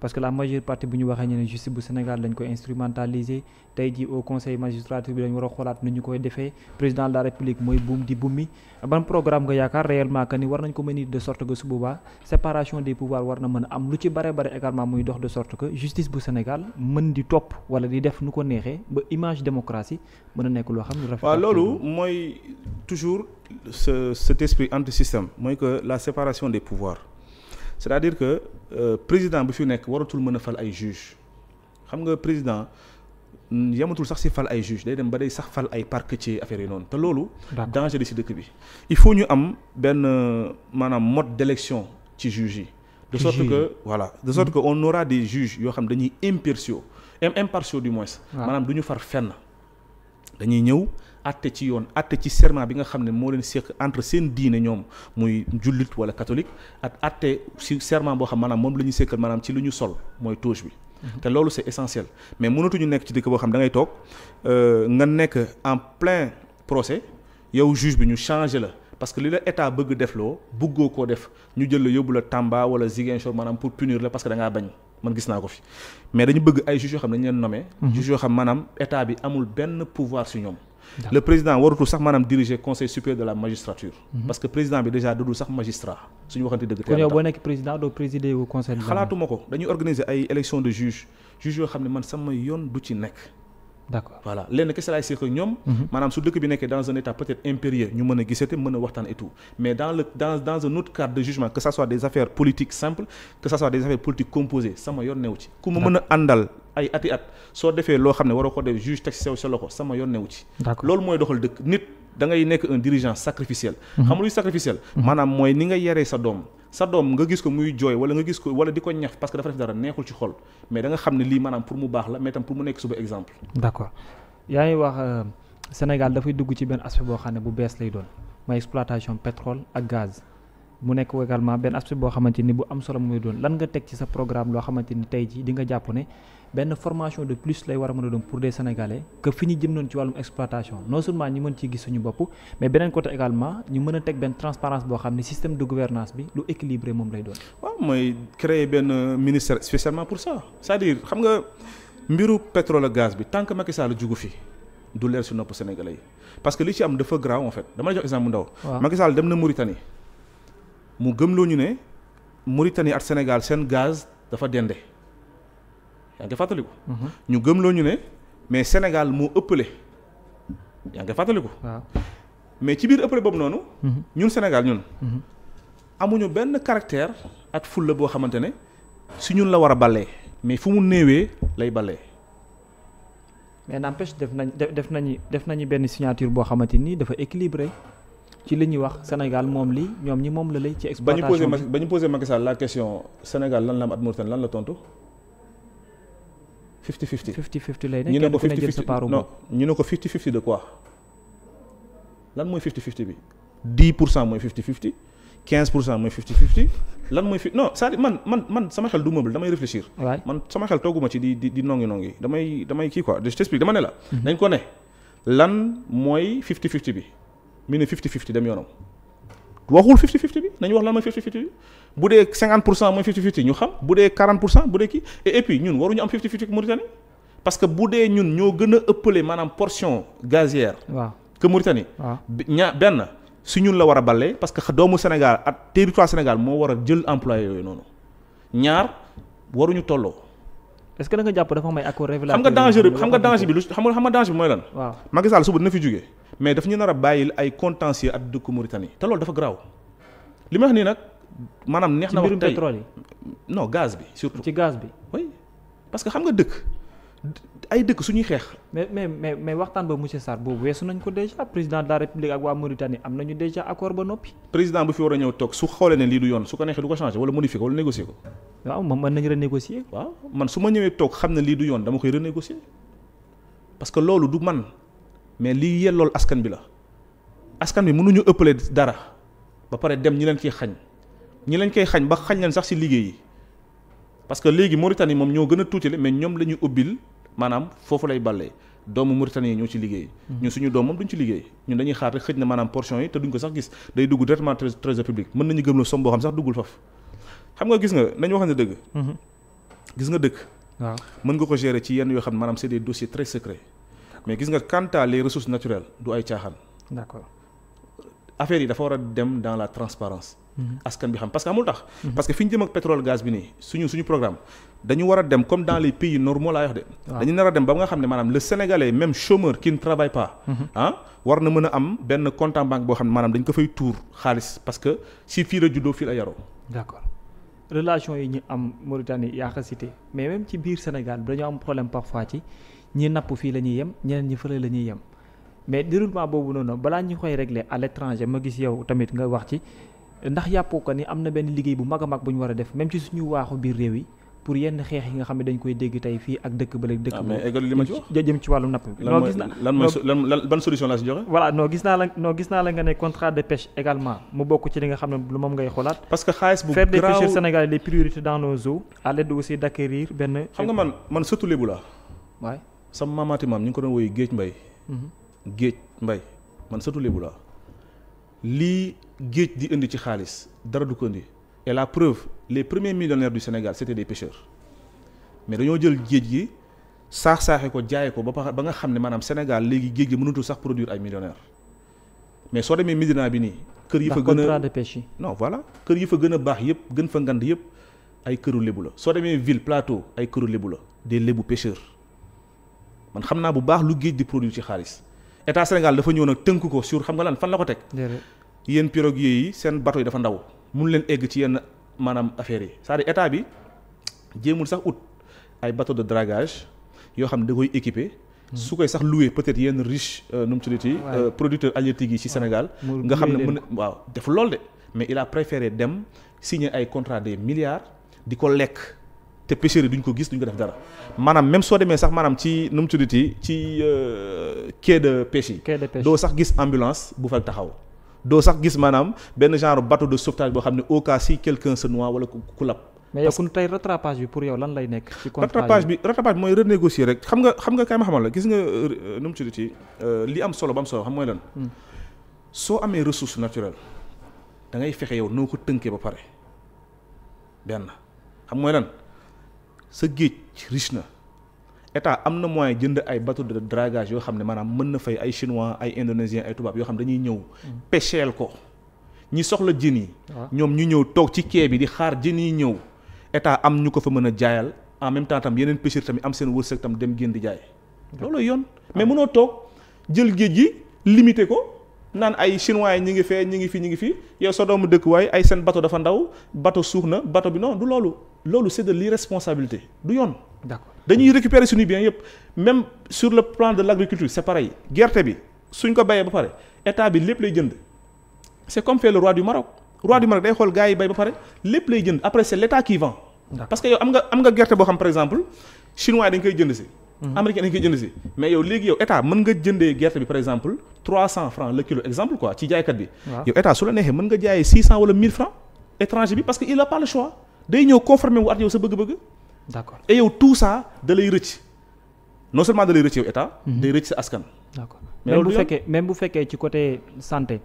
Speaker 1: parce que la majeure partie bu ñu waxee ñu ne justice bu Sénégal dañ ko instrumentaliser tey ji au conseil magistrature bi dañ war a xoolaat nu ñu koy defee président de la république mooy buum di bummi ban programme nga yaakaar réellement que ni war nañ ko mën de sorte que su boobaa séparation des pouvoirs war na mën am lu ci bare bare également muy dox de sorte que justice bu Sénégal mën di topp wala di def nu ko neexee ba image démocratie mën a nekk loo xam ne. waaw loolu
Speaker 2: mooy toujours ce cet esprit mooy que la séparation des pouvoirs. c'est-à-dire que euh, président bu fi nekk waratul mën a fal ay juge xam nga président yamatul sax ci fal ay juge day dem ba day sax fal ay ci affaire yi noonu te loolu danger si dëkk bi il faut ñu am benn maanaam mode d'élection ci juge yi de sorte que voilà de sorte mhm. que on aura des juges yoo xam dañuy impartiaux impartiaux du moins maanaam du ñu far fenn dañuy ñëw àtte ci yoon àtte ci serment bi nga xam ne moo leen séq entre seen diine ñoom muy jullit wala catholique ak àtte ci serment boo xam maanaam moom la ñu séqal maanaam ci lu ñu sol mooy touche bi mhm. te loolu mais mënatuñu nekk ci dëkk boo xam da ngay euh, nekk en plein yow juge bi ñu changé la parce que li la état bëgg def loo koo def ñu jël la yóbbu la Tamba wala Ziguinchor maanaam pour punir la parce que da ngaa bañ man gis naa ko fi bëgg ay juges yoo xam ne dañu leen nommé. Mhm. état bi amul benn pouvoir si ñoom. le président warutul sax maanaam diriger conseil supérieur de la magistrature. Mhm. parce que président bi déjà dudul sax magistrat suñu waxante dëgg. tey kon yow boo
Speaker 1: nekk président doo présider wu conseil. xalaatuma
Speaker 2: ko dañuy organiser ay élection de juge juge yoo xam ne man sama yoon du ci nekk. d'accord voilà lenn kese laay séq ak ñoom mhm. maanaam su dëkk bi nekkee dans un état peut-être impérieux ñu mën a gisate mën a waxtaan et mais dans le dans un autre de jugement que ça soit des affaires politiques simples que ça soit des affaires politiques composées sama yoon newu ci ku ma mën a àndal ay ati at soo defee loo xam ne waroo ko def juge teg sew sa loxo sama yoon newu ci loolu mooy doxal dëkk nit da ngay nekk un dirigeant sacrificiel mhm. xam luy sacrificiel mhm. maanaam mooy ni nga yaree sa doom sa doom nga gis ko muy jooy wala nga gis ko wala di ko ñaf parce que dafa def dara neexul ci xol mais da nga xam ne lii maanaam pour mu baax la mais tam pour mu nekk suba exemple.
Speaker 1: d'accord yaa ngi wax euh, Sénégal dafay dugg ci benn aspect boo xam ne bu bees lay doon mooy exploitation pétrole ak gaz. mu nekk également benn aspect boo xamante ni bu am solo muy doon lan nga teg ci sa programme loo xamante ni tey jii di nga jàpp ne benn formation de plus lay war a mën a doon pour les sénégalais que fi ñu jëm noonu ci wàllum exploitation non seulement ñu mën ciy gis suñu bopp mais beneen côté également ñu mën a teg benn transparence boo xam ne système de gouvernance bi lu équilibré moom lay doon.
Speaker 2: waaw mooy créer benn ministère spécialement pour ça c'est-à-dire xam nga mbiru pétrole bi tant que Macky Sall jugu fi. du leer nopp Sénégalais yi parce que li ci am dafa grave en fait dama la jox exemple bu ndaw. waaw Macky Sall dem mu gëmloo ñu ne Mauritanie at senegal seen gaz dafa dende yaa ngi fàttaliku. Mhm. ñu loo ñu ne mais Sénégal moo ëpple yaa ngi fàttaliku. mais ci biir ëppale boobu noonu. Mhm. ñun Sénégal ñun. Mhm. amuñu benn caractère ak fulla boo xamante ne su ñun la war a ballee mais fu mu néewee lay bale
Speaker 1: mais n'empêche def nañ def nañu def nañu benn signature boo xamante ni dafa équilibré. ci li ñuy wax Sénégal moom li ñoom ñi moom la lay ci exploitation
Speaker 2: ba ñu posé Macky Sall la question Sénégal lan la am at lan la tontu.
Speaker 1: 50 50 50 50 lay ne kenn ku sa part non
Speaker 2: ñu ne ko 50 50 de quoi lan mooy 50 50 bi 10 pour cent mooy 50 50 pour cent mooy 50 50 lan mooy fi non cest à man man man sama xel du meuble damay réfléchir. man sama xel togguma ci di di di nongi nongi damay damay kii quoi je t'explique dama ne la. Mhm. dañ ko ne lan mooy 50 50 bi. mu ne 50 50 dem yoonam waxul 50 50 bi nañu wax lan mooy bu dee 50 pour cent mooy 50 ñu xam bu dee 40 pour cent bu dee kii et puis ñun waruñu am 50 50 Mauritanie parce que bu dee ñun ñoo gën a ëppale maanaam portion gazière. waaw que Mauritanie. waaw ña benn si ñun la war a bale parce que doomu Sénégal ak territoire Sénégal moo war a jël employé yooyu noonu ñaar waruñu tolloo.
Speaker 1: est-ce que da nga jàpp dafa may accord révélateur xam nga danger bi
Speaker 2: lu xam nga xam bi mooy lan waaw suba dina fi jógee mais daf ñu nar a bàyyil ay contentieux ak dëkku Mauritanie te loolu dafa garaaw li ma wax nii nag maanaam neex na wax tey pétrole
Speaker 1: yi non gaz bi surtout ci gaz bi oui parce que xam nga dëkk ay dëkk suñuy xeex. mais mais mais mais waxtaan ba monsieur Sarr boobu weesu nañ ko déjà président de la république ak waa Mauritanie am nañu déjà accord ba noppi.
Speaker 2: président bu fi war a ñëw toog su xoolee ne lii du yoon su ko neexee du ko changer wala modifier ko waaw moom mën nañu renégocier. waaw man su ma ñëwee toog xam ne lii du yoon dama koy renégocier parce que loolu du man mais lii yellool askan bi la askan bi mënuñu ëppale dara ba pare dem ñi leen koy xañ ñi leen koy xañ ba xañ leen sax ci liggéey yi parce que léegi Mauritanie moom ñoo gën a tuutale mais ñoom la ñuy ubbil maanaam foofu lay ballee doomu Mauritanie ñoo ci liggéey hmm. ñun suñu doom moom duñ ci liggéey ñun dañuy xaar rek xëj na maanaam portion yi te duñ ko sax gis day dugg directement trésor public mën nañu gëm la somme boo xam sax duggul faf xam nga gis nga nañu wax ne dëgg hmm. gis nga dëkk waaw mën nga ko gérer ci yenn yoo xam ne maanaam c'est des dossiers très secrets mais gis nga quant à les ressources du ay caaxaan affaire yi dafa war a dem dans la transparence mhm. askan bi xam parce que amul tax mhm. parce que fi ñu jëm ak pétrole gaz bi nii suñu suñu programme dañu war a dem comme dans les pays normaux laa wax de dañu nar a dem ba nga xam ne maanaam le sénégalais même chômeur qui ne travaille pas mhm. ah, war na mën a am benn compte en banque boo xam ne maanaam dañ ko fay tuur xaalis parce que si fii la juddoo fii la yaroo
Speaker 1: d'accord relation yi ñu am Mauritanie yaa ko cité mais même ci biir Sénégal dañu am problème parfois ci napp fii la ñuy yem ñeneen ñi fële la ñuy yem mais déroulement boobu noonu balaa ñu koy régler à l'étranger ma gis yow tamit nga wax ci ndax yàppoo ko ni am na benn liggéey bu mag a mag bu ñu war a def même ci suñu waaxu biir réew yi pour yenn xeex yi nga xam ne dañ koy dégg tey fii ak dëkk bële dëkk ah, li ma ci wax jëm ci wàllu napp bi non gis naa lan mooy lan ban solution laa si joxe voilà non naa la non gis la nga ne contrat de pêche également mu bokk ci li nga xam ne lu moom ngay xoolaat parce que xaalis bu faire des pêcheurs sénégalais les priorités dans nos eaux à l'aide aussi d'acquérir benn xam nga man
Speaker 2: man surtout géej mbay man sëtu Lebu lii géej di indi ci xaalis dara du ko indi et la preuve les premiers millionnaires du Sénégal c' étaient des pêcheurs mais dañoo jël géej gi saax saaxe ko jaaye ko ba ba nga xam ne maanaam Sénégal léegi géej gi mënatul sax produire ay millionnaires mais soo demee Médina bi nii. kër yi fa gën a contrat de pêche yi. voilà kër yi fa gën a baax yëpp gën fa ngand yëpp ay këru lébu la soo demee ville plateau ay këru lébu la des lébu pêcheurs man xam naa bu baax lu géej di produire ci xaalis. état Sénégal dafa ñëw nag tënk ko sur xam nga laan fan la ko teg. yéen pirogue yi seen bateau yi dafa ndaw. mu mun leen egg ci yenn maanaam affaire yi c'est-à-dire état bi jéemul sax ut ay bato de dragage yoo xam ne da koy équipé. Hmm. su koy sax loué peut-être yenn riche euh, nu mu tuddati. Euh, producteurs halieutiques yi ci Sénégal. nga xam ne mën waaw def lool de mais il a préféré dem signe ay contrat des milliards di ko lekk. te pêcheurs yi ko gis duñ ko def dara maanaam même soo demee sax maanaam ci nu mu tuddati ci euh, quai de pêche yi. doo sax gis ambulance bu fa taxaw. doo sax gis maanaam benn genre bateau de sauvetage boo xam ne au cas si quelqu'un se noie wala ku lab.
Speaker 1: mais yow tey rattrapage bi pour yow lan lay nekk. ci contrat rattrapage
Speaker 2: bi rattrapage bi mooy renégocier rek xam nga xam nga kay ma xamal la gis nga euh, nu euh, li am solo ba am solo xam mooy lan. Hmm. soo amee ressource naturelle da ngay fexe yow noo tënkee ba pare benn xam mooy sa géej riche na état am na moyen jënd ay bato de dragage yoo xam ne maanaam mën na fay ay chinois ay indonésiens ay tubaab yoo xam ne dañuy ñëw mm. pêcheel ko ñi soxla jën yi ah. ñoom ñu ñëw toog ci quai bi di xaar jën yi ñëw état am ñu ko fa mën a jaayal en même temps tam yeneen pêcheur tamit am seen wërsëg tam dem génn di jaay loolu yoon mais ah. mënoo toog jël géej gi limité ko naan ay chinois yi ñi ngi fee ñu ngi fi ñu ngi fi yow sa doomu dëkk waaye ay seen bateau dafa ndaw bateau suux na bateau bi non du loolu loolu c'est de l'irresponsabilité du yoon. d'accord dañuy récupérer suñu bien yëpp même sur le plan de l'agriculture c'est pareil gerte bi suñ ko bayee ba pare état bi lépp lay jënd c'est comme fait le roi du Maroc roi du Maroc day xool gars bay ba pare lépp lay jënd après c'est l'état qui vend. parce que yow am nga am nga gerte boo xam par exemple chinois dañ koy jënd si. Mhm. américain dañ koy jënd si mais yow léegi yow état mën nga jëndee gerte bi par exemple trois le kilo exemple quoi ci jaaykat bi. yow état su la neexee que il day ñëw conformé wu at yow sa bëgg-bëgg. d'accord et yow tout ça da lay rëcc non seulement da lay rëcc yow état. Mhm. day rëcc sa askan.
Speaker 1: d'accord même bu fekkee même bu fekkee ci côté santé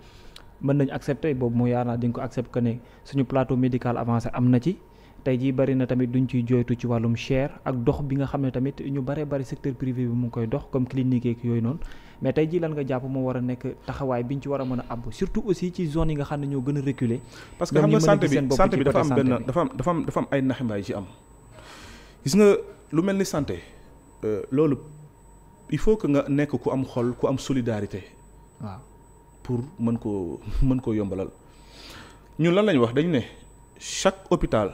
Speaker 1: mën nañu accepter boobu mu yaakaar naa di nga ko accepter que ne suñu plateau médical avancé am na ci. tey jii bari na tamit duñ ciy joytu ci wàllum cher ak dox bi nga xam ne tamit ñu baree bari secteur privé bi mu ngi koy dox comme clinique yeeg yooyu noonu mais tey jii lan nga jàpp moo war a nekk taxawaay bi ñu ci war a mën a àbb surtout aussi ci zone yi nga xam ne ñoo gën a reculer parce que xam nga santé bi santé bi dafa am benn dafa am
Speaker 2: am ay naxambaay ci am gis nga lu mel ni santé euh, loolu il faut que nga nekk ku am xol ku am solidarité waaw pour mën koo mën koo yombalal ñun lan lañ wax dañu ne chaque hôpital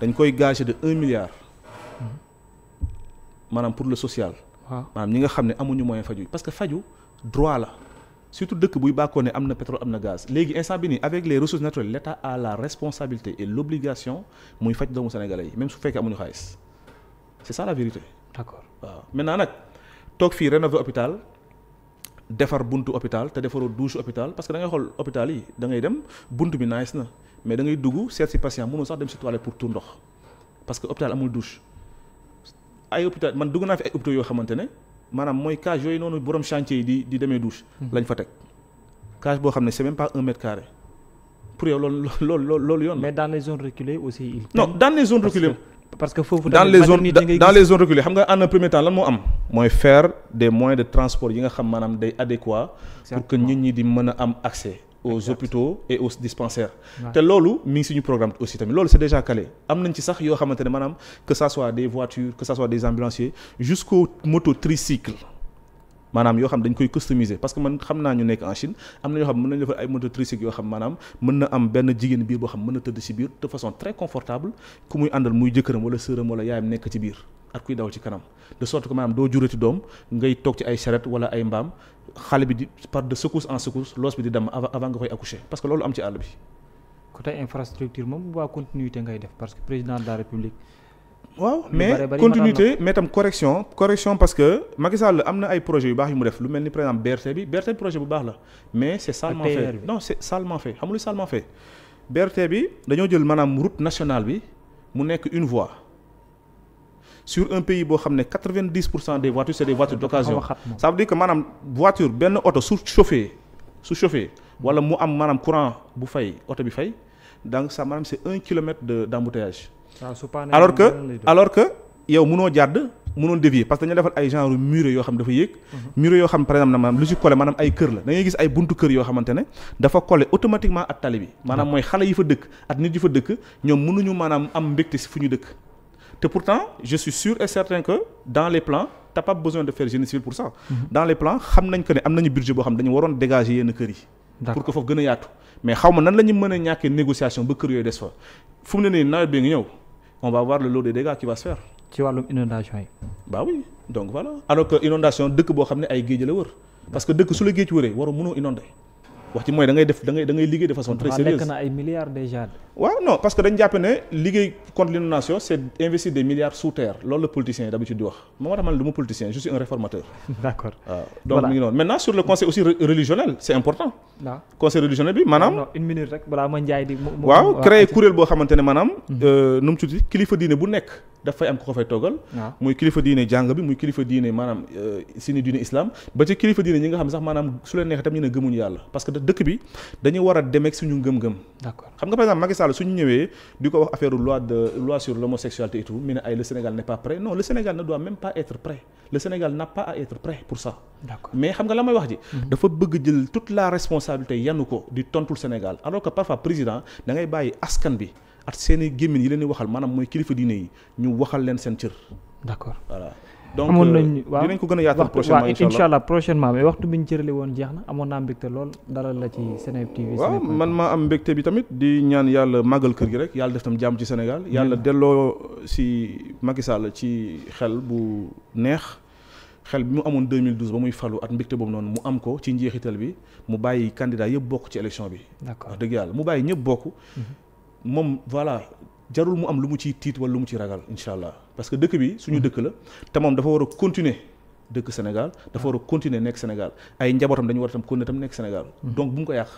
Speaker 2: dañ koy gager de un milliard mhm. maanaam pour le social maanaam ñi nga xam ne amuñu moyen faju parce que faju droit la surtout dëkk buy bàkkoo ne am na pétrole am na gaz léegi instant bi nii avec les ressources naturelles l'état a la responsabilité et l'obligation muy faj doomu sénégalais yi même su fekkee amuñu xaalis c'est ça la vérité d'accord waaw maintenant nag toog fii rénover hôpital defar buntu hôpital te defaroo douche hôpital parce que da ngay xool hôpital yi da ngay dem buntu bi nice na mais da ngay dugg seet si patient mënul sax dem si toilette pour tuur ndox parce que ay hôpital man dugg naa fi ay hôpitaux yoo xamante ne maanaam mooy cage yooyu noonu borom chantier yi di di demee douche. Hmm. lañ fa teg cage boo xam ne c'est même pas un mètre carré pour yow loolu loolu yoon. mais dans les zones reculées aussi. il non dans les zones reculées. parce que foofu dans les zones dans les zones reculées xam nga en un premier temps lan moo am. mooy faire des moyens de transport yi nga xam maanaam day adéquat. pour que nit ñi di mën a am accès. aux hôpitaux et aux dispensaires te loolu mu ngi suñu programme aussi tamit loolu c'est déjà calé am nañ ci sax yoo xamante ne maanaam que ça soit des voitures que ça soit des ambulanciers jusqu'au moto tricycle maanaam yoo xam dañ koy customiser parce que man xam naa ñu nekk en Chine am na yoo xam mën nañ defar ay moto tricycle yoo xam maanaam mën na am benn jigéen biir boo xam mën na tëdd ci biir de façon très confortable ku muy àndal muy jëkkëram wala sëram wala yaayam nekk ci biir at kuy daw ci kanam de sorte que maanaam doo jurati doom ngay toog ci ay charrette wala ay mbaam xale bi di par de secousse en secousse loos bi di dem
Speaker 1: avant nga koy que loolu am waaw mais continuité
Speaker 2: mais tam correction correction parce que Macky Sall am na ay projet yu baax yu mu def lu mel ni par exemple BRT bi BRT bi projet bu baax la mais c'est salement fait non c'est salement fait xam nga lu salement fait BRT bi dañoo jël maanaam route nationale bi mu nekk une voie sur un pays boo xam ne quatre-vingt-dix pour cent des voitures c'est des voitures d'occasion ça veut dire que maanaam voiture benn oto su chauffé su chauffé wala mu am maanaam courant bu fay oto bi fay donc ça maanaam un kilomètre de d'embouteillage alors que alors que yow mënoo jàdd mënoon dévier parce que dañu defal ay genre mur yoo xam dafa yéeg mhm. mur yoo xam par exemple maanaam lu ci collé maanaam ay kër la da ngay gis ay buntu kër yoo xamante ne dafa collé automatiquement ak tali bi maanaam mhm. mooy xale yi fa dëkk ak nit yi fa dëkk ñoom mënuñu maanaam am mbégte si fu ñu dëkk te pourtant je suis sûr et certain que dans les plans t'as besoin de faire génie civil pour ça mhm. dans les plans xam nañ que ne am nañu budget boo xam dañu waroon dégager yenn kër yi pour a yaatu mais xaw ma nan la ñu mën a ñàkkee négociation ba kër yooyu des fa fu nawet bi nga ñëw on va voir le lot de dégâts qui va se faire.
Speaker 1: ci wàllum inondation yi.
Speaker 2: bah oui donc voilà alors que inondation dëkk boo xam ne ay géej la wër parce que dëkk su la géej wëree waroo mënoo inondé wax ci mooy da def dangay ngay da ngay liggéey de façon très sérieuse. ay
Speaker 1: milliards déjà. waaw no non parce que dañ jàpp ne liggéey
Speaker 2: contre l'inondation c'est investir des milliards sous terre loolu la politicien yi d'habitude di wax moo ma tax man du ma politicien je un réformateur donc mi ngi noonu maintenant
Speaker 1: waaw maanaam une créer
Speaker 2: kuréel boo xamante ne maanaam mhm. euh, nu mu tudd kilifa diine bu nekk dafay am ko ko fay toggal ah. muy kilifa diine jàng bi muy kilifa diine maanaam euh, sini diine islam ba ci kilifa diine ñi nga xam sax maanaam su leen neexee tam ñu ne gëmuñu que dëkk a demeeg suñu su ñu ñëwee di ko wax affaire loi de loi sur l'homosexualité et mu ne ay le Sénégal n'est pas prêt non le Sénégal ne doit même pas être prêt le Sénégal n'a pas à être prêt pour ça mais xam nga la may wax ji mhm. dafa bëgg jël toute la responsabilité yanu ko di tontul Sénégal alors que parfois président da ngay bàyyi askan bi ak seen i gémmiñ yi leen di waxal maanaam mooy kilifa diine yi ñu waxal leen seen cër
Speaker 1: d'accord voilà donc amoon euh, nañ waaw dinañ ko gën a yaatal prochainement incha allah incha allah prochainement mais waxtu bi ñu cërale woon jeex na amoon naa mbégte lool dalal la ci Seneweb waaw
Speaker 2: man maa am mbégte bi tamit di ñaan yàlla màggal kër gi rek yàlla def tam jàmm ci Sénégal yàlla delloo si Macky Sall ci xel bu neex. xel bi mu amoon 2012 ba muy falu at mbégte boobu noonu mu am ko ci njeexital bi mu bàyyi candidat yëpp bokk ci élection bi. d'accord wax dëgg yàlla mu bàyyi ñëpp bokk. Mhm. moom voilà jarul mu am lu mu ciy tiit wala lu mu ci ragal incha allah parce que dëkk bi suñu dëkk la te moom dafa war a continuer dëkk Sénégal dafa war a continuer nekk Sénégal ay njabootam dañu war a tam continuer tam nekk Sénégal hmm. donc bu mu ko yàq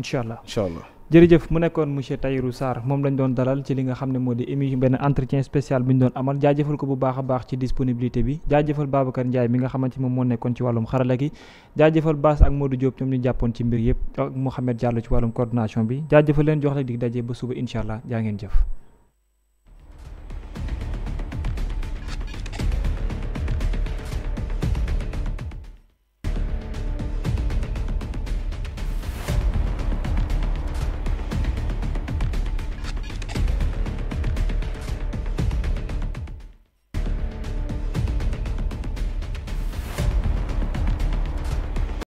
Speaker 1: incha allah incha allah jërëjëf mu nekkoon monsieur Tahirou Sarr moom lañ doon dalal ci li nga xam ne moo di émission benn entretien spécial bi ñu doon amal jaajëfal ko bu baax a baax ci disponibilité bi jaajëfal Babacar Ndiaye mi nga xamante moom moo nekkoon ci wàllum xarala gi jaajëfal Bass ak Modou Diop ñoom ñu jàppoon ci mbir yëpp ak Mouhamed Diallo ci wàllum coordination bi jaajëfal leen jox la dig daje ba suba incha allah jaa ngeen jëf